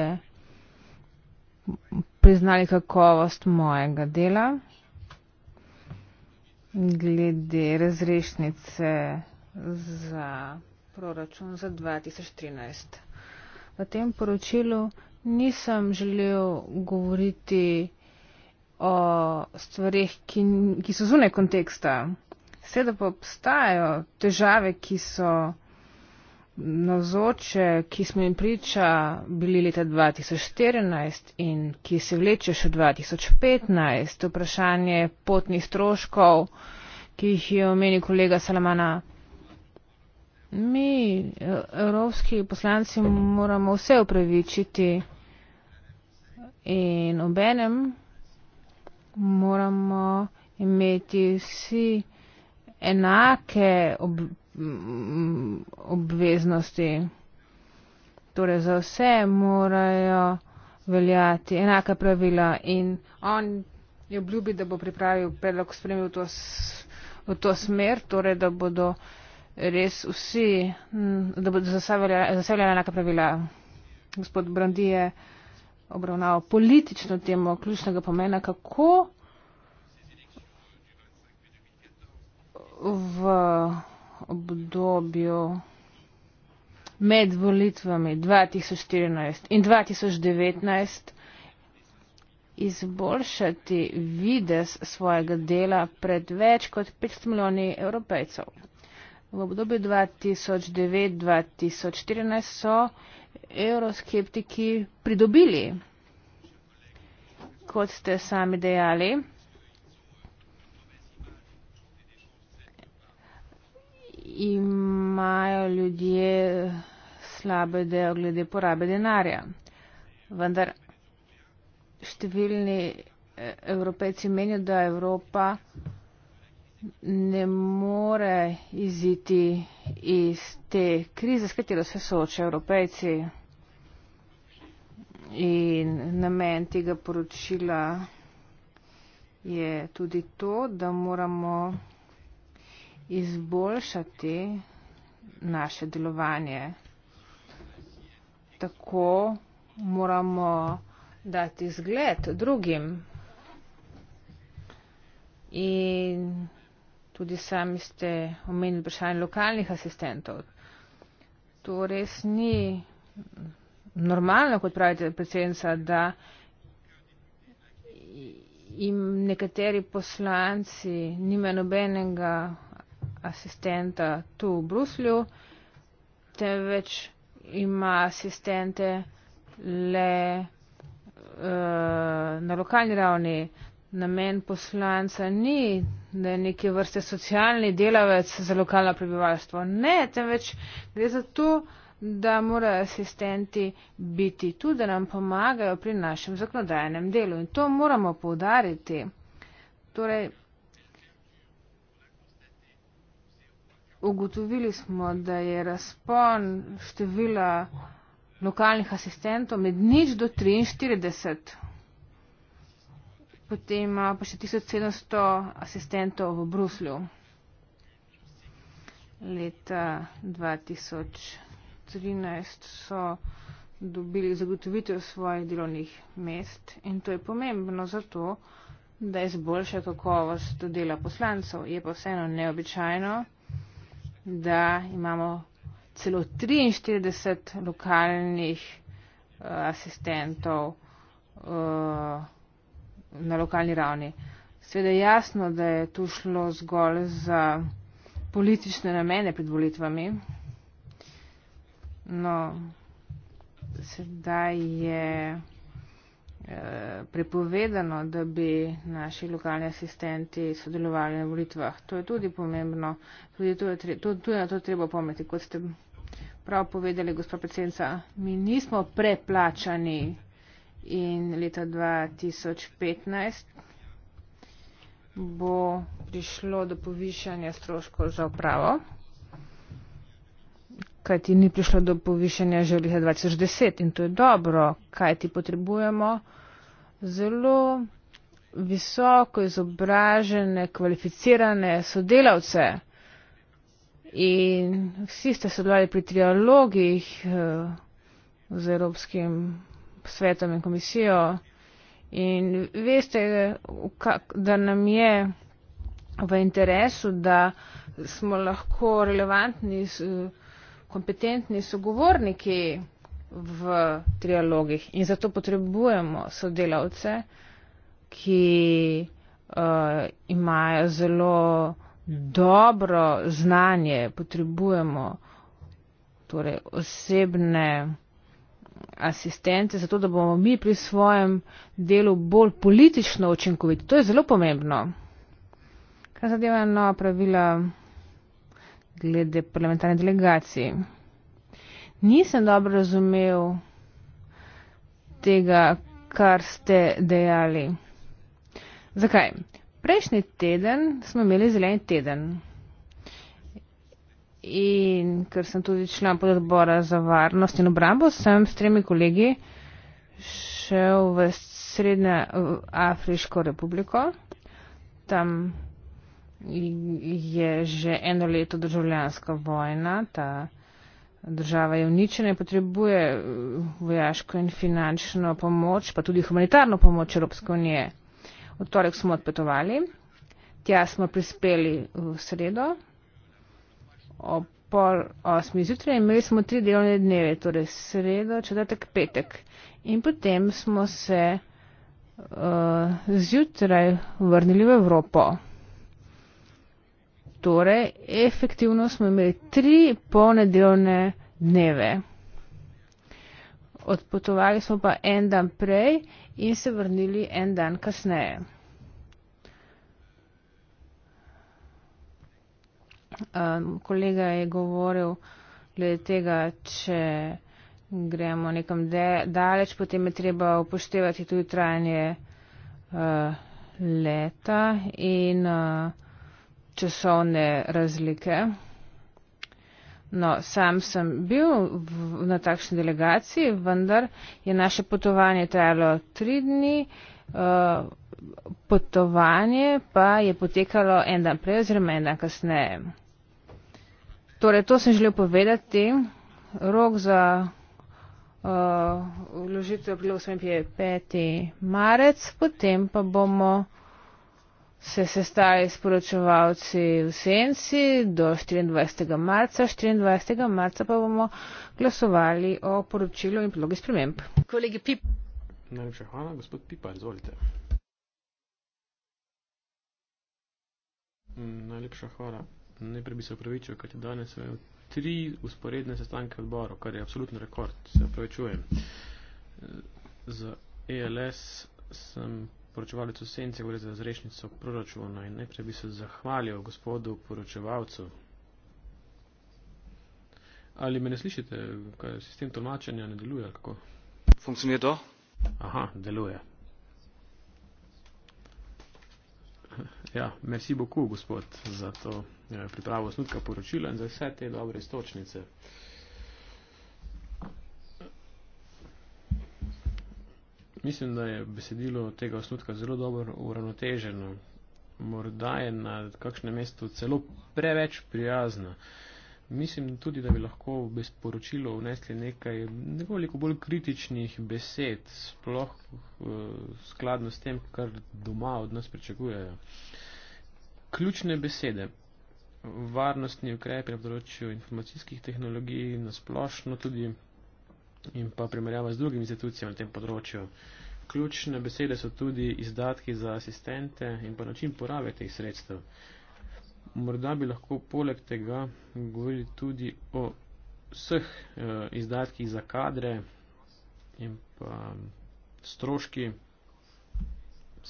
priznali kakovost mojega dela. Glede razrešnice za proračun za 2013. V tem poročilu nisem želel govoriti o stvarih, ki, ki so zune konteksta. Seveda pa obstajajo težave, ki so navzoče, ki smo jim priča bili leta 2014 in ki se vleče še 2015, vprašanje potnih stroškov, ki jih je omenil kolega Salamana. Mi, evropski poslanci, moramo vse upravičiti in obenem moramo imeti vsi enake ob, Mm, obveznosti. Torej, za vse morajo veljati enaka pravila in on je obljubil, da bo pripravil predlog spremljiv v, v to smer, torej, da bodo res vsi, mm, da bodo zasavljali enaka pravila. Gospod Brandi je obravnaval politično temo ključnega pomena, kako v obdobju med volitvami 2014 in 2019 izboljšati vides svojega dela pred več kot 500 milijoni evropejcev. V obdobju 2009-2014 so euroskeptiki pridobili, kot ste sami dejali, imajo ljudje slabe dejo glede porabe denarja. Vendar številni e, evropejci menijo, da Evropa ne more iziti iz te krize, s katero se soočajo evropejci. In namen tega poročila je tudi to, da moramo izboljšati naše delovanje. Tako moramo dati zgled drugim. In tudi sami ste omenili vprašanje lokalnih asistentov. To res ni normalno, kot pravite predsednica, da jim nekateri poslanci nimajo nobenega asistenta tu v Bruslju, temveč ima asistente le uh, na lokalni ravni. Namen poslanca ni, da je neke vrste socialni delavec za lokalno prebivalstvo. Ne, temveč gre za to, da morajo asistenti biti tu, da nam pomagajo pri našem zakonodajnem delu. In to moramo poudariti. Torej, ugotovili smo, da je razpon števila lokalnih asistentov med nič do 43. Potem ima pa še 1700 asistentov v Bruslju leta 2013 so dobili zagotovitev svojih delovnih mest in to je pomembno zato, da izboljša kakovost dela poslancev. Je pa vseeno neobičajno da imamo celo 43 lokalnih uh, asistentov uh, na lokalni ravni. Sveda je jasno, da je tu šlo zgolj za politične namene pred volitvami. No, sedaj je. Eh, prepovedano, da bi naši lokalni asistenti sodelovali na volitvah. To je tudi pomembno, tudi to je, tudi na to treba pometi. Kot ste prav povedali, gospod predsednica, mi nismo preplačani in leta 2015 bo prišlo do povišanja stroškov za upravo, kajti ni prišlo do povišanja že v leta 2010 in to je dobro, kajti potrebujemo zelo visoko izobražene, kvalificirane sodelavce. In vsi ste sodelovali pri trialogih eh, z Evropskim svetom in komisijo. In veste, da nam je v interesu, da smo lahko relevantni, kompetentni sogovorniki v trialogih in zato potrebujemo sodelavce, ki uh, imajo zelo dobro znanje, potrebujemo torej, osebne asistente, zato da bomo mi pri svojem delu bolj politično učinkoviti. To je zelo pomembno. Kar zadeva nova pravila glede parlamentarne delegacije nisem dobro razumel tega, kar ste dejali. Zakaj? Prejšnji teden smo imeli zeleni teden. In ker sem tudi član pododbora za varnost in obrambo, sem s tremi kolegi šel v Srednjo Afriško republiko. Tam je že eno leto državljanska vojna, ta Država je uničena in potrebuje uh, vojaško in finančno pomoč, pa tudi humanitarno pomoč Evropske unije. V torek smo odpetovali, tja smo prispeli v sredo, ob pol osmi zjutraj imeli smo tri delovne dneve, torej sredo, četrtek, petek. In potem smo se uh, zjutraj vrnili v Evropo. Torej, efektivno smo imeli tri ponedeljne dneve. Odpotovali smo pa en dan prej in se vrnili en dan kasneje. Um, kolega je govoril glede tega, če gremo nekam de, daleč, potem je treba upoštevati tudi trajanje uh, leta in uh, časovne razlike. No, sam sem bil v, na takšni delegaciji, vendar je naše potovanje trajalo tri dni, uh, potovanje pa je potekalo en dan prej oziroma en dan kasneje. Torej, to sem želel povedati. Rok za uh, vložitev je bil 5. marec, potem pa bomo se sestaje s poročevalci v senci do 24. marca. 24. marca pa bomo glasovali o poročilu in podlogi sprememb. Kolegi Pip. Najlepša hvala, gospod Pipa, izvolite. Mm, najlepša hvala. Najprej bi se upravičil, kaj je danes imel eh, tri usporedne sestanke odborov, kar je absoluten rekord, se upravičujem. Eh, Z ELS sem poročevalcu Sence, gre za zrešnico proračuna in najprej bi se zahvalil gospodu poročevalcu. Ali me ne slišite, kaj sistem tolmačenja ne deluje ali kako? Funkcionira to? Aha, deluje. Ja, merci beaucoup, gospod, za to eh, pripravo osnutka poročila in za vse te dobre istočnice. mislim, da je besedilo tega osnutka zelo dobro uravnoteženo. Morda je na kakšnem mestu celo preveč prijazna. Mislim tudi, da bi lahko v besporočilo vnesli nekaj nekoliko bolj kritičnih besed, sploh uh, skladno s tem, kar doma od nas pričakujejo. Ključne besede. Varnostni ukrepi na področju informacijskih tehnologij, nasplošno tudi in pa primerjava z drugimi institucijami na tem področju. Ključne besede so tudi izdatki za asistente in pa način porabe teh sredstev. Morda bi lahko poleg tega govorili tudi o vseh eh, izdatkih za kadre in pa mm, stroški,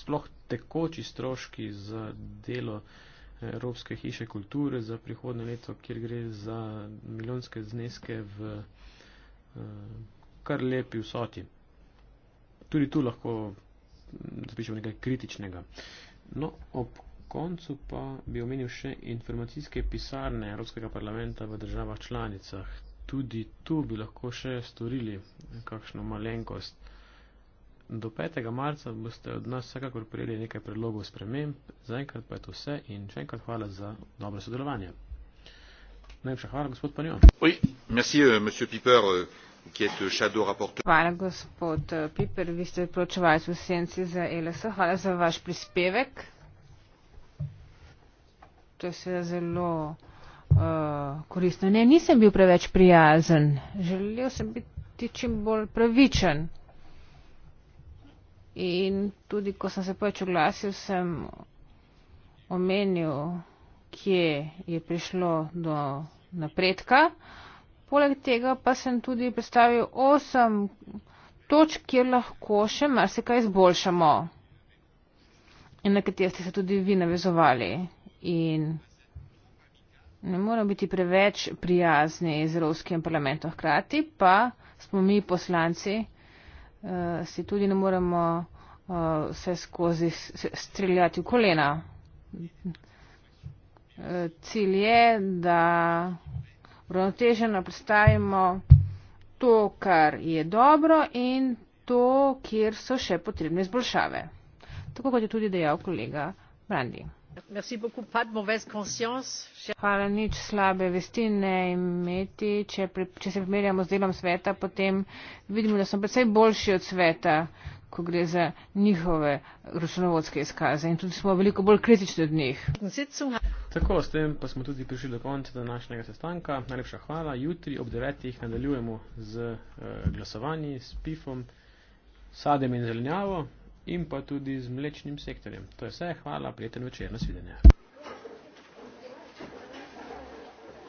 sploh tekoči stroški za delo eh, Evropske hiše kulture za prihodne leto, kjer gre za milijonske zneske v kar lepi vsoti. Tudi tu lahko mm, zapišemo nekaj kritičnega. No, ob koncu pa bi omenil še informacijske pisarne Evropskega parlamenta v državah članicah. Tudi tu bi lahko še storili kakšno malenkost. Do 5. marca boste od nas vsekakor prijeli nekaj predlogov sprememb, zaenkrat pa je to vse in še enkrat hvala za dobro sodelovanje. Hvala, gospod euh, Piper, ki euh, euh, ste poročevalec v senci za ELS. Hvala za vaš prispevek. To je seveda zelo uh, koristno. Ne, nisem bil preveč prijazen. Želel sem biti čim bolj pravičen. In tudi, ko sem se pač oglasil, sem omenil kje je prišlo do napredka. Poleg tega pa sem tudi predstavil osem točk, kjer lahko še marsikaj izboljšamo in na katere ste se tudi vi navezovali. In ne moramo biti preveč prijazni z Evropskim parlamentom hkrati, pa smo mi poslanci, uh, si tudi ne moremo uh, eh, vse skozi streljati v kolena cilj je, da uravnoteženo predstavimo to, kar je dobro in to, kjer so še potrebne zboljšave. Tako kot je tudi dejal kolega Brandi. Hvala nič slabe vesti ne imeti. Če, pri, če se primerjamo z delom sveta, potem vidimo, da smo predvsej boljši od sveta ko gre za njihove računovodske izkaze in tudi smo veliko bolj kritični od njih. Tako, s tem pa smo tudi prišli do konca današnjega sestanka. Najlepša hvala. Jutri ob devetih nadaljujemo z eh, glasovanji, s pifom, sadem in zelenjavo in pa tudi z mlečnim sektorjem. To je vse. Hvala, prijeten večer. Nasvidenje.